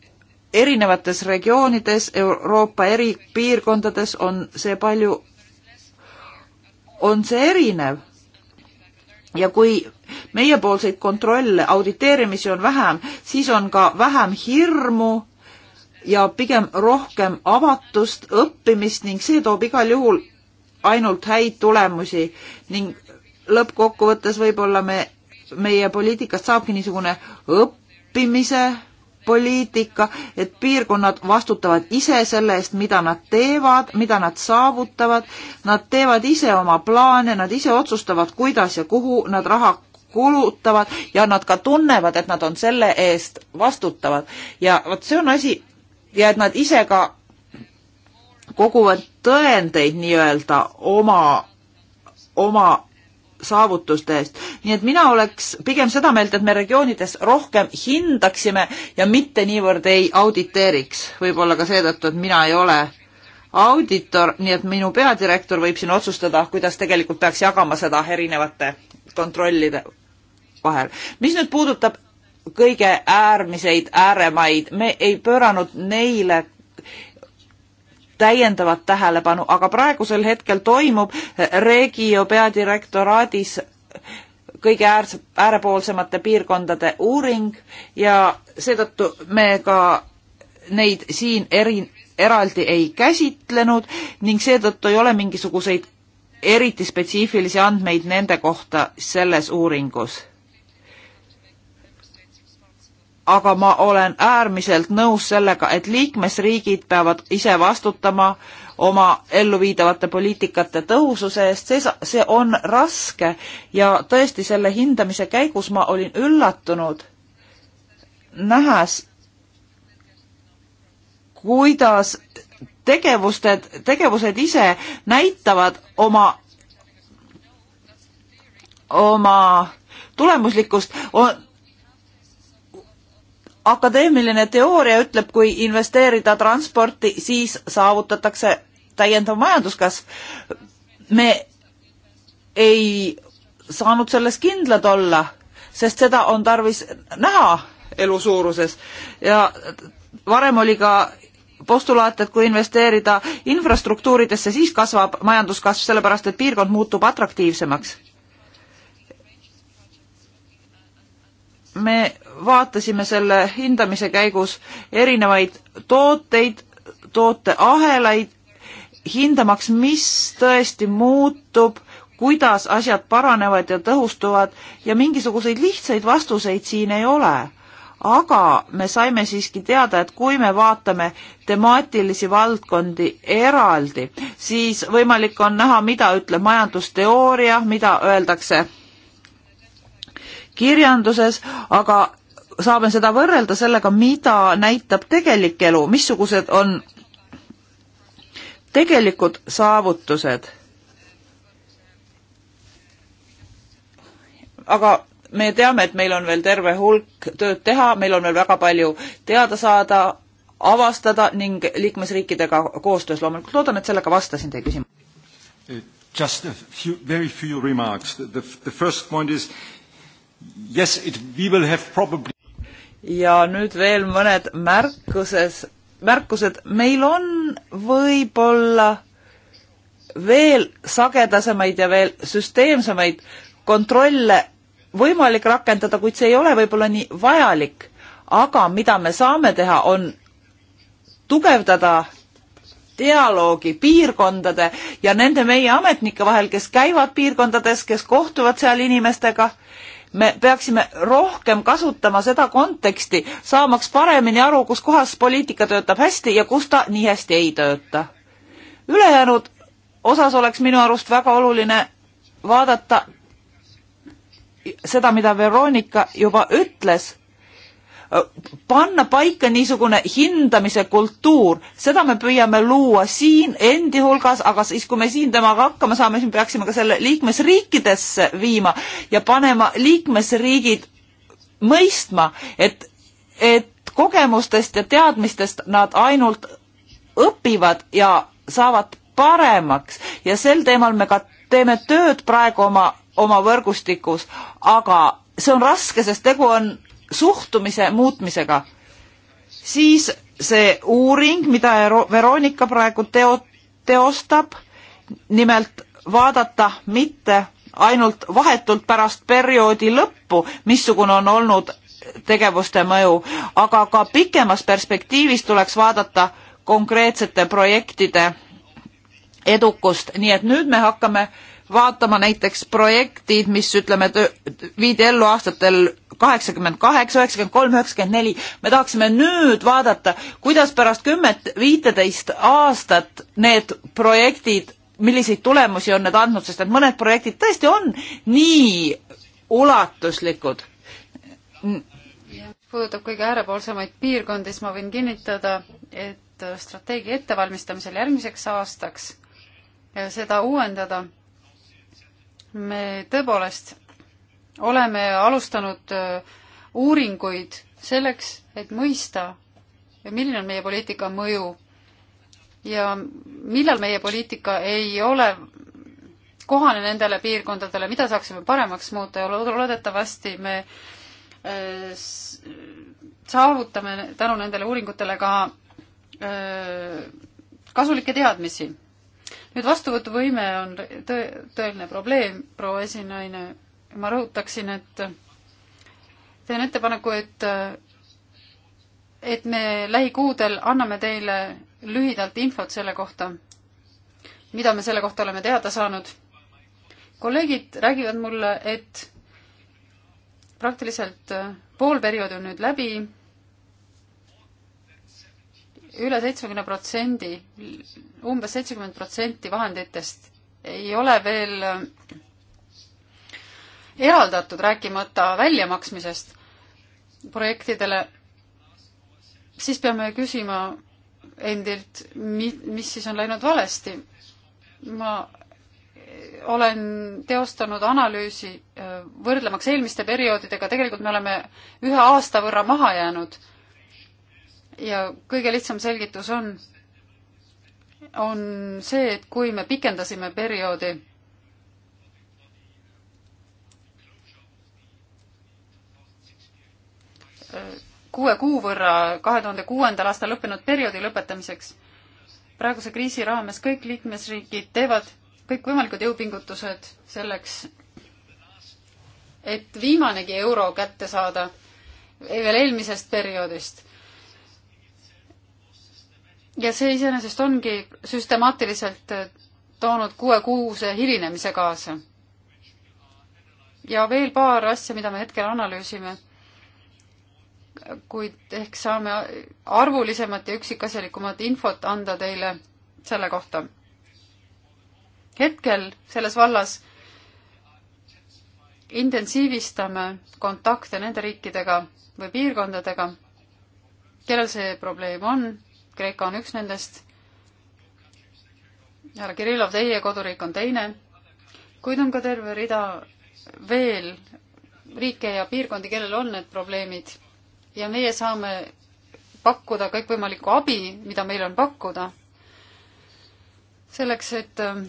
erinevates regioonides, Euroopa eri piirkondades on see palju, on see erinev. ja kui meiepoolseid kontrolle, auditeerimisi on vähem, siis on ka vähem hirmu ja pigem rohkem avatust, õppimist ning see toob igal juhul ainult häid tulemusi ning lõppkokkuvõttes võib-olla me, meie poliitikast saabki niisugune õppimise poliitika, et piirkonnad vastutavad ise selle eest, mida nad teevad, mida nad saavutavad, nad teevad ise oma plaane, nad ise otsustavad, kuidas ja kuhu nad raha kulutavad ja nad ka tunnevad, et nad on selle eest vastutavad. ja vot see on asi ja et nad ise ka koguvad tõendeid nii-öelda oma, oma saavutuste eest. nii et mina oleks pigem seda meelt, et me regioonides rohkem hindaksime ja mitte niivõrd ei auditeeriks. võib-olla ka seetõttu, et mina ei ole auditor, nii et minu peadirektor võib siin otsustada, kuidas tegelikult peaks jagama seda erinevate kontrollide vahel. mis nüüd puudutab kõige äärmiseid ääremaid, me ei pööranud neile täiendavat tähelepanu, aga praegusel hetkel toimub Regio peadirektoraadis kõige äärs-, äärepoolsemate piirkondade uuring ja seetõttu me ka neid siin eri, eraldi ei käsitlenud ning seetõttu ei ole mingisuguseid eriti spetsiifilisi andmeid nende kohta selles uuringus aga ma olen äärmiselt nõus sellega, et liikmesriigid peavad ise vastutama oma elluviidavate poliitikate tõhususe eest, see, see on raske ja tõesti selle hindamise käigus ma olin üllatunud, nähes, kuidas tegevused, tegevused ise näitavad oma, oma tulemuslikkust on akadeemiline teooria ütleb, kui investeerida transporti, siis saavutatakse täiendav majanduskasv. me ei saanud selles kindlad olla, sest seda on tarvis näha elu suuruses ja varem oli ka postulaat, et kui investeerida infrastruktuuridesse, siis kasvab majanduskasv, sellepärast et piirkond muutub atraktiivsemaks me vaatasime selle hindamise käigus erinevaid tooteid, tooteahelaid, hindamaks, mis tõesti muutub, kuidas asjad paranevad ja tõhustuvad ja mingisuguseid lihtsaid vastuseid siin ei ole. aga me saime siiski teada, et kui me vaatame temaatilisi valdkondi eraldi, siis võimalik on näha, mida ütleb majandusteooria, mida öeldakse kirjanduses, aga saame seda võrrelda sellega, mida näitab tegelik elu, missugused on tegelikud saavutused. aga me teame, et meil on veel terve hulk tööd teha, meil on veel väga palju teada saada, avastada ning liikmesriikidega koostöös loomulikult. loodan, et sellega vastasin teie küsimusele. Just a few, very few remarks. The, the first point is yes, it, we will have probably ja nüüd veel mõned märkuses, märkused, meil on võib-olla veel sagedasemaid ja veel süsteemsemaid kontrolle võimalik rakendada, kuid see ei ole võib-olla nii vajalik. aga mida me saame teha, on tugevdada dialoogi piirkondade ja nende meie ametnike vahel, kes käivad piirkondades, kes kohtuvad seal inimestega me peaksime rohkem kasutama seda konteksti, saamaks paremini aru, kus kohas poliitika töötab hästi ja kus ta nii hästi ei tööta. ülejäänud osas oleks minu arust väga oluline vaadata seda, mida Veronika juba ütles panna paika niisugune hindamise kultuur, seda me püüame luua siin endi hulgas, aga siis, kui me siin temaga hakkama saame, siis me peaksime ka selle liikmesriikidesse viima ja panema liikmesriigid mõistma, et, et kogemustest ja teadmistest nad ainult õpivad ja saavad paremaks ja sel teemal me ka teeme tööd praegu oma, oma võrgustikus, aga see on raske, sest tegu on suhtumise muutmisega, siis see uuring, mida Veronika praegu teo-, teostab, nimelt vaadata mitte ainult vahetult pärast perioodi lõppu, missugune on olnud tegevuste mõju, aga ka pikemas perspektiivis tuleks vaadata konkreetsete projektide edukust, nii et nüüd me hakkame äh, vaatama näiteks projektid, mis ütleme, viidi ellu aastatel kaheksakümmend kaheksa, üheksakümmend kolm, üheksakümmend neli. me tahaksime nüüd vaadata, kuidas pärast kümmet, viiteist aastat need projektid, milliseid tulemusi on need andnud, sest et mõned projektid tõesti on nii ulatuslikud. mis puudutab kõige äärepoolsemaid piirkondi, siis ma võin kinnitada, et strateegia ettevalmistamisel järgmiseks aastaks seda uuendada me tõepoolest oleme alustanud äh, uuringuid selleks, et mõista, milline on meie poliitika mõju ja millal meie poliitika ei ole kohane nendele piirkondadele, mida saaksime paremaks muuta ja loodetavasti me äh, saavutame tänu nendele uuringutele ka äh, kasulikke teadmisi nüüd vastuvõtuvõime on tõ-, tõeline probleem, proua esinaine, ma rõhutaksin, et teen ettepaneku, et et me lähikuudel anname teile lühidalt infot selle kohta, mida me selle kohta oleme teada saanud. kolleegid räägivad mulle, et praktiliselt pool perioodi on nüüd läbi üle seitsmekümne protsendi, umbes seitsekümmend protsenti vahenditest ei ole veel äh, eraldatud, rääkimata väljamaksmisest projektidele, siis peame küsima endilt, mi-, mis siis on läinud valesti. ma olen teostanud analüüsi äh, võrdlemaks eelmiste perioodidega, tegelikult me oleme ühe aasta võrra maha jäänud ja kõige lihtsam selgitus on, on see, et kui me pikendasime perioodi, kuue kuu võrra kahe tuhande kuuendal aastal lõppenud perioodi lõpetamiseks. praeguse kriisi raames kõik liikmesriigid teevad kõikvõimalikud jõupingutused selleks, et viimanegi euro kätte saada veel eelmisest perioodist ja see iseenesest ongi süstemaatiliselt äh, toonud kuue-kuuse hilinemise kaasa. ja veel paar asja, mida me hetkel analüüsime, kuid ehk saame arvulisemat ja üksikasjalikumat infot anda teile selle kohta. hetkel selles vallas intensiivistame kontakte nende riikidega või piirkondadega, kellel see probleem on Kreeka on üks nendest. härra Kirillov, teie koduriik on teine, kuid on ka terve rida veel riike ja piirkondi, kellel on need probleemid ja meie saame pakkuda kõikvõimalikku abi, mida meil on pakkuda, selleks, et ähm,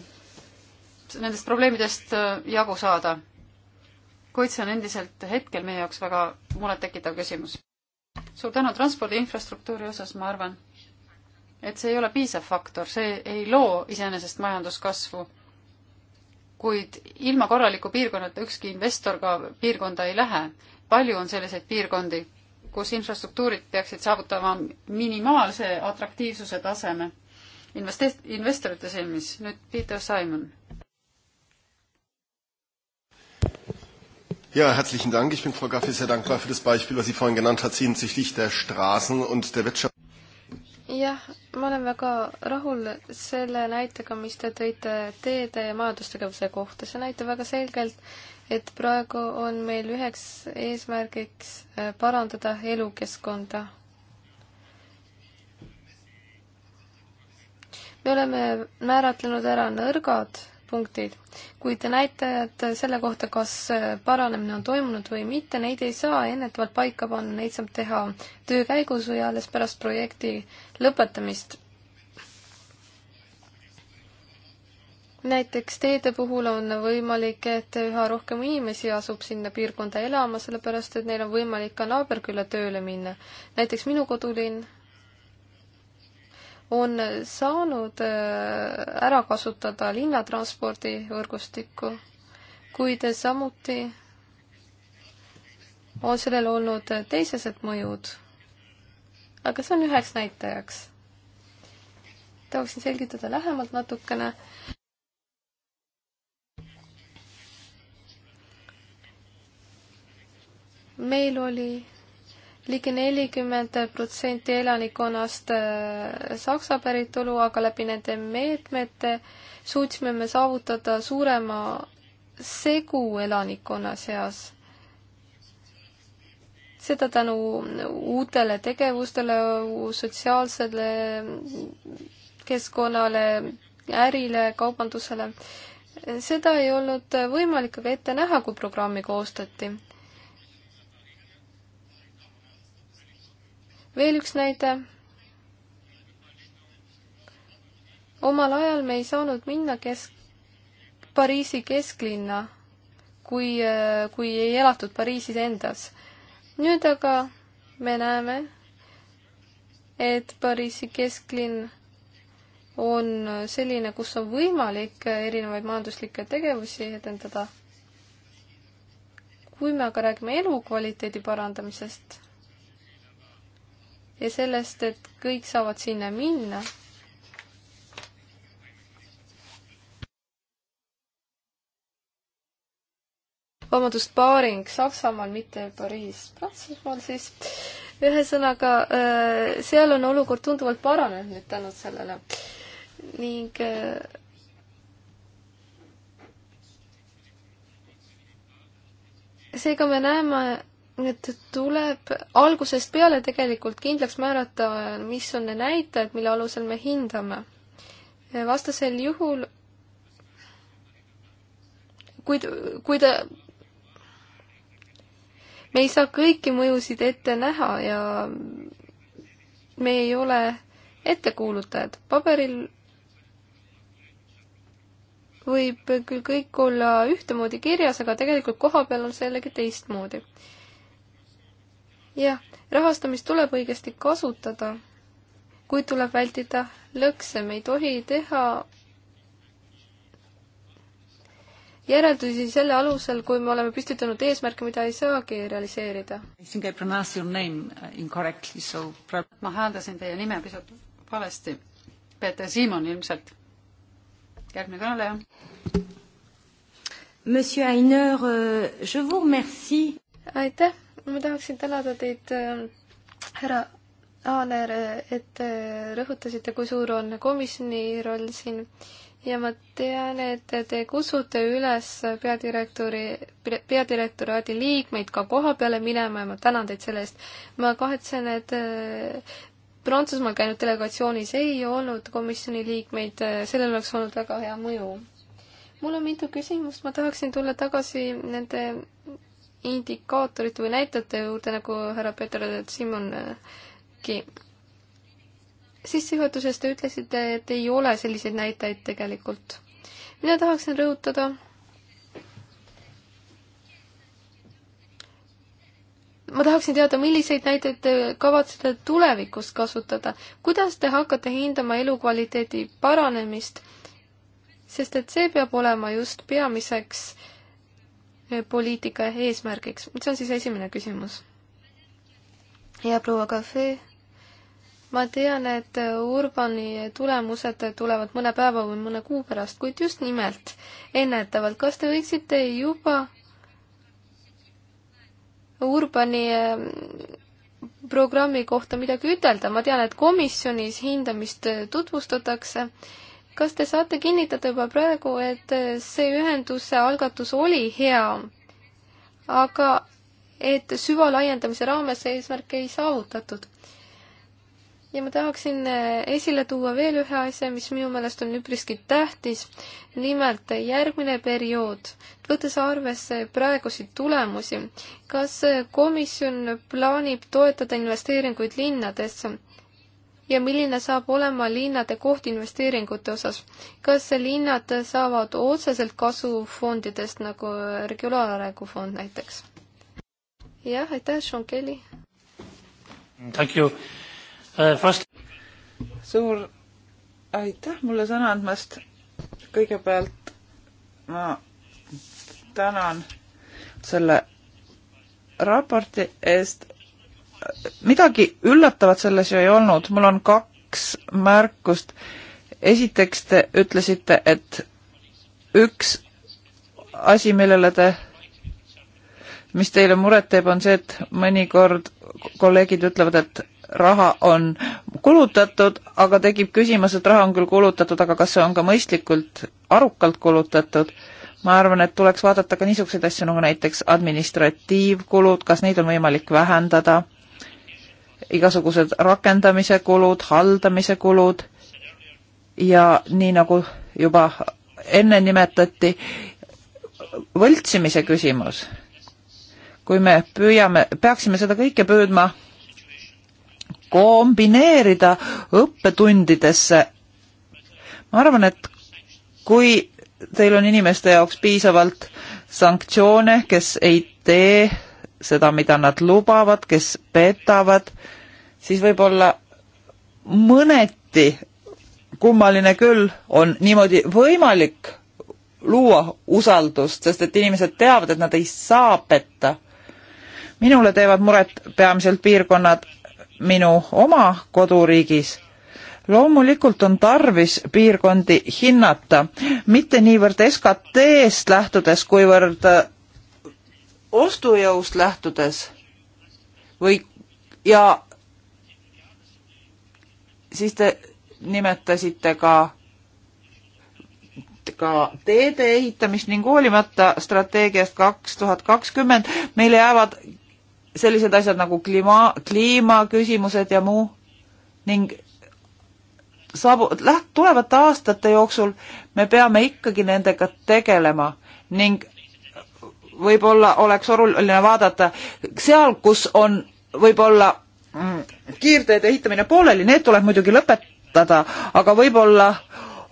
nendest probleemidest äh, jagu saada. kuid see on endiselt hetkel meie jaoks väga murettekitav küsimus. suur tänu transpordi infrastruktuuri osas, ma arvan et see ei ole piisav faktor, see ei loo iseenesest majanduskasvu. kuid ilma korraliku piirkonnata ükski investor ka piirkonda ei lähe. palju on selliseid piirkondi, kus infrastruktuurid peaksid saavutama minimaalse atraktiivsuse taseme investeest-, investorite silmis. nüüd Peter Simon. Ja, herzlichen Dank. Ich bin Frau Gaffi sehr dankbar für das Beispiel, was sie vorhin genannt hat, hinsichtlich der Straßen und der Wirtschaft jah, ma olen väga rahul selle näitega, mis te tõite teede ja majandustegevuse kohta. see näitab väga selgelt, et praegu on meil üheks eesmärgiks äh, parandada elukeskkonda. me oleme määratlenud ära nõrgad punktid, kuid näitajad selle kohta, kas paranemine on toimunud või mitte, neid ei saa ennetavalt paika panna, neid saab teha töö käigus või alles pärast projekti lõpetamist. näiteks teede puhul on võimalik, et üha rohkem inimesi asub sinna piirkonda elama, sellepärast et neil on võimalik ka naaberkülla tööle minna. näiteks minu kodulinn on saanud äh, ära kasutada linnatranspordivõrgustikku, kuid samuti on sellel olnud teised mõjud. aga see on üheks näitajaks. tahaksin selgitada lähemalt natukene. meil oli ligi nelikümmend protsenti elanikkonnast äh, Saksa päritolu, aga läbi nende meetmete suutsime me saavutada suurema segu elanikkonna seas. seda tänu uutele tegevustele, sotsiaalsele keskkonnale, ärile, kaubandusele. seda ei olnud võimalik aga ette näha, kui programmi koostati veel üks näide. omal ajal me ei saanud minna kesk, Pariisi kesklinna, kui, kui ei elatud Pariisis endas. nüüd aga me näeme, et Pariisi kesklinn on selline, kus on võimalik erinevaid majanduslikke tegevusi edendada. kui me aga räägime elukvaliteedi parandamisest, ja sellest, et kõik saavad sinna minna. vabandust, baaring Saksamaal, mitte Pariis, Prantsusmaal siis. ühesõnaga, äh, seal on olukord tunduvalt paranenud nüüd tänu sellele ning äh, seega me näeme, et tuleb algusest peale tegelikult kindlaks määrata, mis on need näitajad, mille alusel me hindame. vastasel juhul, kui, kui ta, me ei saa kõiki mõjusid ette näha ja me ei ole ettekuulutajad. paberil võib küll kõik olla ühtemoodi kirjas, aga tegelikult koha peal on see jällegi teistmoodi jah, rahastamist tuleb õigesti kasutada, kuid tuleb vältida lõkse, me ei tohi teha järeldusi selle alusel, kui me oleme püstitanud eesmärke, mida ei saagi realiseerida. Uh, so... ma hääldasin teie nime pisut valesti. Peeter Siimon ilmselt. järgmine kõneleja. Monsieur Ainer, euh, je vous remercie. aitäh ma tahaksin tänada teid, äh, härra Aaner, et te äh, rõhutasite, kui suur on komisjoni roll siin ja ma tean, et te kutsute üles peadirektori, peadirektoraadi liikmeid ka koha peale minema ja ma tänan teid selle eest. ma kahetsen, et äh, Prantsusmaal käinud delegatsioonis ei olnud komisjoni liikmeid, sellel oleks olnud väga hea mõju. mul on mitu küsimust, ma tahaksin tulla tagasi nende indikaatorite või näitajate juurde, nagu härra Peeter Simonki sissejuhatuses te ütlesite, et ei ole selliseid näitajaid tegelikult. mina tahaksin rõhutada ma tahaksin teada, milliseid näiteid te kavatsete tulevikus kasutada. kuidas te hakkate hindama elukvaliteedi paranemist? sest et see peab olema just peamiseks äh, poliitika eesmärgiks? see on siis esimene küsimus. ja proua Cafe? ma tean, et Urbani tulemused tulevad mõne päeva või mõne kuu pärast, kuid just nimelt ennetavalt, kas te võiksite juba Urbani eh, programmi kohta midagi ütelda, ma tean, et komisjonis hindamist tutvustatakse kas te saate kinnitada juba praegu, et see ühenduse algatus oli hea, aga et süvalaiendamise raames eesmärke ei saavutatud? ja ma tahaksin esile tuua veel ühe asja, mis minu meelest on üpriski tähtis, nimelt järgmine periood. võttes arvesse praeguseid tulemusi, kas komisjon plaanib toetada investeeringuid linnadesse? ja milline saab olema linnade koht investeeringute osas? kas linnad saavad otseselt kasu fondidest nagu Regionaalarengu Fond näiteks? jah, aitäh, Sean Kelly. Thank you uh,. First... suur aitäh mulle sõna andmast. kõigepealt ma tänan selle raporti eest midagi üllatavat selles ju ei olnud, mul on kaks märkust. esiteks te ütlesite, et üks asi, millele te, mis teile muret teeb, on see, et mõnikord kolleegid ütlevad, et raha on kulutatud, aga tekib küsimus, et raha on küll kulutatud, aga kas see on ka mõistlikult, arukalt kulutatud. ma arvan, et tuleks vaadata ka niisuguseid asju nagu näiteks administratiivkulud, kas neid on võimalik vähendada igasugused rakendamise kulud, haldamise kulud ja nii nagu juba enne nimetati, võltsimise küsimus. kui me püüame, peaksime seda kõike püüdma kombineerida õppetundidesse. ma arvan, et kui teil on inimeste jaoks piisavalt sanktsioone, kes ei tee seda, mida nad lubavad, kes petavad, siis võib-olla mõneti, kummaline küll, on niimoodi võimalik luua usaldust, sest et inimesed teavad, et nad ei saa petta. minule teevad muret peamiselt piirkonnad minu oma koduriigis. loomulikult on tarvis piirkondi hinnata, mitte niivõrd SKT-st lähtudes, kuivõrd ostujõust lähtudes või ja siis te nimetasite ka ka teede ehitamist ning hoolimata strateegiast kaks tuhat kakskümmend meile jäävad sellised asjad nagu kliima, kliimaküsimused ja muu ning saabu-, läht-, tulevate aastate jooksul me peame ikkagi nendega tegelema ning võib-olla oleks oluline vaadata seal, kus on võib-olla mm, kiirteede ehitamine pooleli, need tuleb muidugi lõpetada, aga võib-olla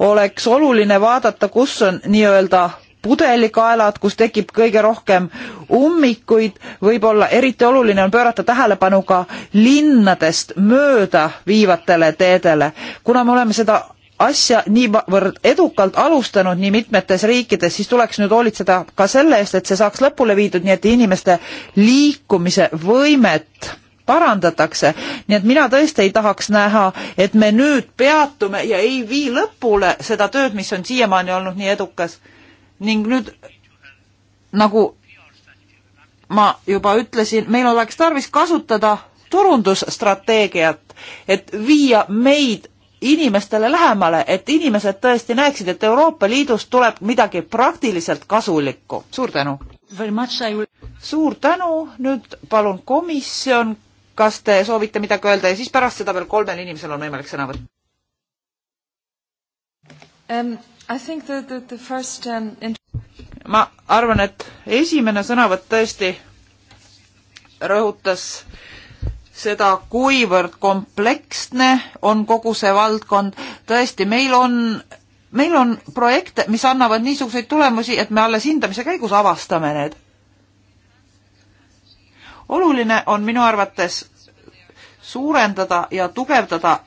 oleks oluline vaadata, kus on nii-öelda pudelikaelad, kus tekib kõige rohkem ummikuid, võib-olla eriti oluline on pöörata tähelepanu ka linnadest mööda viivatele teedele. kuna me oleme seda asja niivõrd edukalt alustanud nii mitmetes riikides, siis tuleks nüüd hoolitseda ka selle eest, et see saaks lõpule viidud, nii et inimeste liikumise võimet parandatakse. nii et mina tõesti ei tahaks näha, et me nüüd peatume ja ei vii lõpule seda tööd, mis on siiamaani olnud nii edukas. ning nüüd nagu ma juba ütlesin, meil oleks tarvis kasutada turundusstrateegiat, et viia meid inimestele lähemale, et inimesed tõesti näeksid, et Euroopa Liidust tuleb midagi praktiliselt kasulikku. suur tänu! Will... suur tänu, nüüd palun komisjon, kas te soovite midagi öelda ja siis pärast seda veel kolmel inimesel on võimalik sõna võtta um,? First... Um, ma arvan, et esimene sõnavõtt tõesti rõhutas äh, seda, kuivõrd kompleksne on kogu see valdkond. tõesti, meil on, meil on projekte, mis annavad niisuguseid tulemusi, et me alles hindamise käigus avastame need. oluline on minu arvates suurendada ja tugevdada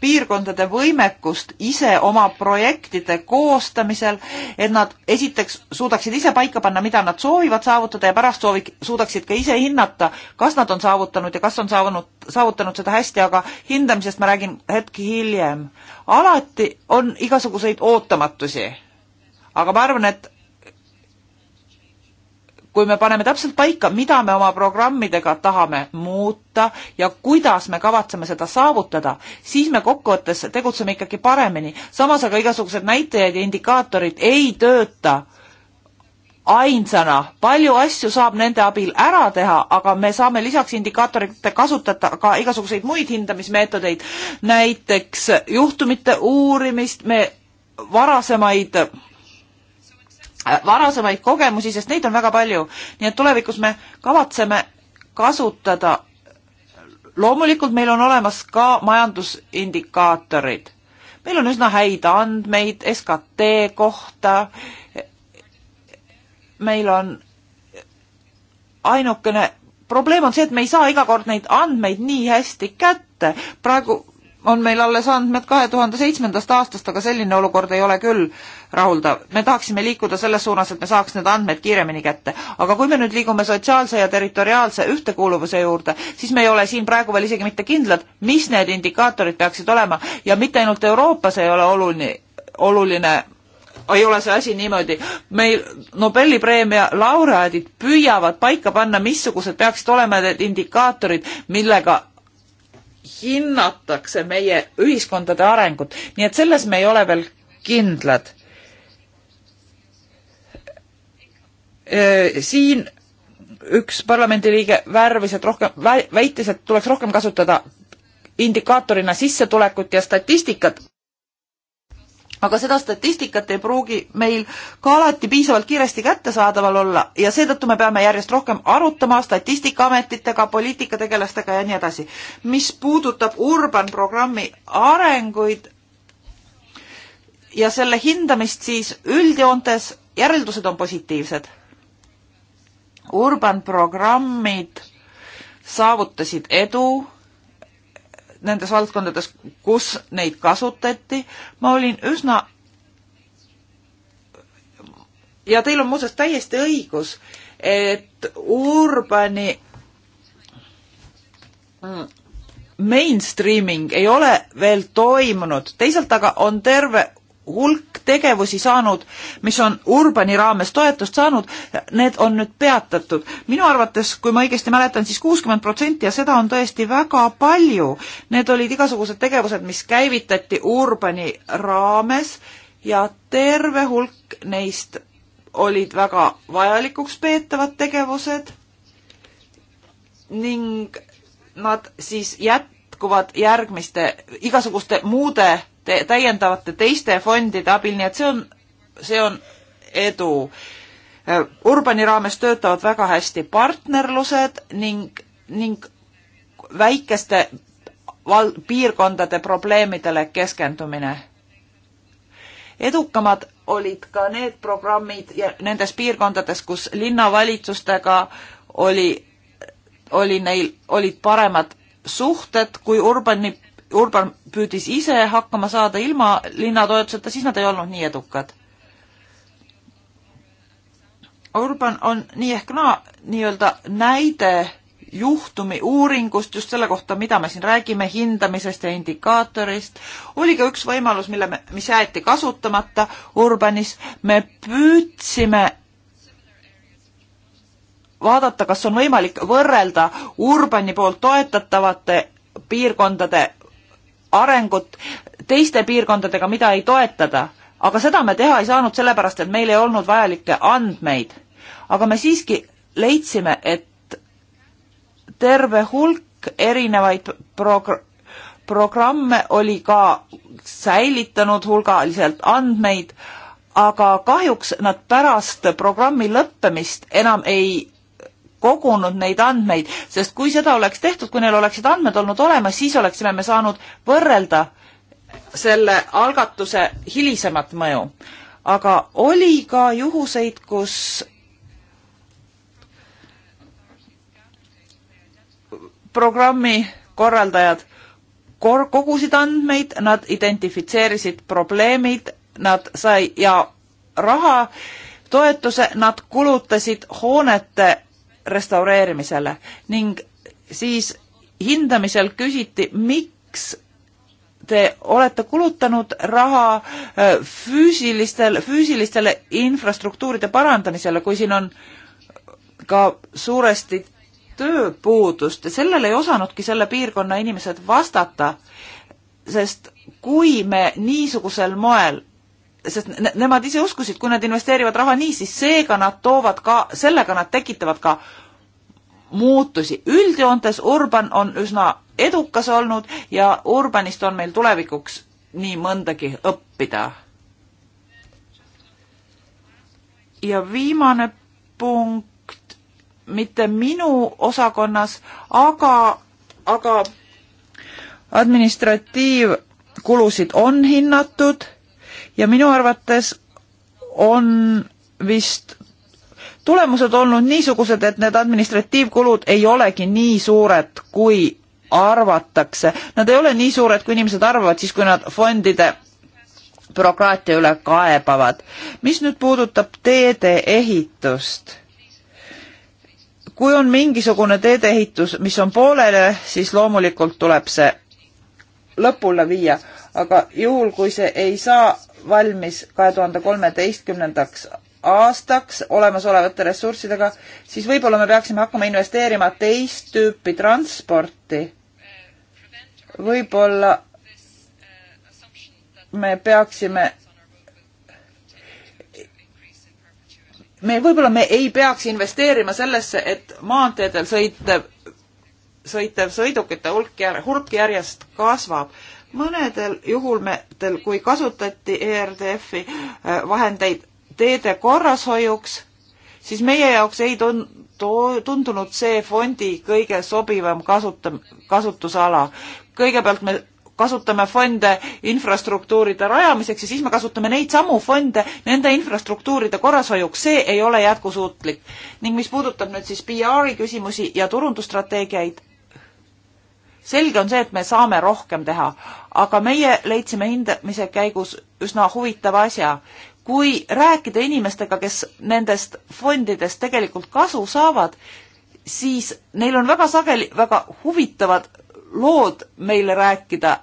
piirkondade võimekust ise oma projektide koostamisel, et nad esiteks suudaksid ise paika panna, mida nad soovivad saavutada ja pärast soovik-, suudaksid ka ise hinnata, kas nad on saavutanud ja kas on saavutanud, saavutanud seda hästi, aga hindamisest ma räägin hetk hiljem. alati on igasuguseid ootamatusi. aga ma arvan, et kui me paneme täpselt paika, mida me oma programmidega tahame muuta ja kuidas me kavatseme seda saavutada, siis me kokkuvõttes tegutseme ikkagi paremini. samas aga igasugused näitajad ja indikaatorid ei tööta ainsana, palju asju saab nende abil ära teha, aga me saame lisaks indikaatorite kasutada ka igasuguseid muid hindamismeetodeid, näiteks juhtumite uurimist, me varasemaid Äh, varasemaid kogemusi, sest neid on väga palju. nii et tulevikus me kavatseme kasutada, loomulikult meil on olemas ka majandusindikaatorid. meil on üsna häid andmeid SKT kohta, meil on ainukene probleem on see, et me ei saa iga kord neid andmeid nii hästi kätte. praegu on meil alles andmed kahe tuhande seitsmendast aastast, aga selline olukord ei ole küll rahuldav. me tahaksime liikuda selles suunas, et me saaks need andmed kiiremini kätte. aga kui me nüüd liigume sotsiaalse ja territoriaalse ühtekuuluvuse juurde, siis me ei ole siin praegu veel isegi mitte kindlad, mis need indikaatorid peaksid olema ja mitte ainult Euroopas ei ole oluline, oluline ei ole see asi niimoodi. meil Nobeli preemia laureaadid püüavad paika panna, missugused peaksid olema need indikaatorid, millega hinnatakse meie ühiskondade arengut, nii et selles me ei ole veel kindlad. Äh, siin üks parlamendiliige värvis, et rohkem, väitis, et tuleks rohkem kasutada indikaatorina sissetulekut ja statistikat, aga seda statistikat ei pruugi meil ka alati piisavalt kiiresti kättesaadaval olla ja seetõttu me peame järjest rohkem arutama statistikaametitega, poliitikategelastega ja nii edasi. mis puudutab Urban programmi arenguid ja selle hindamist, siis üldjoontes järeldused on positiivsed. Urban programmid saavutasid edu nendes valdkondades, kus neid kasutati. ma olin üsna ja teil on muuseas täiesti õigus, et Urbani mainstreaming ei ole veel toimunud, teisalt aga on terve hulk tegevusi saanud, mis on Urbani raames toetust saanud, need on nüüd peatatud. minu arvates, kui ma õigesti mäletan siis, siis kuuskümmend protsenti ja seda on tõesti väga palju. Need olid igasugused tegevused, mis käivitati Urbani raames ja terve hulk neist olid väga vajalikuks peetavad tegevused ning nad siis jätkuvad järgmiste igasuguste muude te täiendavate teiste fondide abil, nii et see on, see on edu. Urbani raames töötavad väga hästi partnerlused ning, ning väikeste val-, piirkondade probleemidele keskendumine. edukamad olid ka need programmid ja nendes piirkondades, kus linnavalitsustega oli, oli neil, olid paremad suhted kui Urbani Urban püüdis ise hakkama saada ilma linnatoetuseta, siis nad ei olnud nii edukad. Urban on nii ehk naa nii-öelda näide juhtumi uuringust, just selle kohta, mida me siin räägime, hindamisest ja indikaatorist, oli ka üks võimalus, mille me, mis jäeti kasutamata Urbanis, me püüdsime vaadata, kas on võimalik võrrelda Urbani poolt toetatavate piirkondade arengut teiste piirkondadega, mida ei toetada. aga seda me teha ei saanud, sellepärast et meil ei olnud vajalikke andmeid. aga me siiski leidsime, et terve hulk erinevaid progr-, programme oli ka säilitanud hulgaliselt andmeid, aga kahjuks nad pärast programmi lõppemist enam ei kogunud neid andmeid, sest kui seda oleks tehtud, kui neil oleksid andmed olnud olemas, siis oleksime me saanud võrrelda selle algatuse hilisemat mõju. aga oli ka juhuseid, kus programmi korraldajad kor-, kogusid andmeid, nad identifitseerisid probleemid, nad sai ja raha toetuse nad kulutasid hoonete restaureerimisele ning siis hindamisel küsiti, miks te olete kulutanud raha äh, füüsilistel, füüsilistele infrastruktuuride parandamisele, kui siin on ka suuresti tööpuudust ja sellele ei osanudki selle piirkonna inimesed vastata, sest kui me niisugusel moel sest ne, nemad ise uskusid, kui nad investeerivad raha nii, siis seega nad toovad ka, sellega nad tekitavad ka muutusi. üldjoontes Urban on üsna edukas olnud ja Urbanist on meil tulevikuks nii mõndagi õppida. ja viimane punkt, mitte minu osakonnas, aga, aga administratiivkulusid on hinnatud ja minu arvates on vist tulemused olnud niisugused, et need administratiivkulud ei olegi nii suured, kui arvatakse. Nad ei ole nii suured, kui inimesed arvavad, siis kui nad fondide bürokraatia üle kaebavad. mis nüüd puudutab teede ehitust? kui on mingisugune teedeehitus, mis on pooleli, siis loomulikult tuleb see lõpule viia, aga juhul, kui see ei saa valmis kahe tuhande kolmeteistkümnendaks aastaks olemasolevate ressurssidega, siis võib-olla me peaksime hakkama investeerima teist tüüpi transporti. võib-olla me peaksime me võib-olla me ei peaks investeerima sellesse, et maanteedel sõitev, sõitev sõidukite hulk, hulk järjest kasvab, mõnedel juhulmetel, kui kasutati ERDF-i äh, vahendeid teede korrashoiuks, siis meie jaoks ei tun-, tundunud see fondi kõige sobivam kasuta-, kasutusala. kõigepealt me kasutame fonde infrastruktuuride rajamiseks ja siis me kasutame neid samu fonde nende infrastruktuuride korrashoiuks, see ei ole jätkusuutlik. ning mis puudutab nüüd siis PR-i küsimusi ja turundusstrateegiaid, selge on see, et me saame rohkem teha, aga meie leidsime hindamise käigus üsna huvitava asja. kui rääkida inimestega, kes nendest fondidest tegelikult kasu saavad, siis neil on väga sageli väga huvitavad lood meile rääkida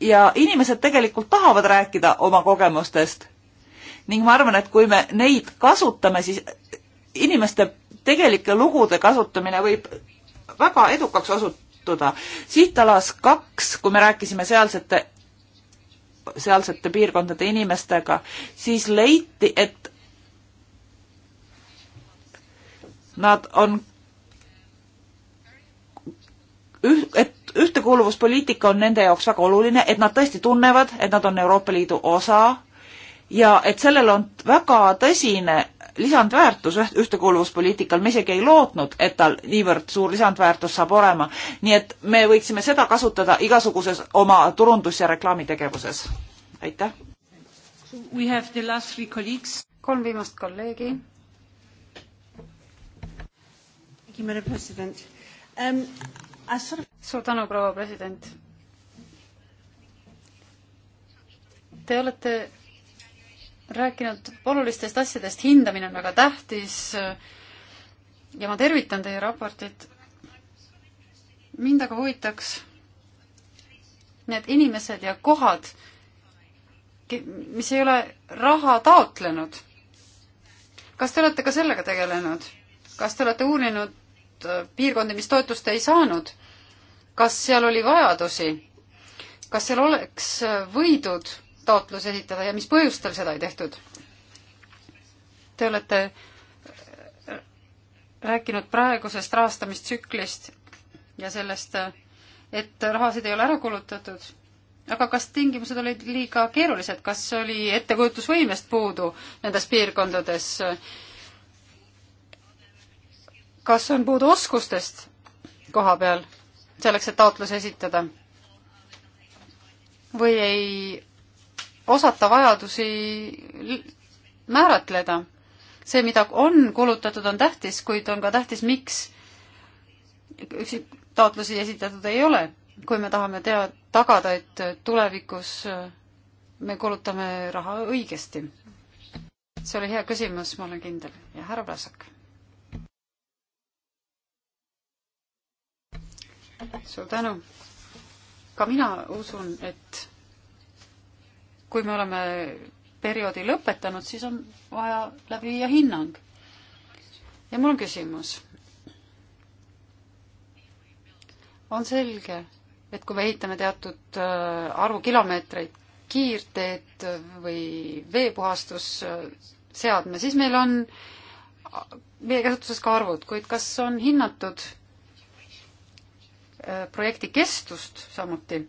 ja inimesed tegelikult tahavad rääkida oma kogemustest. ning ma arvan, et kui me neid kasutame, siis inimeste tegelike lugude kasutamine võib väga edukaks osutuda sattuda. sihtalas kaks, kui me rääkisime sealsete, sealsete piirkondade inimestega, siis leiti, et nad on üh-, et ühtekuuluvuspoliitika on nende jaoks väga oluline, et nad tõesti tunnevad, et nad on Euroopa Liidu osa ja et sellel on väga tõsine lisandväärtus ühtekuuluvuspoliitikal, me isegi ei lootnud, et tal niivõrd suur lisandväärtus saab olema. nii et me võiksime seda kasutada igasuguses oma turundus- ja reklaamitegevuses. aitäh! kolm viimast kolleegi. Um, suur tänu, proua president! Te olete rääkinud olulistest asjadest, hindamine on väga tähtis ja ma tervitan teie raportit. mind aga huvitaks need inimesed ja kohad, mis ei ole raha taotlenud. kas te olete ka sellega tegelenud? kas te olete uurinud äh, piirkondi, mis toetust ei saanud? kas seal oli vajadusi? kas seal oleks äh, võidud taotlus esitada ja mis põhjustel seda ei tehtud? Te olete rääkinud praegusest rahastamistsüklist ja sellest, et rahasid ei ole ära kulutatud. aga kas tingimused olid liiga keerulised, kas oli ettekujutusvõimest puudu nendes piirkondades? kas on puudu oskustest koha peal selleks, et taotlus esitada? või ei osata vajadusi määratleda. see, mida on kulutatud, on tähtis, kuid on ka tähtis, miks taotlusi esitatud ei ole. kui me tahame tea-, tagada, et tulevikus äh, me kulutame raha õigesti. see oli hea küsimus, ma olen kindel. ja härra Vlasak. suur tänu. ka mina usun, et kui me oleme perioodi lõpetanud, siis on vaja läbi viia hinnang. ja mul on küsimus. on selge, et kui me ehitame teatud äh, arvu kilomeetreid kiirteed või veepuhastusseadme, siis meil on meie käsutuses ka arvud, kuid kas on hinnatud äh, projekti kestust samuti?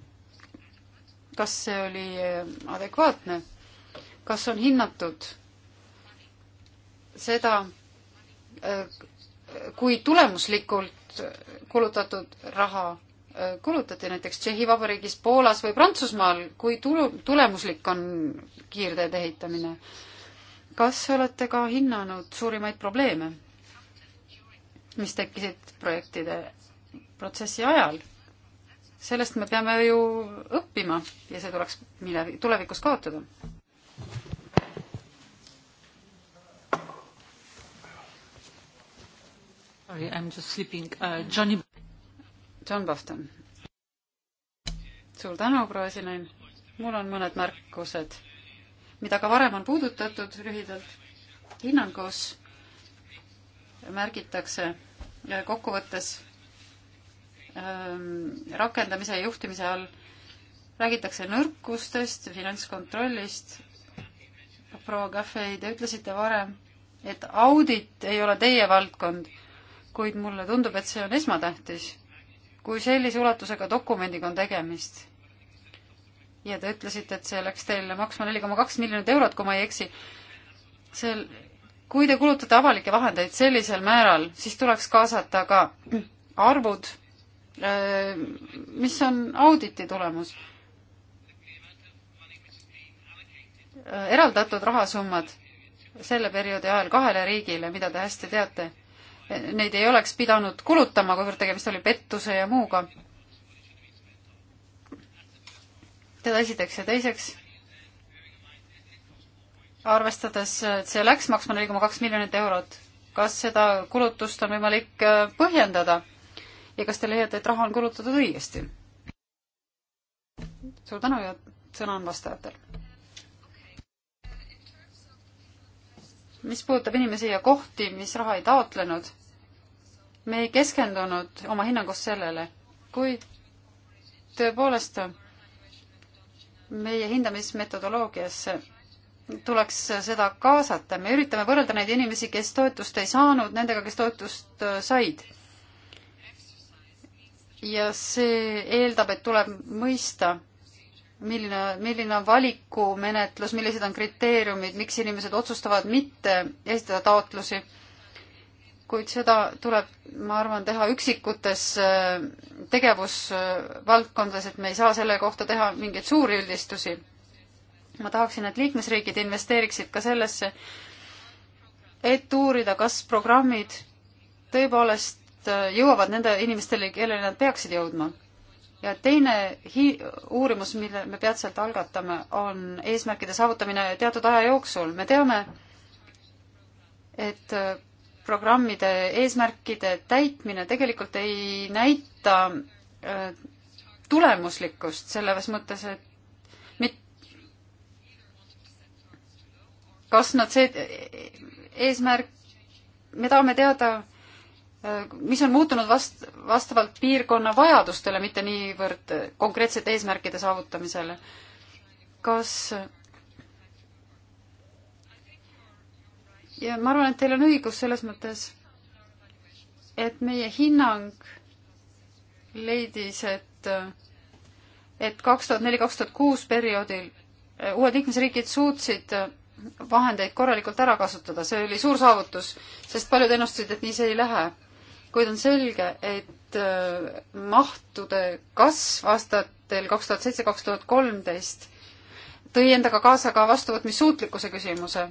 kas see oli äh, adekvaatne, kas on hinnatud seda, äh, kui tulemuslikult kulutatud raha äh, kulutati näiteks Tšehhi Vabariigis, Poolas või Prantsusmaal, kui tulu, tulemuslik on kiirteede ehitamine. kas olete ka hinnanud suurimaid probleeme, mis tekkisid projektide protsessi ajal? sellest me peame ju õppima ja see tuleks minevi-, tulevikus kaotada. Sorry, I am just sleeping uh,. Johnny. John Boston. suur tänu, proua esinaine. mul on mõned märkused, mida ka varem on puudutatud lühidalt. hinnangus märgitakse kokkuvõttes Ähm, rakendamise ja juhtimise all räägitakse nõrkustest, finantskontrollist. proua Caffey, te ütlesite varem, et audit ei ole teie valdkond, kuid mulle tundub, et see on esmatähtis, kui sellise ulatusega dokumendiga on tegemist. ja te ütlesite, et see läks teile maksma neli koma kaks miljonit eurot, kui ma ei eksi. seal, kui te kulutate avalikke vahendeid sellisel määral, siis tuleks kaasata ka arvud Äh, mis on auditi tulemus. Äh, eraldatud rahasummad selle perioodi ajal kahele riigile, mida te hästi teate, äh, neid ei oleks pidanud kulutama, kuivõrd tegemist oli pettuse ja muuga. seda esiteks ja teiseks, arvestades, et see läks maksma neli koma kaks miljonit eurot, kas seda kulutust on võimalik põhjendada? ja kas te leiate, et raha on kulutatud õigesti? suur tänu ja sõna on vastajatel. mis puudutab inimesi ja kohti, mis raha ei taotlenud, me ei keskendunud oma hinnangus sellele, kui tõepoolest meie hindamismetodoloogiasse tuleks seda kaasata, me üritame võrrelda neid inimesi, kes toetust ei saanud, nendega, kes toetust äh, said ja see eeldab, et tuleb mõista, milline, milline on valikumenetlus, millised on kriteeriumid, miks inimesed otsustavad mitte esitada taotlusi. kuid seda tuleb, ma arvan, teha üksikutes äh, tegevusvaldkondades, et me ei saa selle kohta teha mingeid suuri üldistusi. ma tahaksin, et liikmesriigid investeeriksid ka sellesse, et uurida, kas programmid tõepoolest Äh, jõuavad nende inimestele, kellele nad peaksid jõudma. ja teine hi-, uurimus, mille me peatselt algatame, on eesmärkide saavutamine teatud aja jooksul. me teame, et äh, programmide eesmärkide täitmine tegelikult ei näita äh, tulemuslikkust selles mõttes, et mit-, kas nad see e-, eesmärk, me tahame teada, mis on muutunud vast-, vastavalt piirkonna vajadustele, mitte niivõrd konkreetsete eesmärkide saavutamisele. kas ja ma arvan, et teil on õigus selles mõttes, et meie hinnang leidis, et, et kaks tuhat neli, kaks tuhat kuus perioodil eh, uued liikmesriigid suutsid eh, vahendeid korralikult ära kasutada, see oli suur saavutus, sest paljud ennustasid, et nii see ei lähe kuid on selge, et äh, mahtude kasv aastatel kaks tuhat seitse, kaks tuhat kolmteist tõi endaga kaasa ka vastuvõtmissuutlikkuse küsimuse.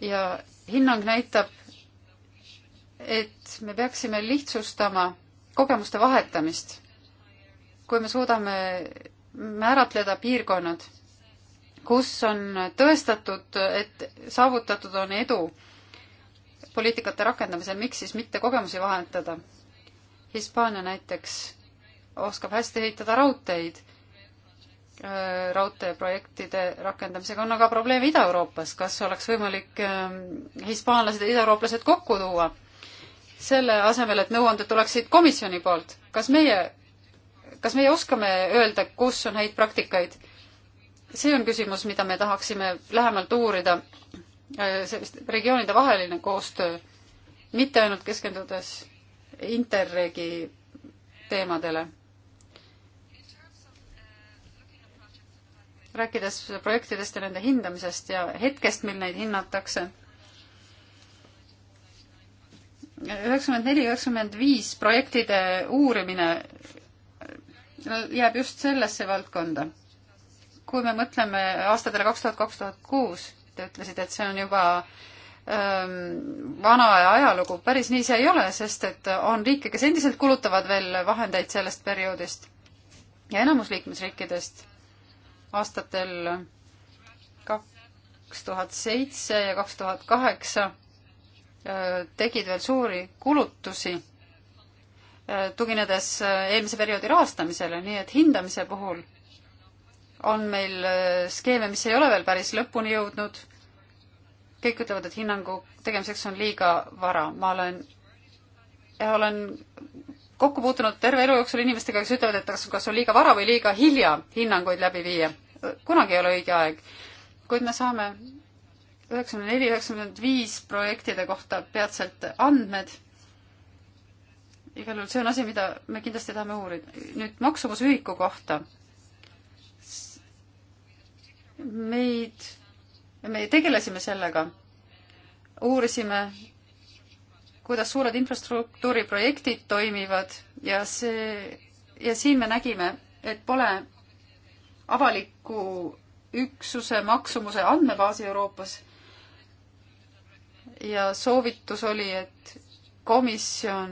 ja hinnang näitab, et me peaksime lihtsustama kogemuste vahetamist, kui me suudame määratleda piirkonnad, kus on tõestatud, et saavutatud on edu poliitikate rakendamisel, miks siis mitte kogemusi vahetada? Hispaania näiteks oskab hästi ehitada raudteid. Äh, raudteeprojektide rakendamisega on aga probleem Ida-Euroopas, kas oleks võimalik ähm, hispaanlased ja idaeurooplased kokku tuua? selle asemel, et nõuanded tuleksid komisjoni poolt, kas meie, kas meie oskame öelda, kus on häid praktikaid? see on küsimus, mida me tahaksime lähemalt uurida Äh, sellist regioonide vaheline koostöö, mitte ainult keskendudes Interregi teemadele. rääkides projektidest ja nende hindamisest ja hetkest, mil neid hinnatakse, üheksakümmend neli, üheksakümmend viis projektide uurimine jääb just sellesse valdkonda. kui me mõtleme aastatele kaks tuhat, kaks tuhat kuus, ütlesid, et see on juba ähm, vana aja ajalugu. päris nii see ei ole, sest et on riike, kes endiselt kulutavad veel vahendeid sellest perioodist. ja enamus liikmesriikidest aastatel kaks tuhat seitse ja kaks tuhat kaheksa äh, tegid veel suuri kulutusi äh, tuginedes äh, eelmise perioodi rahastamisele, nii et hindamise puhul on meil skeeme, mis ei ole veel päris lõpuni jõudnud kõik ütlevad, et hinnangu tegemiseks on liiga vara. ma olen, olen kokku puutunud terve elu jooksul inimestega, kes ütlevad, et kas, kas on liiga vara või liiga hilja hinnanguid läbi viia. kunagi ei ole õige aeg. kuid me saame üheksakümne neli, üheksakümmend viis projektide kohta peatselt andmed. igal juhul see on asi, mida me kindlasti tahame uurida. nüüd maksumusühiku kohta. meid me tegelesime sellega, uurisime, kuidas suured infrastruktuuriprojektid toimivad ja see, ja siin me nägime, et pole avaliku üksuse maksumuse andmebaasi Euroopas. ja soovitus oli, et komisjon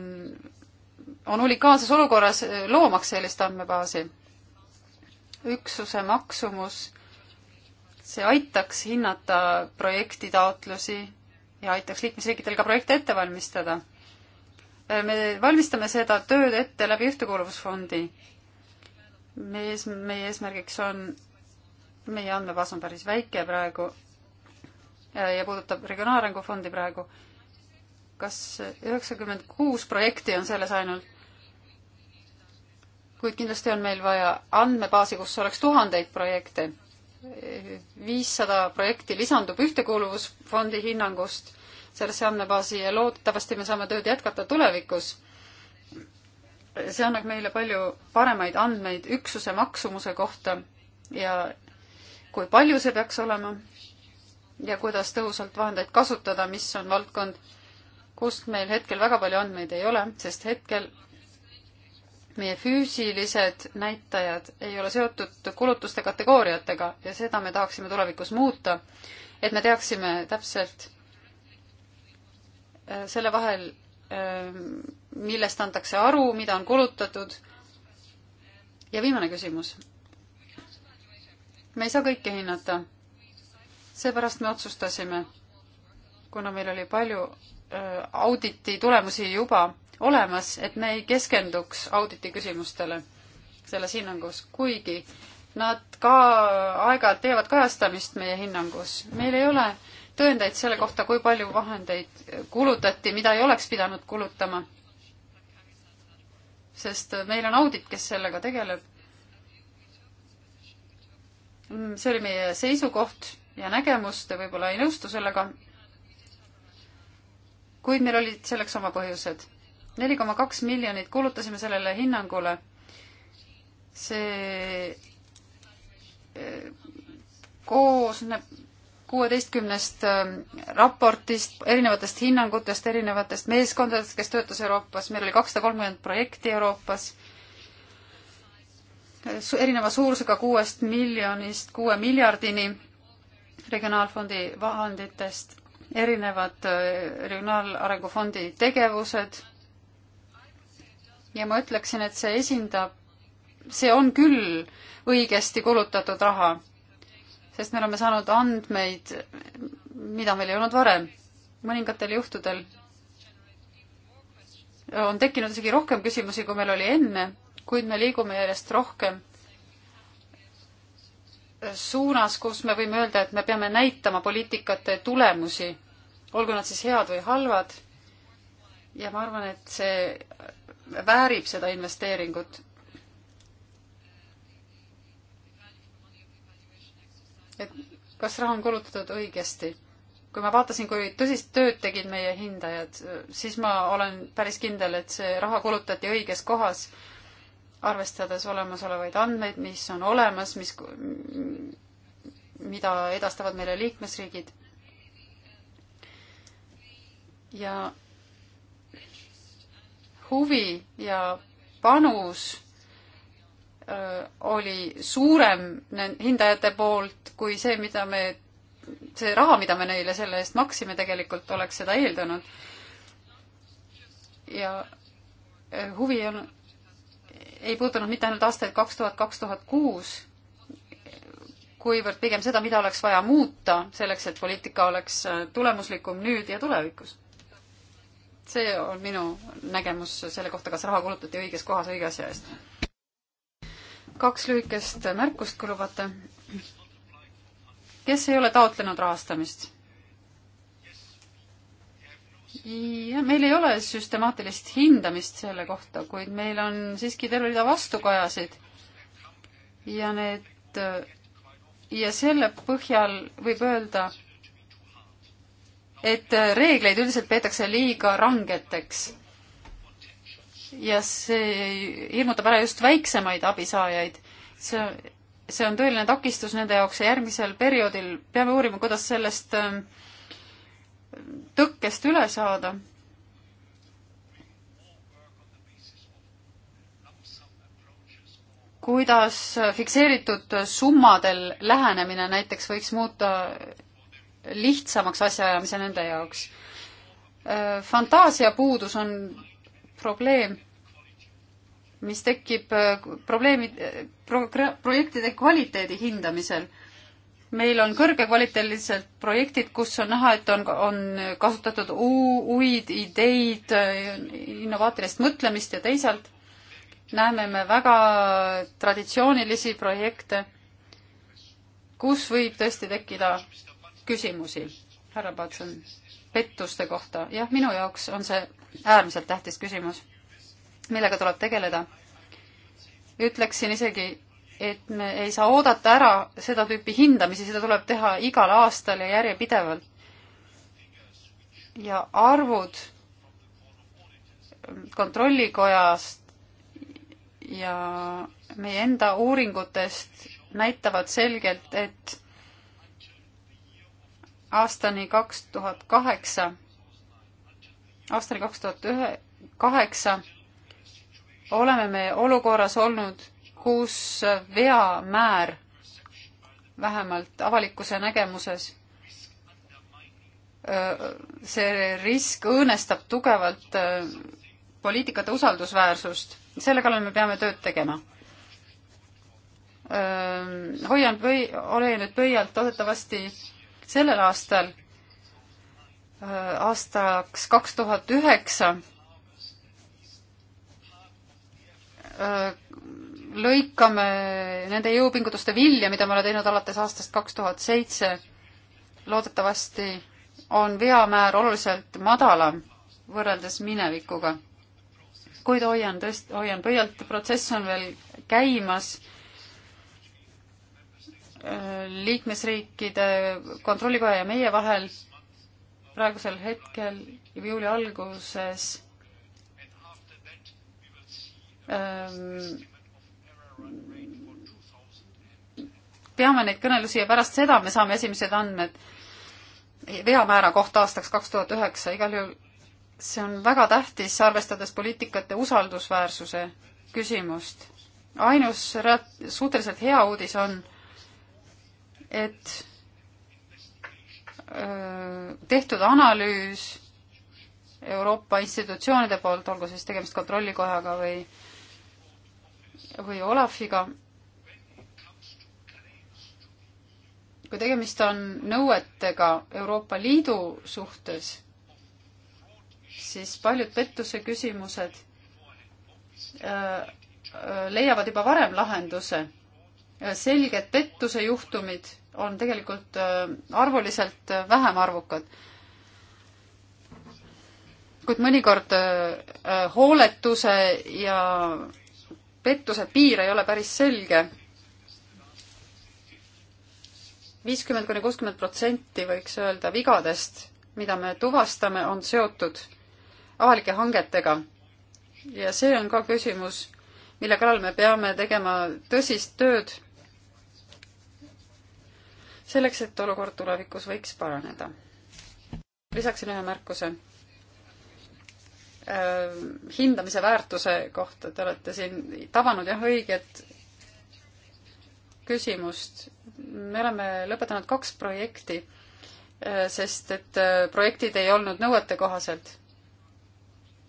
on unikaalses olukorras loomaks sellist andmebaasi. üksuse maksumus see aitaks hinnata projektitaotlusi ja aitaks liikmesriikidel ka projekte ette valmistada. me valmistame seda tööd ette läbi Ühtekuuluvusfondi. meie ees, meie eesmärgiks on, meie andmebaas on päris väike praegu ja, ja puudutab Regionaalarengu Fondi praegu. kas üheksakümmend kuus projekti on selles ainult? kuid kindlasti on meil vaja andmebaasi, kus oleks tuhandeid projekte viissada projekti lisandub Ühtekuuluvusfondi hinnangust sellesse andmebaasi ja loodetavasti me saame tööd jätkata tulevikus. see annab meile palju paremaid andmeid üksuse maksumuse kohta ja kui palju see peaks olema ja kuidas tõhusalt vahendeid kasutada, mis on valdkond, kust meil hetkel väga palju andmeid ei ole, sest hetkel meie füüsilised näitajad ei ole seotud kulutuste kategooriatega ja seda me tahaksime tulevikus muuta, et me teaksime täpselt äh, selle vahel, ähm, millest antakse aru, mida on kulutatud. ja viimane küsimus. me ei saa kõike hinnata. seepärast me otsustasime, kuna meil oli palju äh, auditi tulemusi juba olemas, et me ei keskenduks auditi küsimustele selles hinnangus, kuigi nad ka aeg-ajalt teevad kajastamist meie hinnangus. meil ei ole tõendeid selle kohta, kui palju vahendeid kulutati, mida ei oleks pidanud kulutama. sest meil on audit, kes sellega tegeleb. Mm, see oli meie seisukoht ja nägemus, te võib-olla ei nõustu sellega. kuid meil olid selleks oma põhjused neli koma kaks miljonit kulutasime sellele hinnangule. see eh, koosneb kuueteistkümnest eh, raportist, erinevatest hinnangutest, erinevatest meeskondadest, kes töötas Euroopas, meil oli kakssada kolmkümmend projekti Euroopas, eh, erineva suurusega kuuest miljonist kuue miljardini regionaalfondi vahenditest, erinevad regionaalarengu fondi tegevused ja ma ütleksin, et see esindab, see on küll õigesti kulutatud raha, sest me oleme saanud andmeid, mida meil ei olnud varem. mõningatel juhtudel on tekkinud isegi rohkem küsimusi, kui meil oli enne, kuid me liigume järjest rohkem suunas, kus me võime öelda, et me peame näitama poliitikate tulemusi, olgu nad siis head või halvad. ja ma arvan, et see väärib seda investeeringut. et kas raha on kulutatud õigesti? kui ma vaatasin, kui tõsist tööd tegid meie hindajad, siis ma olen päris kindel, et see raha kulutati õiges kohas, arvestades olemasolevaid andmeid, mis on olemas, mis, mida edastavad meile liikmesriigid. ja huvi ja panus oli suurem hindajate poolt kui see, mida me, see raha, mida me neile selle eest maksime, tegelikult oleks seda eeldanud. ja huvi on, ei puutunud mitte ainult aastaid kaks tuhat, kaks tuhat kuus, kuivõrd pigem seda, mida oleks vaja muuta selleks, et poliitika oleks tulemuslikum nüüd ja tulevikus see on minu nägemus selle kohta, kas raha kulutati õiges kohas õige asja eest. kaks lühikest märkust, kui lubate. kes ei ole taotlenud rahastamist? ja meil ei ole süstemaatilist hindamist selle kohta, kuid meil on siiski terve rida vastukajasid. ja need, ja selle põhjal võib öelda, et reegleid üldiselt peetakse liiga rangeteks. ja see hirmutab ära just väiksemaid abisaajaid. see, see on tõeline takistus nende jaoks ja järgmisel perioodil peame uurima, kuidas sellest ähm, tõkkest üle saada. kuidas fikseeritud summadel lähenemine näiteks võiks muuta lihtsamaks asjaajamise nende jaoks. Äh, fantaasiapuudus on probleem, mis tekib äh, probleemi pro,, projektide kvaliteedi hindamisel meil on kõrgekvaliteedilised projektid, kus on näha, et on, on kasutatud uuid ideid, innovaatilist mõtlemist ja teisalt näeme me väga traditsioonilisi projekte, kus võib tõesti tekkida küsimusi härra Patson pettuste kohta. jah, minu jaoks on see äärmiselt tähtis küsimus, millega tuleb tegeleda. ütleksin isegi, et me ei saa oodata ära seda tüüpi hindamisi, seda tuleb teha igal aastal ja järjepidevalt. ja arvud kontrollikojast ja meie enda uuringutest näitavad selgelt, et aastani kaks tuhat kaheksa, aastani kaks tuhat ühe, kaheksa oleme me olukorras olnud, kus veamäär vähemalt avalikkuse nägemuses, see risk õõnestab tugevalt poliitikate usaldusväärsust, selle kallal me peame tööd tegema. hoian pöi-, olen nüüd pöialt, loodetavasti sellel aastal, äh, aastaks kaks tuhat üheksa, äh, lõikame nende jõupingutuste vilja, mida me oleme teinud alates aastast kaks tuhat seitse. loodetavasti on veamäär oluliselt madalam võrreldes minevikuga. kuid hoian tõest-, hoian pöialt, protsess on veel käimas liikmesriikide kontrollikoja ja meie vahel praegusel hetkel juuli alguses ähm, peame neid kõnelusi ja pärast seda me saame esimesed andmed veamäära kohta aastaks kaks tuhat üheksa, igal juhul see on väga tähtis, arvestades poliitikate usaldusväärsuse küsimust. ainus suhteliselt hea uudis on, et tehtud analüüs Euroopa institutsioonide poolt, olgu siis tegemist kontrollikojaga või, või Olafiga, kui tegemist on nõuetega Euroopa Liidu suhtes, siis paljud pettuse küsimused leiavad juba varem lahenduse selged pettuse juhtumid on tegelikult äh, arvuliselt äh, vähem arvukad. kuid mõnikord äh, hooletuse ja pettuse piir ei ole päris selge. viiskümmend kuni kuuskümmend protsenti võiks öelda vigadest, mida me tuvastame, on seotud avalike hangetega. ja see on ka küsimus, mille kallal me peame tegema tõsist tööd selleks, et olukord tulevikus võiks paraneda. lisaksin ühe märkuse äh, hindamise väärtuse kohta, te olete siin tabanud jah, õiget küsimust. me oleme lõpetanud kaks projekti, äh, sest et äh, projektid ei olnud nõuetekohaselt.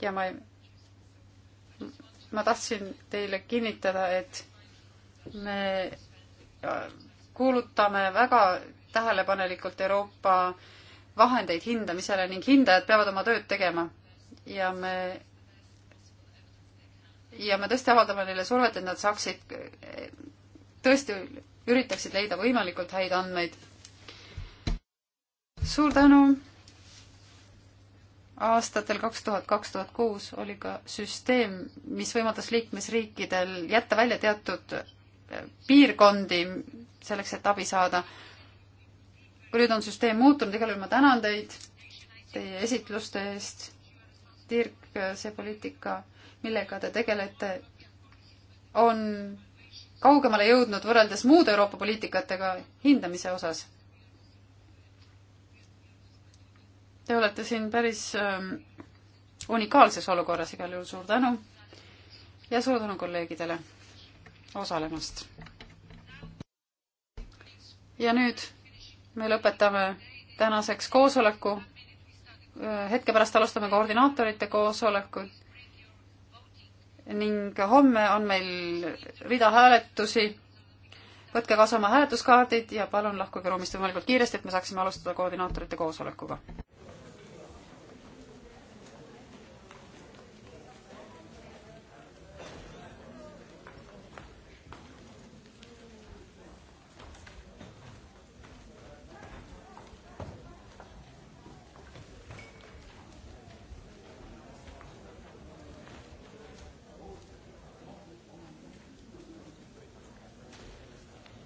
ja ma ei, ma tahtsin teile kinnitada, et me kuulutame väga tähelepanelikult Euroopa vahendeid hindamisele ning hindajad peavad oma tööd tegema ja me ja me tõesti avaldame neile survet, et nad saaksid, tõesti üritaksid leida võimalikult häid andmeid. suur tänu! aastatel kaks tuhat, kaks tuhat kuus oli ka süsteem, mis võimaldas liikmesriikidel jätta välja teatud piirkondi selleks, et abi saada. kui nüüd on süsteem muutunud, igal juhul ma tänan teid teie esitluste eest. Dirk, see poliitika, millega te tegelete, on kaugemale jõudnud võrreldes muude Euroopa poliitikatega hindamise osas. Te olete siin päris ähm, unikaalses olukorras, igal juhul suur tänu ja suur tänu kolleegidele osalemast. ja nüüd me lõpetame tänaseks koosoleku. hetke pärast alustame koordinaatorite koosolekut ning homme on meil rida hääletusi. võtke kaasa oma hääletuskaardid ja palun lahkuge ruumist võimalikult kiiresti, et me saaksime alustada koordinaatorite koosolekuga.